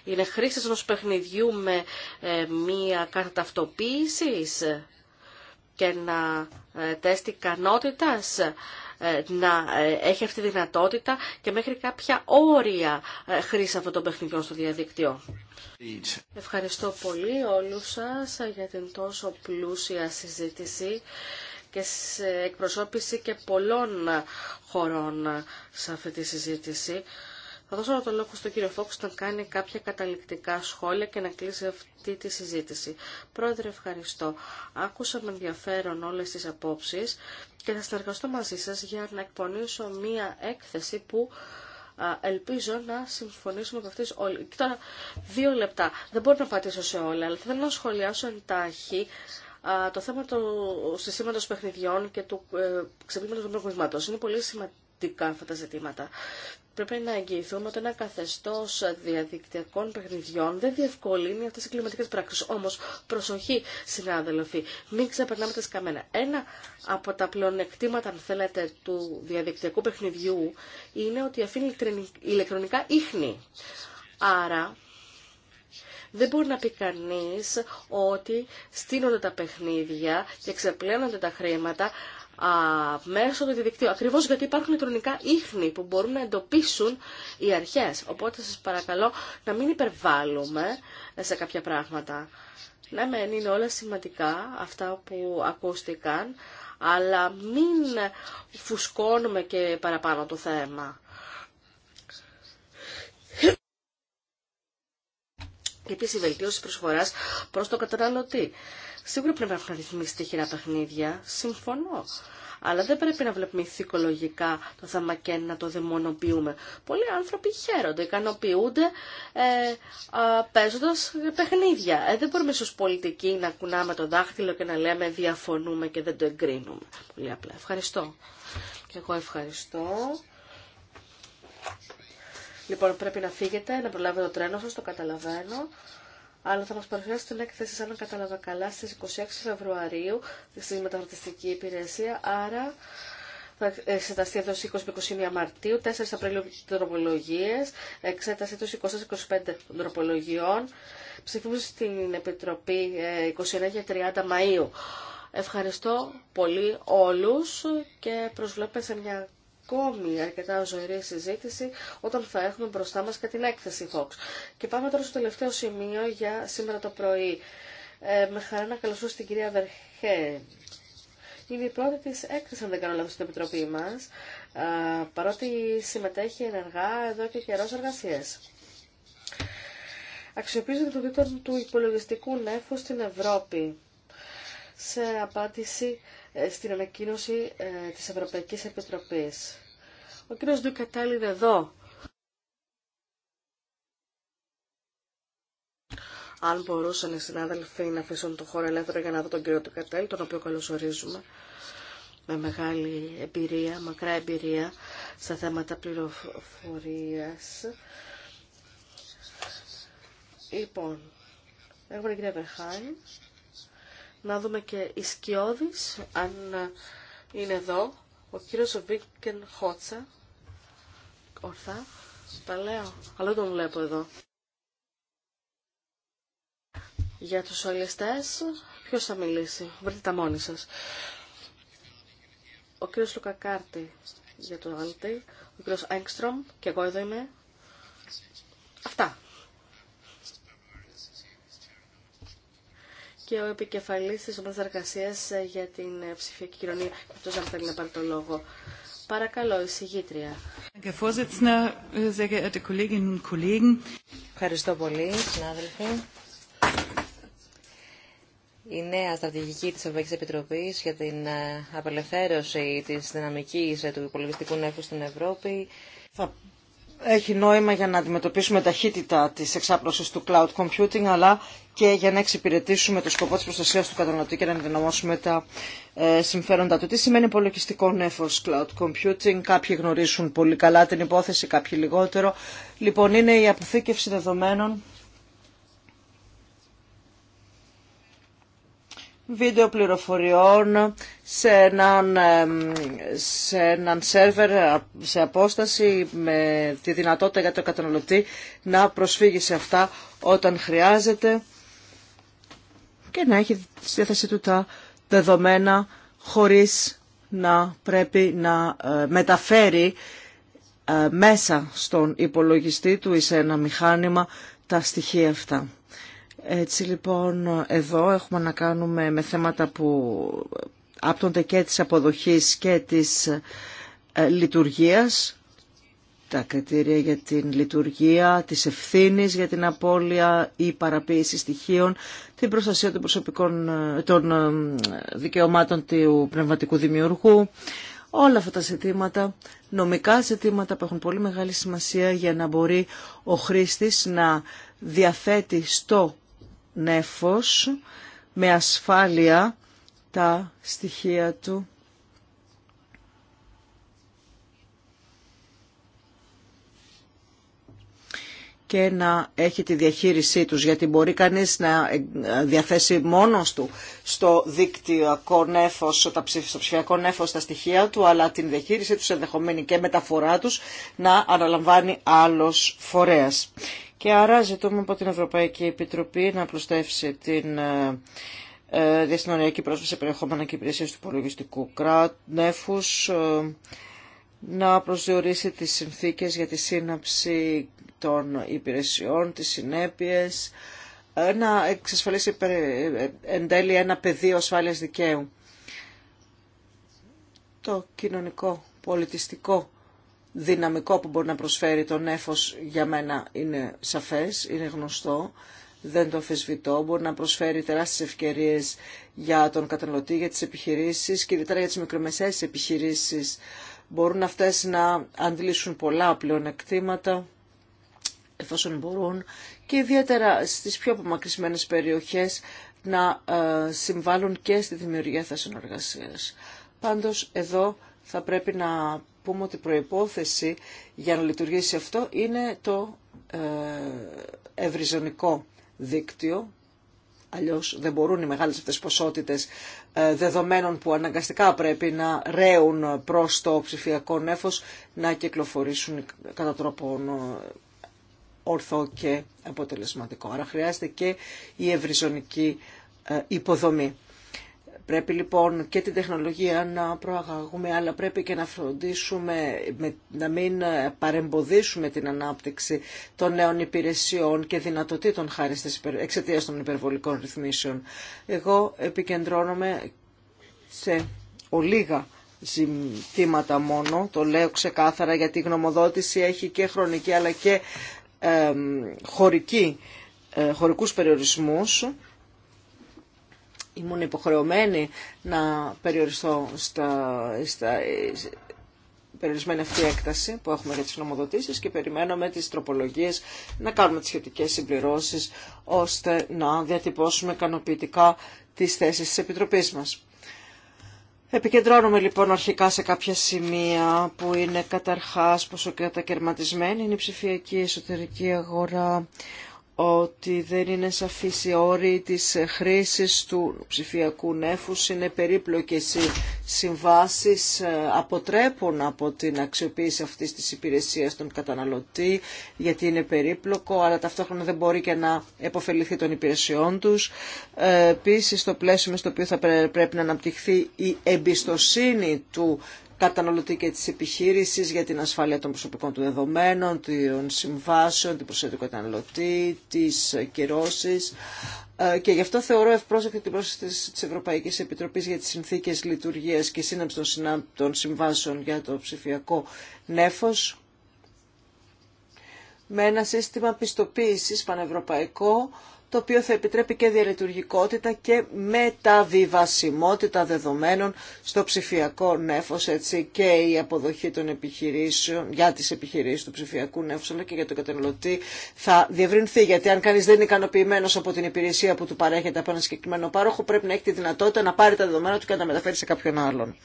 Είναι χρήστης ενός παιχνιδιού με ε, μία κάρτα και ένα τεστ ικανότητας ε, να ε, έχει αυτή τη δυνατότητα και μέχρι κάποια όρια ε, χρήση αυτών των παιχνιδιών στο διαδικτυό. Ευχαριστώ πολύ όλους σας για την τόσο πλούσια συζήτηση και σε εκπροσώπηση και πολλών χωρών σε αυτή τη συζήτηση. Θα δώσω το λόγο στον κύριο Φόξ να κάνει κάποια καταληκτικά σχόλια και να κλείσει αυτή τη συζήτηση. Πρόεδρε, ευχαριστώ. Άκουσα με ενδιαφέρον όλες τις απόψεις και θα συνεργαστώ μαζί σας για να εκπονήσω μία έκθεση που ελπίζω να συμφωνήσουμε με αυτές όλοι. Και τώρα δύο λεπτά. Δεν μπορώ να πατήσω σε όλα, αλλά θέλω να σχολιάσω εντάχει το θέμα του συστήματο παιχνιδιών και του ε, ξεπλήματος των προβλημάτων. Είναι πολύ σημαντικά αυτά τα ζητήματα πρέπει να εγγυηθούμε ότι ένα καθεστώ διαδικτυακών παιχνιδιών δεν διευκολύνει αυτέ τι κλιματικές πράξει. Όμω, προσοχή, συνάδελφοι, μην ξεπερνάμε τα σκαμμένα. Ένα από τα πλεονεκτήματα, αν θέλετε, του διαδικτυακού παιχνιδιού είναι ότι αφήνει ηλεκτρονικά ίχνη. Άρα, δεν μπορεί να πει κανεί ότι στείνονται τα παιχνίδια και ξεπλένονται τα χρήματα μέσω του διαδικτύου. Ακριβώς γιατί υπάρχουν ηλεκτρονικά ίχνη που μπορούν να εντοπίσουν οι αρχές. Οπότε σας παρακαλώ να μην υπερβάλλουμε σε κάποια πράγματα. Ναι, μεν είναι όλα σημαντικά αυτά που ακούστηκαν, αλλά μην φουσκώνουμε και παραπάνω το θέμα. Και επίσης η βελτίωση προσφοράς προς το καταναλωτή. Σίγουρα πρέπει να ρυθμίσει τυχερά παιχνίδια. Συμφωνώ. Αλλά δεν πρέπει να βλέπουμε ηθικολογικά το θέμα και να το δαιμονοποιούμε. Πολλοί άνθρωποι χαίρονται, ικανοποιούνται ε, παίζοντα παιχνίδια. Ε, δεν μπορούμε στου πολιτικοί να κουνάμε το δάχτυλο και να λέμε διαφωνούμε και δεν το εγκρίνουμε. Πολύ απλά. Ευχαριστώ. Και εγώ ευχαριστώ. Λοιπόν, πρέπει να φύγετε, να προλάβετε το τρένο σας, το καταλαβαίνω αλλά θα μα παρουσιάσει την έκθεση, αν κατάλαβα καλά, στις 26 Φεβρουαρίου στη Μεταγραφιστική Υπηρεσία, άρα θα εξεταστεί εδώ 20-21 Μαρτίου, 4 Απριλίου τροπολογίες, εξέταση του 20-25 τροπολογιών, ψηφίζουμε στην Επιτροπή 29 ε, 30 Μαΐου. Ευχαριστώ πολύ όλους και προσβλέπουμε σε μια ακόμη αρκετά ζωηρή συζήτηση όταν θα έχουμε μπροστά μας και την έκθεση Fox. Και πάμε τώρα στο τελευταίο σημείο για σήμερα το πρωί. Ε, με χαρά να καλωσώ στην κυρία Βερχέ. Είναι η πρώτη της έκθεση, αν δεν κάνω λάθος, στην Επιτροπή μας, ε, παρότι συμμετέχει ενεργά εδώ και καιρό εργασίες. Αξιοποιήθηκε το δίτον του υπολογιστικού νέφου στην Ευρώπη σε απάντηση ε, στην ανακοίνωση ε, της Ευρωπαϊκής Επιτροπής. Ο κύριος Ντουκατάλη είναι εδώ. Αν μπορούσαν οι συνάδελφοι να αφήσουν το χώρο ελεύθερο για να δω τον κύριο κατέλη, τον οποίο καλωσορίζουμε με μεγάλη εμπειρία, μακρά εμπειρία στα θέματα πληροφορίας. Λοιπόν, έχουμε την κυρία Βερχάιν να δούμε και οι Σκιώδης, αν είναι εδώ, ο κύριος Βίγκεν Χότσα, ορθά, τα λέω, αλλά δεν τον βλέπω εδώ. Για τους ολιστές, ποιος θα μιλήσει, βρείτε τα μόνοι σας. Ο κύριος Λουκακάρτη για το Αλτή, ο κύριος Έγκστρομ, και εγώ εδώ είμαι. Αυτά. και ο επικεφαλής της Ομάδας εργασία ε, για την ε, ψηφιακή κοινωνία, αυτό αν θέλει να πάρει το λόγο. Παρακαλώ, συγγήτρια. Äh, Ευχαριστώ πολύ, συνάδελφοι. Η νέα στρατηγική της Ευρωπαϊκής Επιτροπής για την ε, απελευθέρωση της δυναμικής του υπολογιστικού νέφου στην Ευρώπη θα έχει νόημα για να αντιμετωπίσουμε ταχύτητα της εξάπλωσης του cloud computing, αλλά και για να εξυπηρετήσουμε το σκοπό της προστασίας του καταναλωτή και να ενδυναμώσουμε τα ε, συμφέροντά του. Τι σημαίνει υπολογιστικό νέφος cloud computing, κάποιοι γνωρίζουν πολύ καλά την υπόθεση, κάποιοι λιγότερο. Λοιπόν, είναι η αποθήκευση δεδομένων βίντεο πληροφοριών σε έναν, σε έναν σερβερ σε απόσταση με τη δυνατότητα για το καταναλωτή να προσφύγει σε αυτά όταν χρειάζεται και να έχει στη διάθεσή του τα δεδομένα χωρίς να πρέπει να ε, μεταφέρει ε, μέσα στον υπολογιστή του ή σε ένα μηχάνημα τα στοιχεία αυτά. Έτσι λοιπόν εδώ έχουμε να κάνουμε με θέματα που άπτονται και της αποδοχής και της ε, λειτουργίας, τα κριτήρια για την λειτουργία, της ευθύνης για την απώλεια ή παραποίηση στοιχείων, την προστασία των, προσωπικών, ε, των ε, δικαιωμάτων του πνευματικού δημιουργού, όλα αυτά τα ζητήματα, νομικά ζητήματα που έχουν πολύ μεγάλη σημασία για να μπορεί ο χρήστης να διαθέτει στο νέφος με ασφάλεια τα στοιχεία του. και να έχει τη διαχείρισή τους, γιατί μπορεί κανείς να διαθέσει μόνος του στο δίκτυο νέφος, στο ψηφιακό νέφος τα στοιχεία του, αλλά την διαχείρισή τους ενδεχομένη και μεταφορά τους να αναλαμβάνει άλλος φορέας. Και άρα ζητούμε από την Ευρωπαϊκή Επιτροπή να προστεύσει την ε, ε, διασυνοριακή πρόσβαση σε περιεχόμενα και υπηρεσίες του υπολογιστικού κράτους, ε, να προσδιορίσει τις συνθήκες για τη σύναψη των υπηρεσιών, τις συνέπειες, να εξασφαλίσει εν τέλει ένα πεδίο ασφάλειας δικαίου. Το κοινωνικό, πολιτιστικό δυναμικό που μπορεί να προσφέρει το νέφος για μένα είναι σαφές, είναι γνωστό, δεν το αφισβητώ. Μπορεί να προσφέρει τεράστιες ευκαιρίες για τον καταναλωτή, για τις επιχειρήσεις και ιδιαίτερα για τις μικρομεσαίες επιχειρήσεις. Μπορούν αυτές να αντλήσουν πολλά πλεονεκτήματα εφόσον μπορούν και ιδιαίτερα στις πιο απομακρυσμένες περιοχές να ε, συμβάλλουν και στη δημιουργία θέσεων εργασίας. Πάντως εδώ θα πρέπει να πούμε ότι προϋπόθεση για να λειτουργήσει αυτό είναι το ε, ευρυζωνικό δίκτυο, αλλιώς δεν μπορούν οι μεγάλες αυτές ποσότητες ε, δεδομένων που αναγκαστικά πρέπει να ρέουν προς το ψηφιακό νέφος να κυκλοφορήσουν κατά τρόπο ορθό ε, και αποτελεσματικό. Άρα χρειάζεται και η ευρυζωνική υποδομή. Πρέπει λοιπόν και την τεχνολογία να προαγαγούμε, αλλά πρέπει και να φροντίσουμε, να μην παρεμποδίσουμε την ανάπτυξη των νέων υπηρεσιών και δυνατοτήτων χάρη στις εξαιτίας των υπερβολικών ρυθμίσεων. Εγώ επικεντρώνομαι σε ολίγα ζητήματα μόνο, το λέω ξεκάθαρα γιατί η γνωμοδότηση έχει και χρονική αλλά και ε, χωρική, χωρικούς περιορισμούς ήμουν υποχρεωμένη να περιοριστώ στα, στα περιορισμένη αυτή έκταση που έχουμε για τις νομοδοτήσεις και περιμένουμε τις τροπολογίες να κάνουμε τις σχετικές συμπληρώσεις ώστε να διατυπώσουμε ικανοποιητικά τις θέσεις της Επιτροπής μας. Επικεντρώνουμε λοιπόν αρχικά σε κάποια σημεία που είναι καταρχάς πόσο κατακαιρματισμένη είναι η ψηφιακή εσωτερική αγορά, ότι δεν είναι σαφής η όρη της χρήσης του ψηφιακού νέφους, είναι περίπλοκες οι συμβάσεις, ε, αποτρέπουν από την αξιοποίηση αυτής της υπηρεσίας των καταναλωτή, γιατί είναι περίπλοκο, αλλά ταυτόχρονα δεν μπορεί και να επωφεληθεί των υπηρεσιών τους. Ε, Επίση, στο πλαίσιο στο οποίο θα πρέπει να αναπτυχθεί η εμπιστοσύνη του καταναλωτή και της επιχείρησης, για την ασφάλεια των προσωπικών του δεδομένων, των συμβάσεων, την προσέγγιση του καταναλωτή, τις κυρώσεις. Ε, και γι' αυτό θεωρώ ευπρόσδεκτη την πρόσθεση της Ευρωπαϊκής Επιτροπής για τις συνθήκες λειτουργίας και σύναψη των συμβάσεων για το ψηφιακό νέφος με ένα σύστημα πιστοποίησης πανευρωπαϊκό το οποίο θα επιτρέπει και διαλειτουργικότητα και μεταβιβασιμότητα δεδομένων στο ψηφιακό νέφος, έτσι και η αποδοχή των επιχειρήσεων, για τις επιχειρήσεις του ψηφιακού νέφους, αλλά και για τον καταναλωτή θα διευρυνθεί, γιατί αν κανείς δεν είναι ικανοποιημένος από την υπηρεσία που του παρέχεται από ένα συγκεκριμένο πάροχο, πρέπει να έχει τη δυνατότητα να πάρει τα δεδομένα του και να τα μεταφέρει σε κάποιον άλλον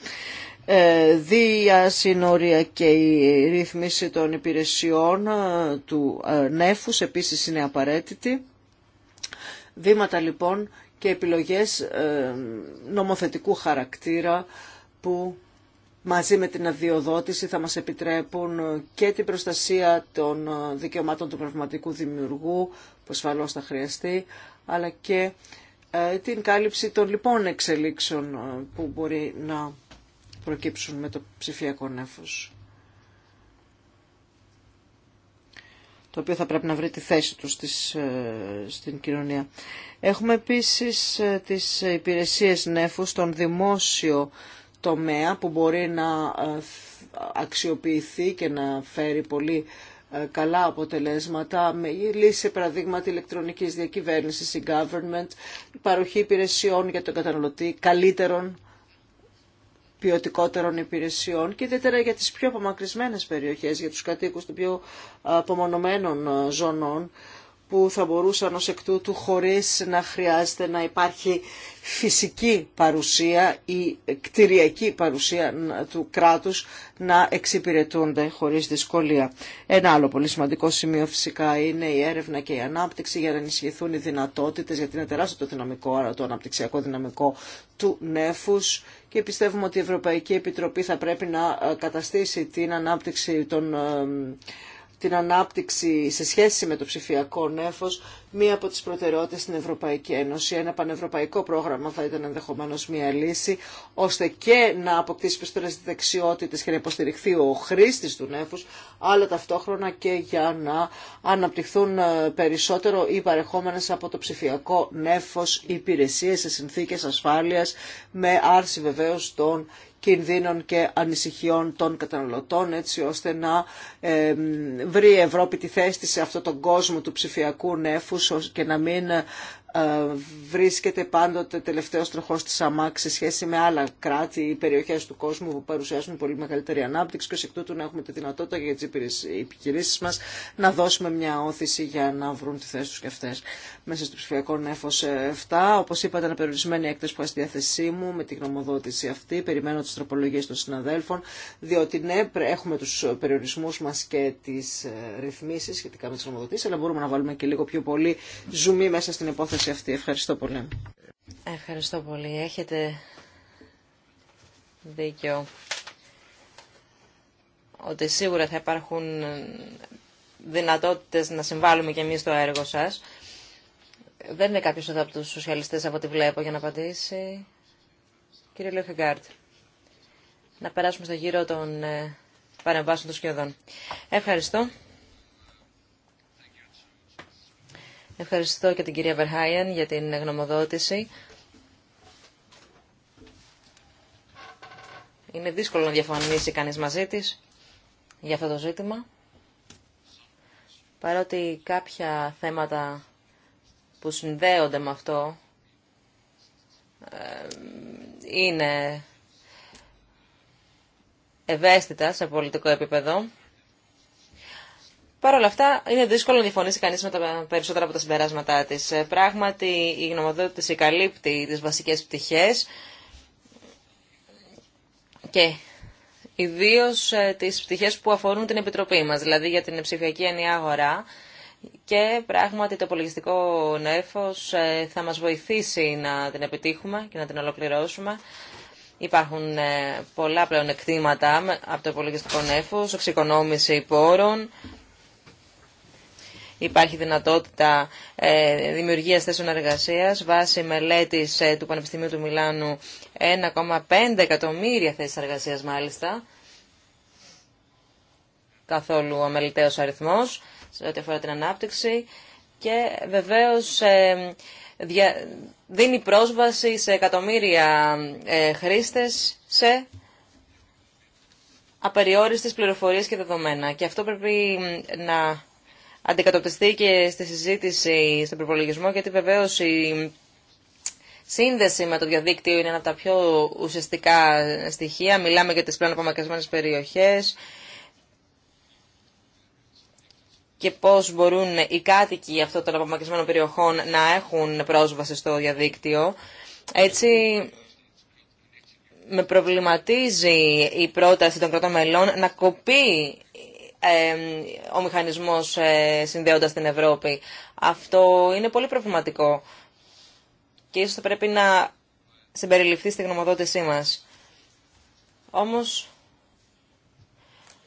ε, σύνορια και η ρύθμιση των υπηρεσιών ε, του ε, νέφους επίσης είναι απαραίτητη Βήματα λοιπόν και επιλογές ε, νομοθετικού χαρακτήρα που μαζί με την αδειοδότηση θα μας επιτρέπουν ε, και την προστασία των ε, δικαιωμάτων του πνευματικού δημιουργού που ασφαλώ θα χρειαστεί, αλλά και την κάλυψη των λοιπόν εξελίξεων που μπορεί να προκύψουν με το ψηφιακό νέφος. το οποίο θα πρέπει να βρει τη θέση του ε, στην κοινωνία. Έχουμε επίσης ε, τις υπηρεσίες νέφου στον δημόσιο τομέα που μπορεί να ε, αξιοποιηθεί και να φέρει πολύ καλά αποτελέσματα με λύση παραδείγματι ηλεκτρονικής διακυβέρνησης, η government, παροχή υπηρεσιών για τον καταναλωτή, καλύτερων ποιοτικότερων υπηρεσιών και ιδιαίτερα για τις πιο απομακρυσμένες περιοχές, για τους κατοίκους των πιο απομονωμένων ε, ζωνών που θα μπορούσαν ως εκ τούτου χωρίς να χρειάζεται να υπάρχει φυσική παρουσία ή κτηριακή παρουσία του κράτους να εξυπηρετούνται χωρίς δυσκολία. Ένα άλλο πολύ σημαντικό σημείο φυσικά είναι η έρευνα και η ανάπτυξη για να ενισχυθούν οι δυνατότητες, γιατί είναι τεράστιο το, δυναμικό, το αναπτυξιακό δυναμικό του νέφους και πιστεύουμε ότι η Ευρωπαϊκή Επιτροπή θα πρέπει να ε, καταστήσει την ανάπτυξη των ε, την ανάπτυξη σε σχέση με το ψηφιακό νέφος μία από τις προτεραιότητες στην Ευρωπαϊκή Ένωση. Ένα πανευρωπαϊκό πρόγραμμα θα ήταν ενδεχομένω μία λύση, ώστε και να αποκτήσει περισσότερες δεξιότητες και να υποστηριχθεί ο χρήστης του νέφους, αλλά ταυτόχρονα και για να αναπτυχθούν ε, περισσότερο οι παρεχόμενες από το ψηφιακό νέφος υπηρεσίες σε συνθήκες ασφάλειας, με άρση βεβαίως των κινδύνων και ανησυχιών των καταναλωτών έτσι ώστε να βρει η Ευρώπη τη θέση της σε αυτόν τον κόσμο του ψηφιακού νέφους και να μην ε, βρίσκεται πάντοτε τελευταίος τροχός της ΑΜΑΚ σε σχέση με άλλα κράτη ή περιοχές του κόσμου που παρουσιάζουν πολύ μεγαλύτερη ανάπτυξη και ως εκ τούτου να έχουμε τη δυνατότητα για τις επιχειρήσεις μας να δώσουμε μια όθηση για να βρουν τη θέση τους και αυτές. Μέσα στο ψηφιακό νέφος 7, όπως είπα ήταν περιορισμένη έκθεση που στη διάθεσή μου με τη γνωμοδότηση αυτή, περιμένω τις τροπολογίες των συναδέλφων, διότι ναι, έχουμε τους περιορισμούς μας και τις ε, ρυθμίσεις σχετικά με τις γνωμοδοτήσεις, αλλά μπορούμε να βάλουμε και λίγο πιο πολύ ζουμί μέσα στην υπόθεση αυτή. Ευχαριστώ πολύ. Ευχαριστώ πολύ. Έχετε δίκιο ότι σίγουρα θα υπάρχουν δυνατότητες να συμβάλλουμε και εμείς στο έργο σας. Δεν είναι κάποιος εδώ από τους σοσιαλιστές από ό,τι βλέπω για να απαντήσει. Κύριε Λεχεγκάρτ, να περάσουμε στο γύρο των ε, παρεμβάσεων των σκιωδών. Ευχαριστώ. Ευχαριστώ και την κυρία Βερχάιεν για την γνωμοδότηση. Είναι δύσκολο να διαφωνήσει κανείς μαζί της για αυτό το ζήτημα. Παρότι κάποια θέματα που συνδέονται με αυτό ε, είναι ευαίσθητα σε πολιτικό επίπεδο. Παρ' όλα αυτά, είναι δύσκολο να διαφωνήσει κανεί με τα περισσότερα από τα συμπεράσματά τη. Ε, πράγματι, η γνωμοδότηση καλύπτει τι βασικέ πτυχέ και ιδίω ε, τι πτυχέ που αφορούν την Επιτροπή μα, δηλαδή για την ψηφιακή ενιαία αγορά. Και πράγματι το απολογιστικό νέφος ε, θα μας βοηθήσει να την επιτύχουμε και να την ολοκληρώσουμε. Υπάρχουν πολλά πλέον εκτήματα από το υπολογιστικό νέφος, εξοικονόμηση πόρων, υπάρχει δυνατότητα ε, δημιουργίας θέσεων εργασίας. Βάσει μελέτης ε, του Πανεπιστημίου του Μιλάνου 1,5 εκατομμύρια θέσεις εργασίας μάλιστα. Καθόλου αμεληταίος αριθμός σε ό,τι αφορά την ανάπτυξη. Και βεβαίως ε, δίνει πρόσβαση σε εκατομμύρια χρήστες σε απεριόριστες πληροφορίες και δεδομένα. Και αυτό πρέπει να αντικατοπτριστεί και στη συζήτηση στον προπολογισμό, γιατί βεβαίω η σύνδεση με το διαδίκτυο είναι ένα από τα πιο ουσιαστικά στοιχεία. Μιλάμε για τις πλέον απομακρυσμένε περιοχές και πώς μπορούν οι κάτοικοι αυτών των απομακρυσμένων περιοχών να έχουν πρόσβαση στο διαδίκτυο. Έτσι, με προβληματίζει η πρόταση των κρατών μελών να κοπεί ο μηχανισμός ε, συνδέοντας την Ευρώπη. Αυτό είναι πολύ προβληματικό και ίσως θα πρέπει να συμπεριληφθεί στη γνωμοδότησή μας. Όμως,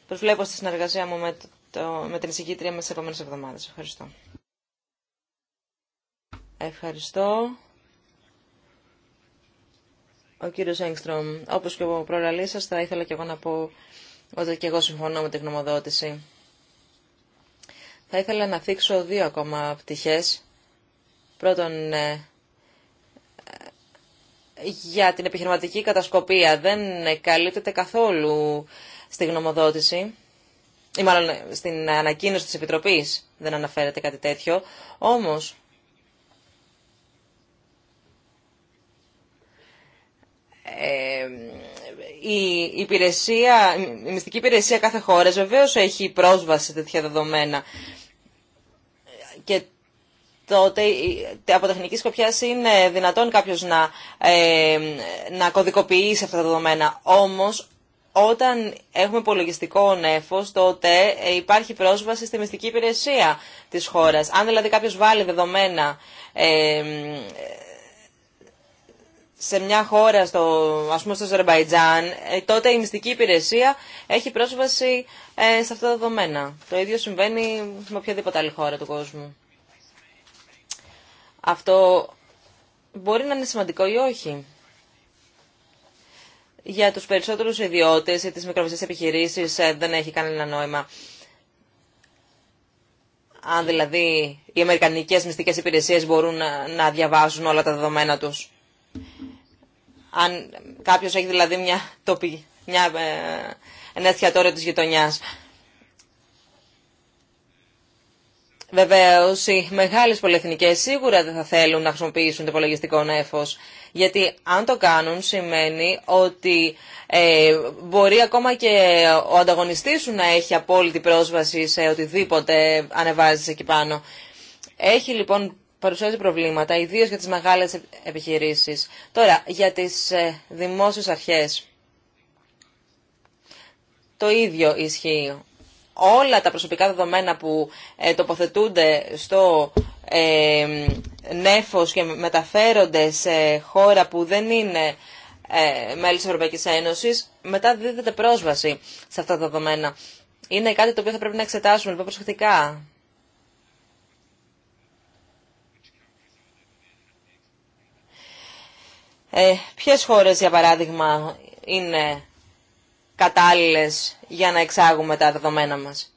προσβλέπω στη συνεργασία μου με, το, με την εισηγήτρια με τις επόμενες εβδομάδες. Ευχαριστώ. Ευχαριστώ. Ο κύριος Έγκστρομ, όπως και ο προλαλής σας, θα ήθελα και εγώ να πω Οπότε και εγώ συμφωνώ με τη γνωμοδότηση. Θα ήθελα να θίξω δύο ακόμα πτυχές. Πρώτον, ε, για την επιχειρηματική κατασκοπία δεν καλύπτεται καθόλου στη γνωμοδότηση ή μάλλον στην ανακοίνωση της Επιτροπής δεν αναφέρεται κάτι τέτοιο. Όμως, ε, η, υπηρεσία, μυστική υπηρεσία κάθε χώρα βεβαίως έχει πρόσβαση σε τέτοια δεδομένα. Και τότε από τεχνική σκοπιά είναι δυνατόν κάποιος να, ε, να κωδικοποιήσει αυτά τα δεδομένα. Όμως όταν έχουμε υπολογιστικό νέφος, τότε ε, υπάρχει πρόσβαση στη μυστική υπηρεσία της χώρας. Αν δηλαδή κάποιος βάλει δεδομένα ε, σε μια χώρα, στο, ας πούμε στο Ζερμπαϊτζάν, ε, τότε η μυστική υπηρεσία έχει πρόσβαση ε, σε αυτά τα δεδομένα. Το ίδιο συμβαίνει με οποιαδήποτε άλλη χώρα του κόσμου. Αυτό μπορεί να είναι σημαντικό ή όχι. Για τους περισσότερους ιδιώτες ή τις μικροβιστές επιχειρήσεις ε, δεν έχει κανένα νόημα. Αν δηλαδή οι αμερικανικές μυστικές υπηρεσίες μπορούν να διαβάζουν όλα τα δεδομένα τους αν κάποιος έχει δηλαδή μια τοπική, μια, ε, ενέθεια τώρα της γειτονιάς. Βεβαίω, οι μεγάλε πολυεθνικέ σίγουρα δεν θα θέλουν να χρησιμοποιήσουν το υπολογιστικό νεφο. Γιατί αν το κάνουν, σημαίνει ότι ε, μπορεί ακόμα και ο ανταγωνιστή σου να έχει απόλυτη πρόσβαση σε οτιδήποτε ανεβάζει εκεί πάνω. Έχει λοιπόν παρουσιάζει προβλήματα, ιδίως για τις μεγάλες επιχειρήσεις. Τώρα, για τις ε, δημόσιες αρχές. Το ίδιο ισχύει. Όλα τα προσωπικά δεδομένα που ε, τοποθετούνται στο ε, νέφος και μεταφέρονται σε χώρα που δεν είναι μέλη της Ευρωπαϊκής Ένωσης, μετά δίδεται πρόσβαση σε αυτά τα δεδομένα. Είναι κάτι το οποίο θα πρέπει να εξετάσουμε λοιπόν προσεκτικά. Ε, ποιες χώρες, για παράδειγμα, είναι κατάλληλες για να εξάγουμε τα δεδομένα μας.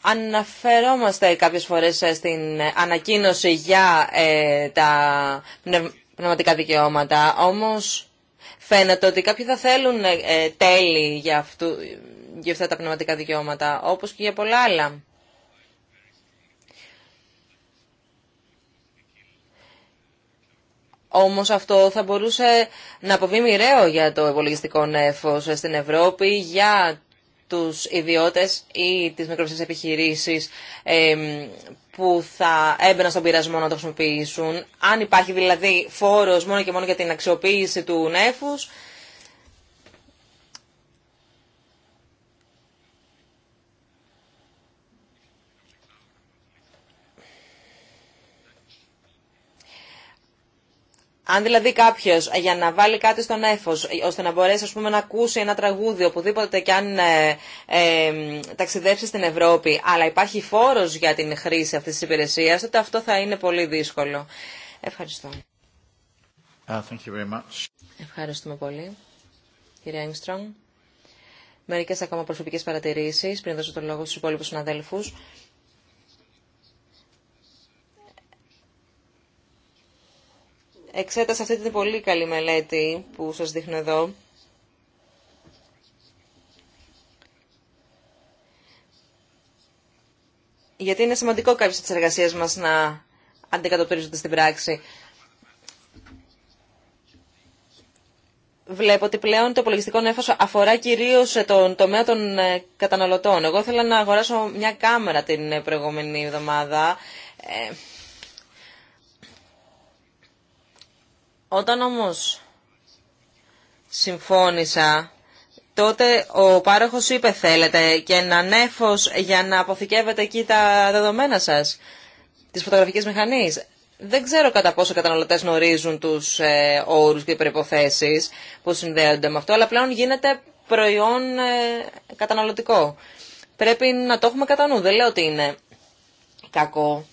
Αναφερόμαστε κάποιες φορές ε, στην ανακοίνωση για ε, τα πνευματικά δικαιώματα, όμως φαίνεται ότι κάποιοι θα θέλουν ε, τέλη για, αυτού, για αυτά τα πνευματικά δικαιώματα, όπως και για πολλά άλλα. Όμως αυτό θα μπορούσε να αποβεί μοιραίο για το υπολογιστικό νέφος στην Ευρώπη, για τους ιδιώτες ή τις μικρομεσαίες επιχειρήσεις που θα έμπαιναν στον πειρασμό να το χρησιμοποιήσουν. Αν υπάρχει δηλαδή φόρος μόνο και μόνο για την αξιοποίηση του νέφους, Αν δηλαδή κάποιο ε, για να βάλει κάτι στον έφο, ε, ώστε να μπορέσει ας πούμε, να ακούσει ένα τραγούδι οπουδήποτε και αν ε, ε, ταξιδέψει στην Ευρώπη, αλλά υπάρχει φόρο για την χρήση αυτή τη υπηρεσία, τότε αυτό θα είναι πολύ δύσκολο. Ευχαριστώ. Uh, thank you very much. Ευχαριστούμε πολύ, κύριε Έγκστρομ. Μερικέ ακόμα προσωπικέ παρατηρήσει πριν δώσω το λόγο στου υπόλοιπου συναδέλφου. εξέτασα αυτή την πολύ καλή μελέτη που σας δείχνω εδώ. Γιατί είναι σημαντικό κάποιες τις εργασίες μας να αντικατοπτρίζονται στην πράξη. Βλέπω ότι πλέον το υπολογιστικό νέφος αφορά κυρίως τον τομέα των ε, καταναλωτών. Εγώ ήθελα να αγοράσω μια κάμερα την ε, προηγούμενη εβδομάδα. Ε, Όταν όμως συμφώνησα, τότε ο πάροχος είπε θέλετε και ένα νέφος για να αποθηκεύετε εκεί τα δεδομένα σας της φωτογραφικής μηχανής. Δεν ξέρω κατά πόσο οι καταναλωτές γνωρίζουν τους ε, όρους και οι προϋποθέσεις που συνδέονται με αυτό, αλλά πλέον γίνεται προϊόν ε, καταναλωτικό. Πρέπει να το έχουμε κατά νου. Δεν λέω ότι είναι κακό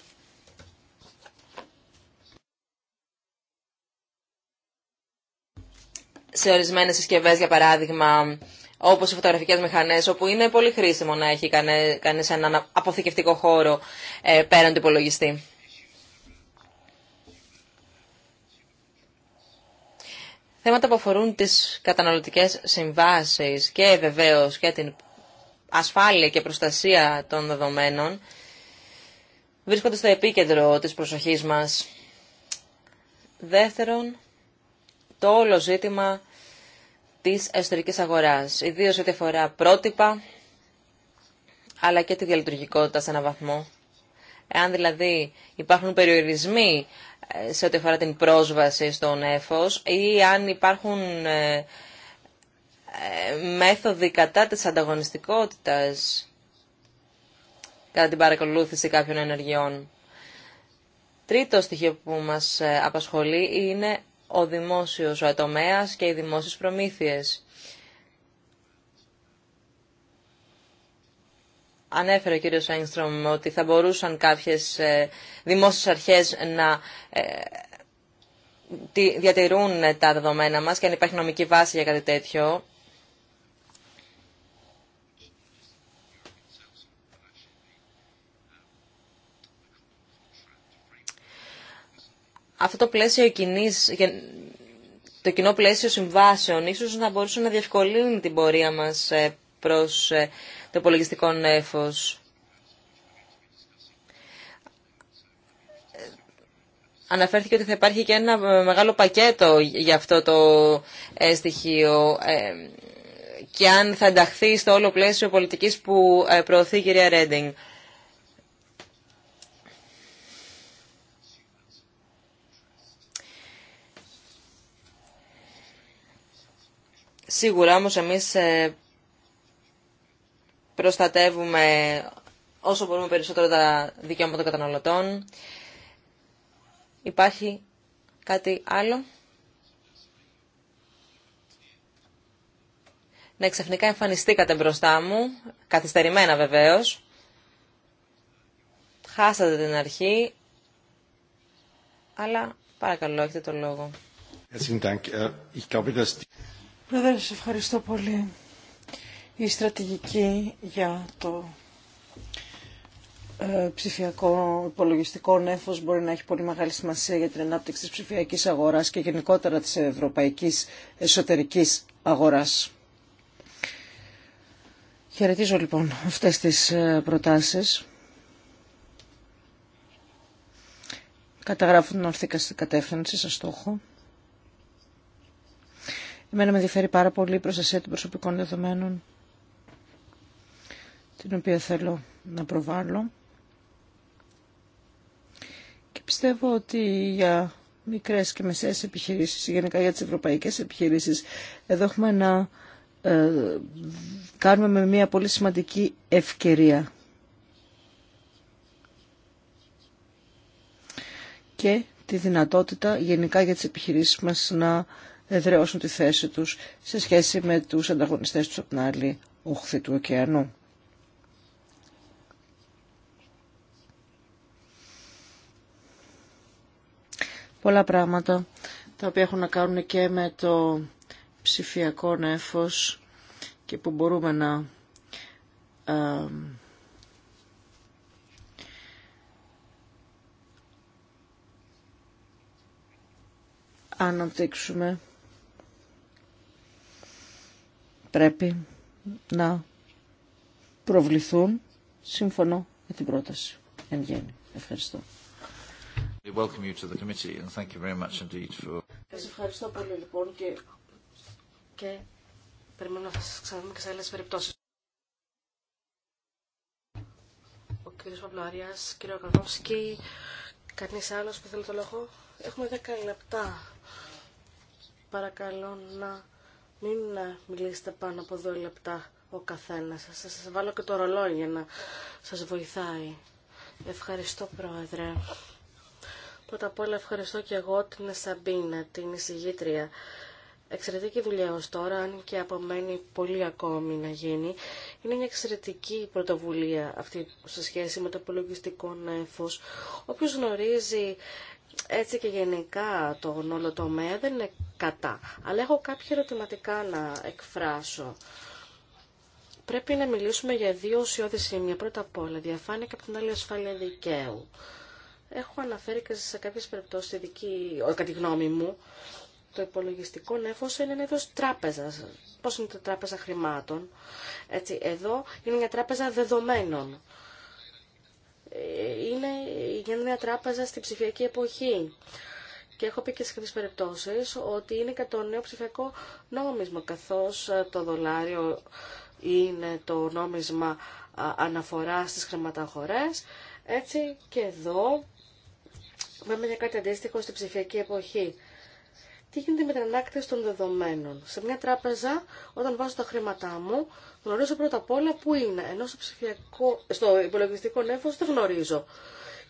σε ορισμένες συσκευέ, για παράδειγμα, όπως οι φωτογραφικές μηχανές, όπου είναι πολύ χρήσιμο να έχει κανείς έναν αποθηκευτικό χώρο ε, πέραν του υπολογιστή. Θέματα που αφορούν τις καταναλωτικές συμβάσεις και βεβαίως και την ασφάλεια και προστασία των δεδομένων βρίσκονται στο επίκεντρο της προσοχής μας. Δεύτερον, το όλο ζήτημα της εσωτερικής αγοράς, ιδίως ό,τι αφορά πρότυπα, αλλά και τη διαλειτουργικότητα σε έναν βαθμό. Εάν δηλαδή υπάρχουν περιορισμοί ε, σε ό,τι αφορά την πρόσβαση στον έφος ή αν υπάρχουν ε, ε, μέθοδοι κατά της ανταγωνιστικότητας κατά την παρακολούθηση κάποιων ενεργειών. Τρίτο στοιχείο που μας απασχολεί είναι ο δημόσιος ο ατομέας και οι δημόσιες προμήθειες. Ανέφερε ο κύριος Σάινστρομ ότι θα μπορούσαν κάποιες ε, δημόσιες αρχές να ε, διατηρούν τα δεδομένα μας και αν υπάρχει νομική βάση για κάτι τέτοιο. αυτό το πλαίσιο κοινής, το κοινό πλαίσιο συμβάσεων ίσως να μπορούσε να διευκολύνει την πορεία μας ε, προς ε, το υπολογιστικό νέφος. Αναφέρθηκε ότι θα υπάρχει και ένα ε, μεγάλο πακέτο για αυτό το στοιχείο και αν θα ενταχθεί στο όλο πλαίσιο πολιτικής που προωθεί η κυρία Ρέντινγκ. Σίγουρα όμως εμείς ε, προστατεύουμε όσο μπορούμε περισσότερο τα δικαιώματα των καταναλωτών. Υπάρχει κάτι άλλο. Ναι, ξαφνικά εμφανιστήκατε μπροστά μου, καθυστερημένα βεβαίως. Χάσατε την αρχή, αλλά παρακαλώ έχετε το λόγο ευχαριστώ πολύ. Η στρατηγική για το ε, ψηφιακό υπολογιστικό νέφος μπορεί να έχει πολύ μεγάλη σημασία για την ανάπτυξη της ψηφιακής αγοράς και γενικότερα της ευρωπαϊκής εσωτερικής αγοράς. Χαιρετίζω λοιπόν αυτές τις ε, προτάσεις. Καταγράφουν ορθήκα στην κατεύθυνση, σας έχω. Εμένα με ενδιαφέρει πάρα πολύ η προστασία των προσωπικών δεδομένων, την οποία θέλω να προβάλλω. Και πιστεύω ότι για μικρές και μεσαίες επιχειρήσεις, γενικά για τις ευρωπαϊκές επιχειρήσεις, εδώ έχουμε να ε, κάνουμε με μια πολύ σημαντική ευκαιρία. Και τη δυνατότητα γενικά για τις επιχειρήσεις μας να εδραιώσουν τη θέση τους σε σχέση με τους ανταγωνιστές τους από την άλλη όχθη του ωκεανού. Πολλά πράγματα τα οποία έχουν να κάνουν και με το ψηφιακό νέφος και που μπορούμε να αναπτύξουμε πρέπει να προβληθούν σύμφωνο με την πρόταση. Εν γέννη. Ευχαριστώ. Σας ευχαριστώ πολύ λοιπόν και, και περιμένω να σας ξαναδούμε και σε άλλες περιπτώσεις. Ο κύριος Παπλοαριάς, κύριο Καρνόφσκι, κανείς άλλος που θέλει το λόγο. Έχουμε 10 λεπτά. Παρακαλώ να μην ε, μιλήσετε πάνω από δύο λεπτά ο καθένας. Σας, σας βάλω και το ρολόι για να σας βοηθάει. Ευχαριστώ Πρόεδρε. Πρώτα απ' όλα ευχαριστώ και εγώ την Σαμπίνα, την εισηγήτρια. Εξαιρετική δουλειά ως τώρα, αν και απομένει πολύ ακόμη να γίνει. Είναι μια εξαιρετική πρωτοβουλία αυτή σε σχέση με το απολογιστικό νέφος. Όποιος γνωρίζει έτσι και γενικά τον όλο τομέα δεν είναι κατά. Αλλά έχω κάποια ερωτηματικά να εκφράσω. Πρέπει να μιλήσουμε για δύο ουσιώδη σημεία. Πρώτα απ' όλα, διαφάνεια και από την άλλη ασφάλεια δικαίου. Έχω αναφέρει και σε κάποιες περιπτώσεις, κατά τη γνώμη μου, το υπολογιστικό νέφος είναι ένα είδος τράπεζας. Πώς είναι το τράπεζα χρημάτων. εδώ είναι μια τράπεζα δεδομένων είναι για μια τράπεζα στην ψηφιακή εποχή. Και έχω πει και σε κάποιε περιπτώσει ότι είναι και το νέο ψηφιακό νόμισμα, καθώ ε, το δολάριο είναι το νόμισμα αναφορά στις χρηματαγορές. Έτσι και εδώ, βέβαια για κάτι αντίστοιχο στην ψηφιακή εποχή τι γίνεται με την ανάκτηση των δεδομένων. Σε μια τράπεζα, όταν βάζω τα χρήματά μου, γνωρίζω πρώτα απ' όλα πού είναι. Ενώ στο, ψηφιακό, στο υπολογιστικό νέφος δεν γνωρίζω.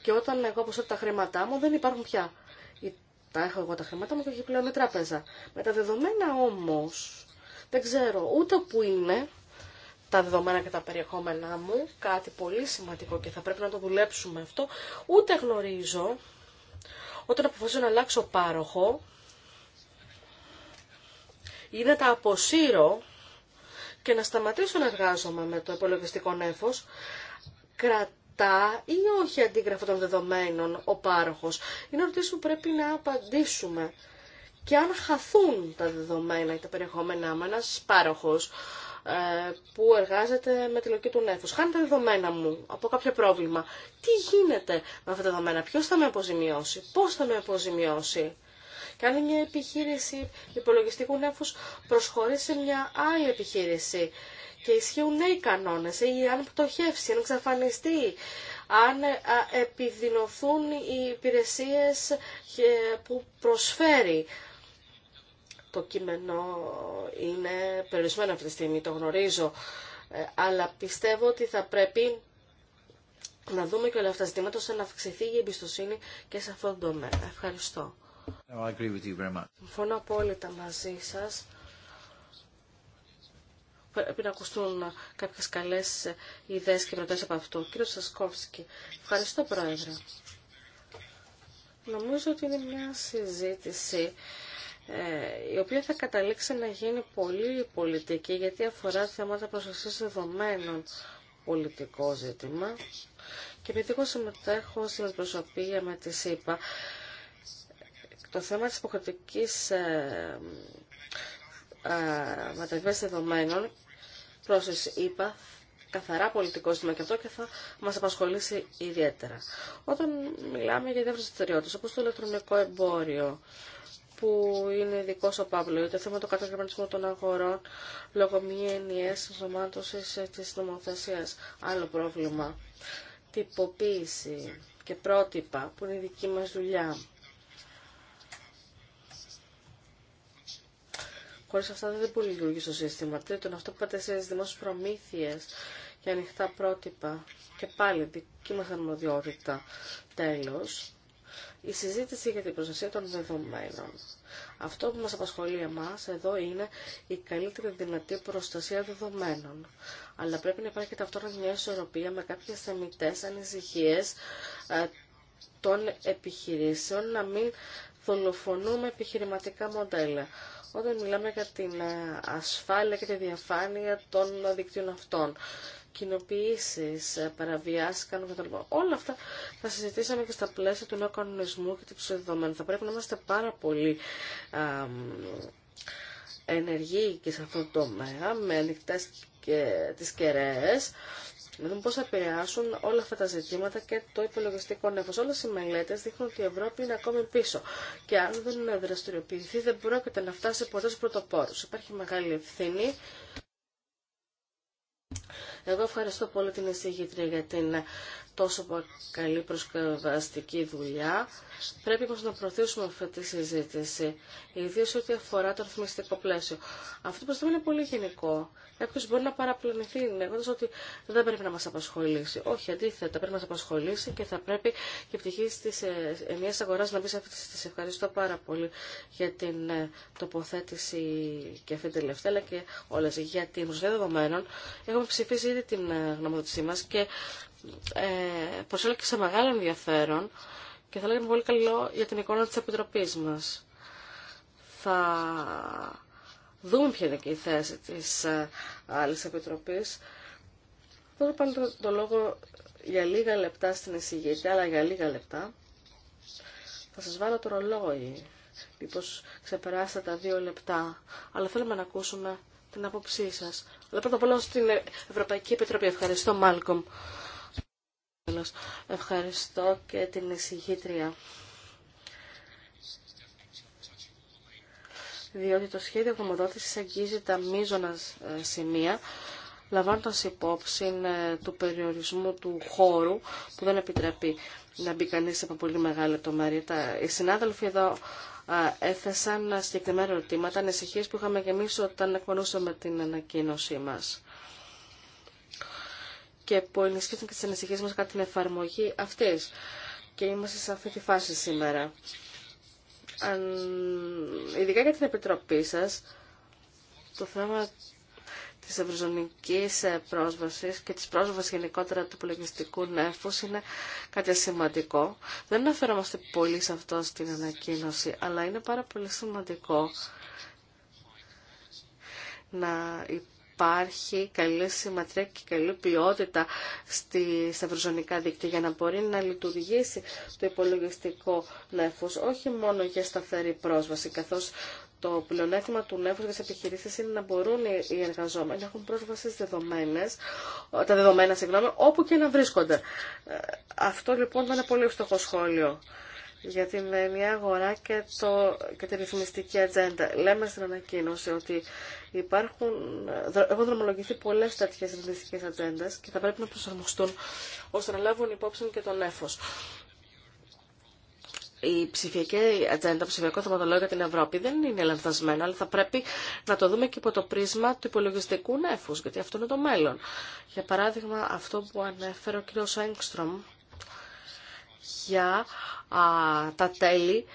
Και όταν εγώ αποσύρω τα χρήματά μου, δεν υπάρχουν πια. Τα έχω εγώ τα χρήματά μου και έχει πλέον η τράπεζα. Με τα δεδομένα όμω, δεν ξέρω ούτε πού είναι τα δεδομένα και τα περιεχόμενά μου, κάτι πολύ σημαντικό και θα πρέπει να το δουλέψουμε αυτό, ούτε γνωρίζω όταν αποφασίζω να αλλάξω πάροχο, ή να τα αποσύρω και να σταματήσω να εργάζομαι με το υπολογιστικό νέφος, κρατά ή όχι αντίγραφο των δεδομένων ο πάροχος. Είναι ερωτήσεις που πρέπει να απαντήσουμε. Και αν χαθούν τα δεδομένα ή τα περιεχόμενά μου, ένα πάροχο ε, που εργάζεται με τη λογική του νέφους. Χάνει τα δεδομένα μου από κάποιο πρόβλημα. Τι γίνεται με αυτά τα δεδομένα, ποιος θα με αποζημιώσει, πώς θα με αποζημιώσει κάνει μια επιχείρηση υπολογιστικού νέφους προσχωρεί σε μια άλλη επιχείρηση και ισχύουν νέοι κανόνες ή αν πτωχεύσει, αν εξαφανιστεί, αν ε, επιδεινωθούν οι υπηρεσίες που προσφέρει. Το κείμενο είναι περιορισμένο αυτή τη στιγμή, το γνωρίζω, ε, αλλά πιστεύω ότι θα πρέπει να δούμε και όλα αυτά τα ζητήματα ώστε να αυξηθεί η αν πτωχευσει αν εξαφανιστει αν επιδεινωθουν οι υπηρεσιες που προσφερει το κειμενο ειναι περιορισμενο αυτη τη στιγμη το γνωριζω αλλα πιστευω οτι θα πρεπει να δουμε και ολα αυτα ζητηματα ωστε να αυξηθει η εμπιστοσυνη και σε αυτόν το τομέα. Ευχαριστώ. Συμφωνώ απόλυτα μαζί σας. Πρέπει να ακουστούν κάποιες καλές ιδέες και προτάσεις από αυτό. Κύριο Σασκόφσκι, ευχαριστώ Πρόεδρε. Νομίζω ότι είναι μια συζήτηση ε, η οποία θα καταλήξει να γίνει πολύ πολιτική γιατί αφορά θέματα προστασίας δεδομένων πολιτικό ζήτημα και επειδή εγώ συμμετέχω στην προσωπία με τη ΣΥΠΑ το θέμα της υποχρεωτικής ε, ε, ε μεταβίβασης δεδομένων, πρόσθεση είπα, καθαρά πολιτικό ζήτημα και αυτό και θα μας απασχολήσει ιδιαίτερα. Όταν μιλάμε για διάφορες δραστηριότητες, όπως το ηλεκτρονικό εμπόριο, που είναι ειδικό ο Παύλο, το θέμα του κατακριματισμου των αγορών λόγω μη ενιαία ενσωμάτωση ε, τη νομοθεσία. Άλλο πρόβλημα. Τυποποίηση και πρότυπα που είναι η δική μα δουλειά. Χωρί αυτά δεν μπορεί να λειτουργήσει το σύστημα. Τρίτον, αυτό που είπατε σε δημόσιες προμήθειες και ανοιχτά πρότυπα και πάλι δική μας αρμοδιότητα. Τέλος, η συζήτηση για την προστασία των δεδομένων. Αυτό που μας απασχολεί εμάς εδώ είναι η καλύτερη δυνατή προστασία δεδομένων. Αλλά πρέπει να υπάρχει ταυτόχρονα μια ισορροπία με κάποιες θεμητές ανησυχίε ε, των επιχειρήσεων να μην δολοφονούμε επιχειρηματικά μοντέλα όταν μιλάμε για την ε, ασφάλεια και τη διαφάνεια των δικτύων αυτών. Κοινοποιήσει, ε, παραβιάσει, κάνουμε Όλα αυτά θα συζητήσαμε και στα πλαίσια του νέου κανονισμού και του ψευδομένου. Θα πρέπει να είμαστε πάρα πολύ ενεργοί και σε αυτό το τομέα, με ανοιχτέ και τι κεραίε. Να δούμε πώ θα επηρεάσουν όλα αυτά τα ζητήματα και το υπολογιστικό νεφος. Όλε οι μελέτε δείχνουν ότι η Ευρώπη είναι ακόμη πίσω και αν δεν δραστηριοποιηθεί δεν πρόκειται να φτάσει ποτέ στου πρωτοπόρου. Υπάρχει μεγάλη ευθύνη εγώ ευχαριστώ πολύ την εισηγήτρια για την τόσο καλή προσκευαστική δουλειά. Πρέπει όμως να προωθήσουμε αυτή τη συζήτηση, ιδίως ό,τι αφορά το ρυθμιστικό πλαίσιο. Αυτό το είναι πολύ γενικό. Κάποιο μπορεί να παραπλανηθεί λέγοντα ότι δεν πρέπει να μα απασχολήσει. Όχι, αντίθετα, πρέπει να μα απασχολήσει και θα πρέπει και η πτυχή τη ε, ενιαία αγορά να μπει σε αυτή τη. Ευχαριστώ πάρα πολύ για την ε, τοποθέτηση και αυτή την τελευταία, αλλά και όλε. Για την δεδομένων, έχουμε ψηφίσει την ε, γνωμοδότησή μας και ε, προσέλκυσε σε μεγάλο ενδιαφέρον και θα λέγαμε πολύ καλό για την εικόνα της Επιτροπής μας. Θα δούμε ποια είναι και η θέση της ε, άλλης Επιτροπής. Τώρα πάλι το, το λόγο για λίγα λεπτά στην εισηγήτη, αλλά για λίγα λεπτά. Θα σας βάλω το ρολόι. Μήπως ξεπεράσετε τα δύο λεπτά. Αλλά θέλουμε να ακούσουμε την άποψή σα. Αλλά πρώτα απ' όλα στην Ευρωπαϊκή Επιτροπή. Ευχαριστώ, Μάλκομ. Ευχαριστώ και την εισηγήτρια. Διότι το σχέδιο κομμοδότησης αγγίζει τα μείζωνα ε, σημεία, λαμβάνοντα υπόψη ε, του περιορισμού του χώρου που δεν επιτρέπει να μπει κανεί από πολύ μεγάλη λεπτομέρεια. Οι συνάδελφοι εδώ έθεσαν συγκεκριμένα ερωτήματα, ανησυχίες που είχαμε και όταν εκπονούσαμε την ανακοίνωσή μας και που ενισχύσαν και τις ανησυχίες μας κατά την εφαρμογή αυτής. Και είμαστε σε αυτή τη φάση σήμερα. Αν... Ειδικά για την Επιτροπή σας, το θέμα της ευρυζωνικής ε, πρόσβασης και της πρόσβασης γενικότερα του υπολογιστικού νεύους είναι κάτι σημαντικό. Δεν αναφέρομαστε πολύ σε αυτό στην ανακοίνωση, αλλά είναι πάρα πολύ σημαντικό να υπάρχει καλή συμματρία και καλή ποιότητα στη, στα ευρωζωνικά δίκτυα για να μπορεί να λειτουργήσει το υπολογιστικό νέφος όχι μόνο για σταθερή πρόσβαση καθώς το πλεονέκτημα του νεύρου για τι επιχειρήσει είναι να μπορούν οι εργαζόμενοι να έχουν πρόσβαση στις δεδομένες, τα δεδομένα συγγνώμη, όπου και να βρίσκονται. Ε, αυτό λοιπόν ήταν ένα πολύ φτωχό σχόλιο για την ενιαία αγορά και, το, και τη ρυθμιστική ατζέντα. Λέμε στην ανακοίνωση ότι υπάρχουν, έχουν δρομολογηθεί πολλέ τέτοιε ρυθμιστικέ ατζέντε και θα πρέπει να προσαρμοστούν ώστε να λάβουν υπόψη και τον έφο η ψηφιακή ατζέντα, το ψηφιακό θεματολόγιο για την Ευρώπη δεν είναι λανθασμένο, αλλά θα πρέπει να το δούμε και υπό το πρίσμα του υπολογιστικού νεφους, γιατί αυτό είναι το μέλλον. Για παράδειγμα, αυτό που ανέφερε ο κ. Σέγκστρομ για τα τέλη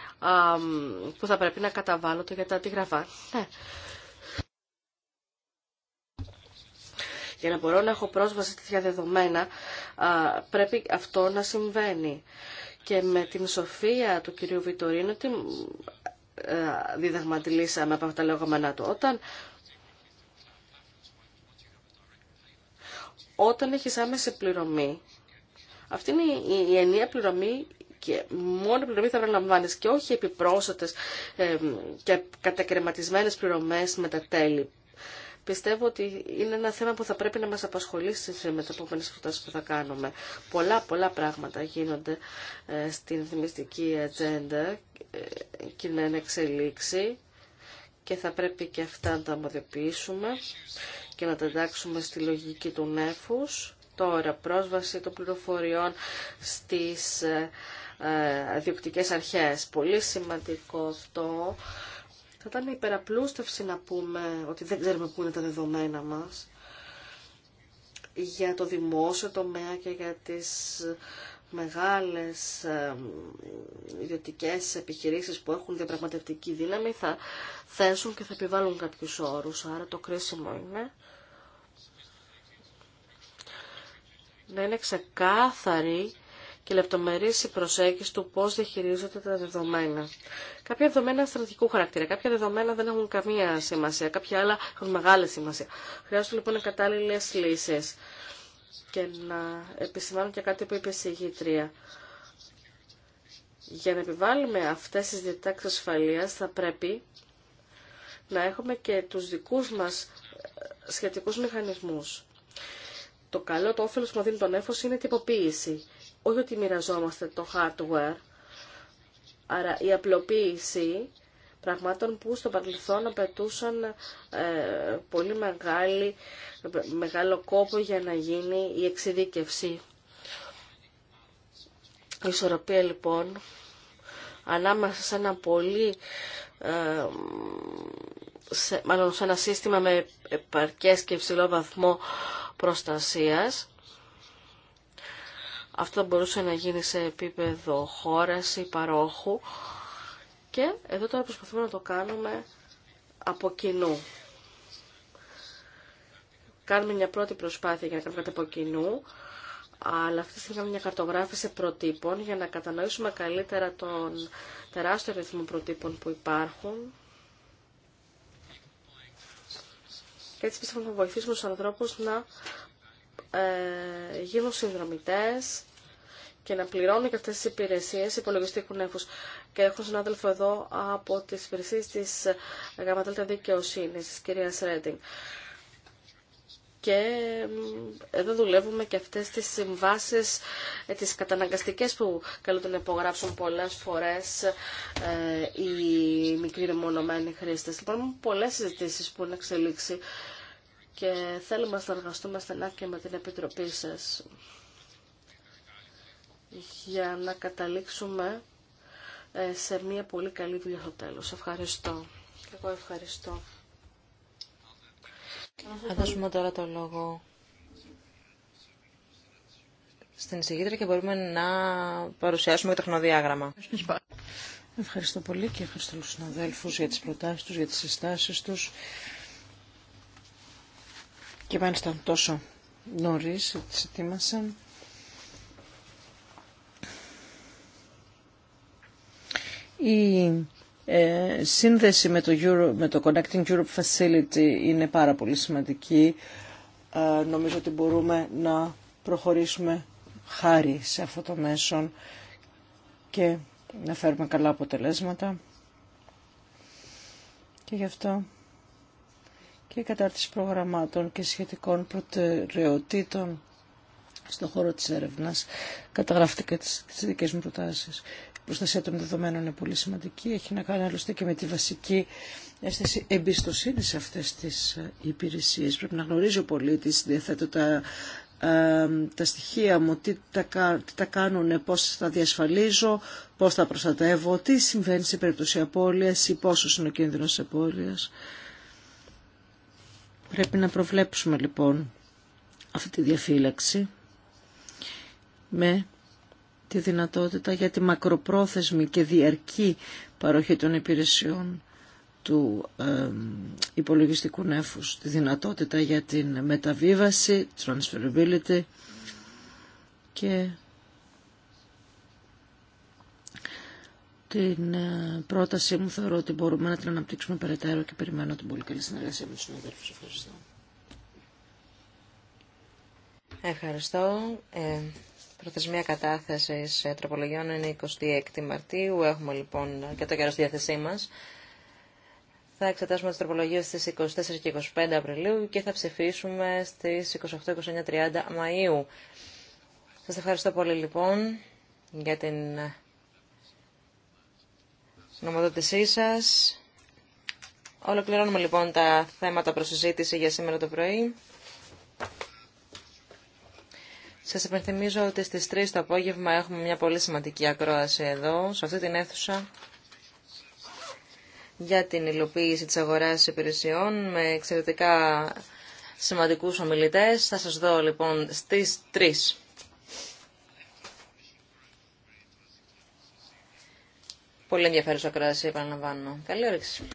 που θα πρέπει να καταβάλλονται για τα αντιγραφά. Ναι. Για να μπορώ να έχω πρόσβαση τέτοια δεδομένα, α, πρέπει αυτό να συμβαίνει και με την σοφία του κυρίου Βιτορίνου την ε, διδαγματιλήσαμε από αυτά τα λεγόμενα του. Όταν, όταν έχεις άμεση πληρωμή, αυτή είναι η, η ενιαία πληρωμή και μόνο πληρωμή θα προλαμβάνεις και όχι επιπρόσθετες ε, και κατακρεματισμένες πληρωμές με τα τέλη πιστεύω ότι είναι ένα θέμα που θα πρέπει να μας απασχολήσει με τις επόμενε προτάσει που θα κάνουμε. Πολλά, πολλά πράγματα γίνονται ε, στην θυμιστική ατζέντα ε, και να ένα εξελίξη και θα πρέπει και αυτά να τα αμοδιοποιήσουμε και να τα εντάξουμε στη λογική του νέφους. Τώρα, πρόσβαση των πληροφοριών στις ε, ε αρχές. Πολύ σημαντικό αυτό θα ήταν υπεραπλούστευση να πούμε ότι δεν ξέρουμε πού είναι τα δεδομένα μας για το δημόσιο τομέα και για τις μεγάλες ιδιωτικές επιχειρήσεις που έχουν διαπραγματευτική δύναμη θα θέσουν και θα επιβάλλουν κάποιους όρους. Άρα το κρίσιμο είναι να είναι ξεκάθαρη και λεπτομερής η προσέγγιση του πώς διαχειρίζονται τα δεδομένα. Κάποια δεδομένα στρατηγικού χαρακτήρα, κάποια δεδομένα δεν έχουν καμία σημασία, κάποια άλλα έχουν μεγάλη σημασία. Χρειάζονται λοιπόν κατάλληλες λύσεις. Και να επισημάνω και κάτι που είπε η συγγήτρια. Για να επιβάλλουμε αυτές τις διατάξεις ασφαλείας θα πρέπει να έχουμε και τους δικούς μας ε, σχετικούς μηχανισμούς. Το καλό, το όφελος που δίνει τον έφο είναι η τυποποίηση όχι ότι μοιραζόμαστε το hardware, άρα η απλοποίηση πραγμάτων που στο παρελθόν απαιτούσαν ε, πολύ μεγάλη, μεγάλο κόπο για να γίνει η εξειδίκευση. Η ισορροπία λοιπόν ανάμεσα σε ένα πολύ ε, σε, μάλλον σε ένα σύστημα με επαρκές και υψηλό βαθμό προστασίας αυτό θα μπορούσε να γίνει σε επίπεδο χώρας ή παρόχου. Και εδώ τώρα προσπαθούμε να το κάνουμε από κοινού. Κάνουμε μια πρώτη προσπάθεια για να κάνουμε κάτι από κοινού, αλλά αυτή τη στιγμή κάνουμε μια καρτογράφηση προτύπων για να κατανοήσουμε καλύτερα τον τεράστιο ρυθμό προτύπων που υπάρχουν. Και έτσι πιστεύω να βοηθήσουμε τους ανθρώπους να ε, γίνουν συνδρομητές και να πληρώνουν και αυτές τις υπηρεσίες υπολογιστή κουνέφους. Και έχω συνάδελφο εδώ από τις υπηρεσίες της ΓΔ Δικαιοσύνης, της κυρίας Ρέντινγκ. Και εδώ δουλεύουμε και αυτές τις συμβάσεις, ε, τις καταναγκαστικές που καλούνται να υπογράψουν πολλές φορές ε, οι μικροί ρεμονωμένοι χρήστες. Λοιπόν, πολλές συζητήσει που είναι εξελίξει και θέλουμε να συνεργαστούμε στενά και με την Επιτροπή σας για να καταλήξουμε ε, σε μια πολύ καλή δουλειά στο τέλος. Ευχαριστώ. Εγώ ευχαριστώ. Θα δώσουμε τώρα το λόγο στην εισηγήτρια και μπορούμε να παρουσιάσουμε το χρονοδιάγραμμα. Ευχαριστώ πολύ και ευχαριστώ τους συναδέλφους για τις προτάσεις τους, για τις συστάσεις τους. Και μάλιστα τόσο νωρίς, τις ετοίμασαν. Η ε, σύνδεση με το, Euro, με το Connecting Europe Facility είναι πάρα πολύ σημαντική. Ε, νομίζω ότι μπορούμε να προχωρήσουμε χάρη σε αυτό το μέσο και να φέρουμε καλά αποτελέσματα. Και γι' αυτό και η κατάρτιση προγραμμάτων και σχετικών προτεραιοτήτων στον χώρο της έρευνας καταγράφτηκα τις, τις δικές μου προτάσεις προστασία των δεδομένων είναι πολύ σημαντική. Έχει να κάνει άλλωστε και με τη βασική αίσθηση εμπιστοσύνη σε αυτές τις ε, υπηρεσίες. Πρέπει να γνωρίζει ο πολίτη, διαθέτω τα, ε, τα στοιχεία μου, τι τα, κάνουν, πώς τα διασφαλίζω, πώς τα προστατεύω, τι συμβαίνει σε περίπτωση απώλεια ή πόσο είναι ο κίνδυνο απώλεια. Πρέπει να προβλέψουμε λοιπόν αυτή τη διαφύλαξη με τη δυνατότητα για τη μακροπρόθεσμη και διαρκή παροχή των υπηρεσιών του υπολογιστικού νέφους, τη δυνατότητα για την μεταβίβαση, transferability και την ε, πρότασή μου θεωρώ ότι μπορούμε να την αναπτύξουμε περαιτέρω και περιμένω την πολύ καλή συνεργασία με τους συναδέλφους. Ευχαριστώ. Ευχαριστώ. Ε, Προθεσμία κατάθεση ε, τροπολογιών είναι 26 Μαρτίου. Έχουμε λοιπόν και το καιρό στη διάθεσή μα. Θα εξετάσουμε τι τροπολογίες στι 24 και 25 Απριλίου και θα ψηφίσουμε στι 28, 29, 30 Μαΐου. Σας ευχαριστώ πολύ λοιπόν για την νομοδότησή σα. Ολοκληρώνουμε λοιπόν τα θέματα συζήτηση για σήμερα το πρωί. Σας υπενθυμίζω ότι στις 3 το απόγευμα έχουμε μια πολύ σημαντική ακρόαση εδώ, σε αυτή την αίθουσα, για την υλοποίηση της αγοράς υπηρεσιών με εξαιρετικά σημαντικούς ομιλητές. Θα σας δω λοιπόν στις 3. Πολύ ενδιαφέρουσα ακρόαση, επαναλαμβάνω. Καλή όρεξη.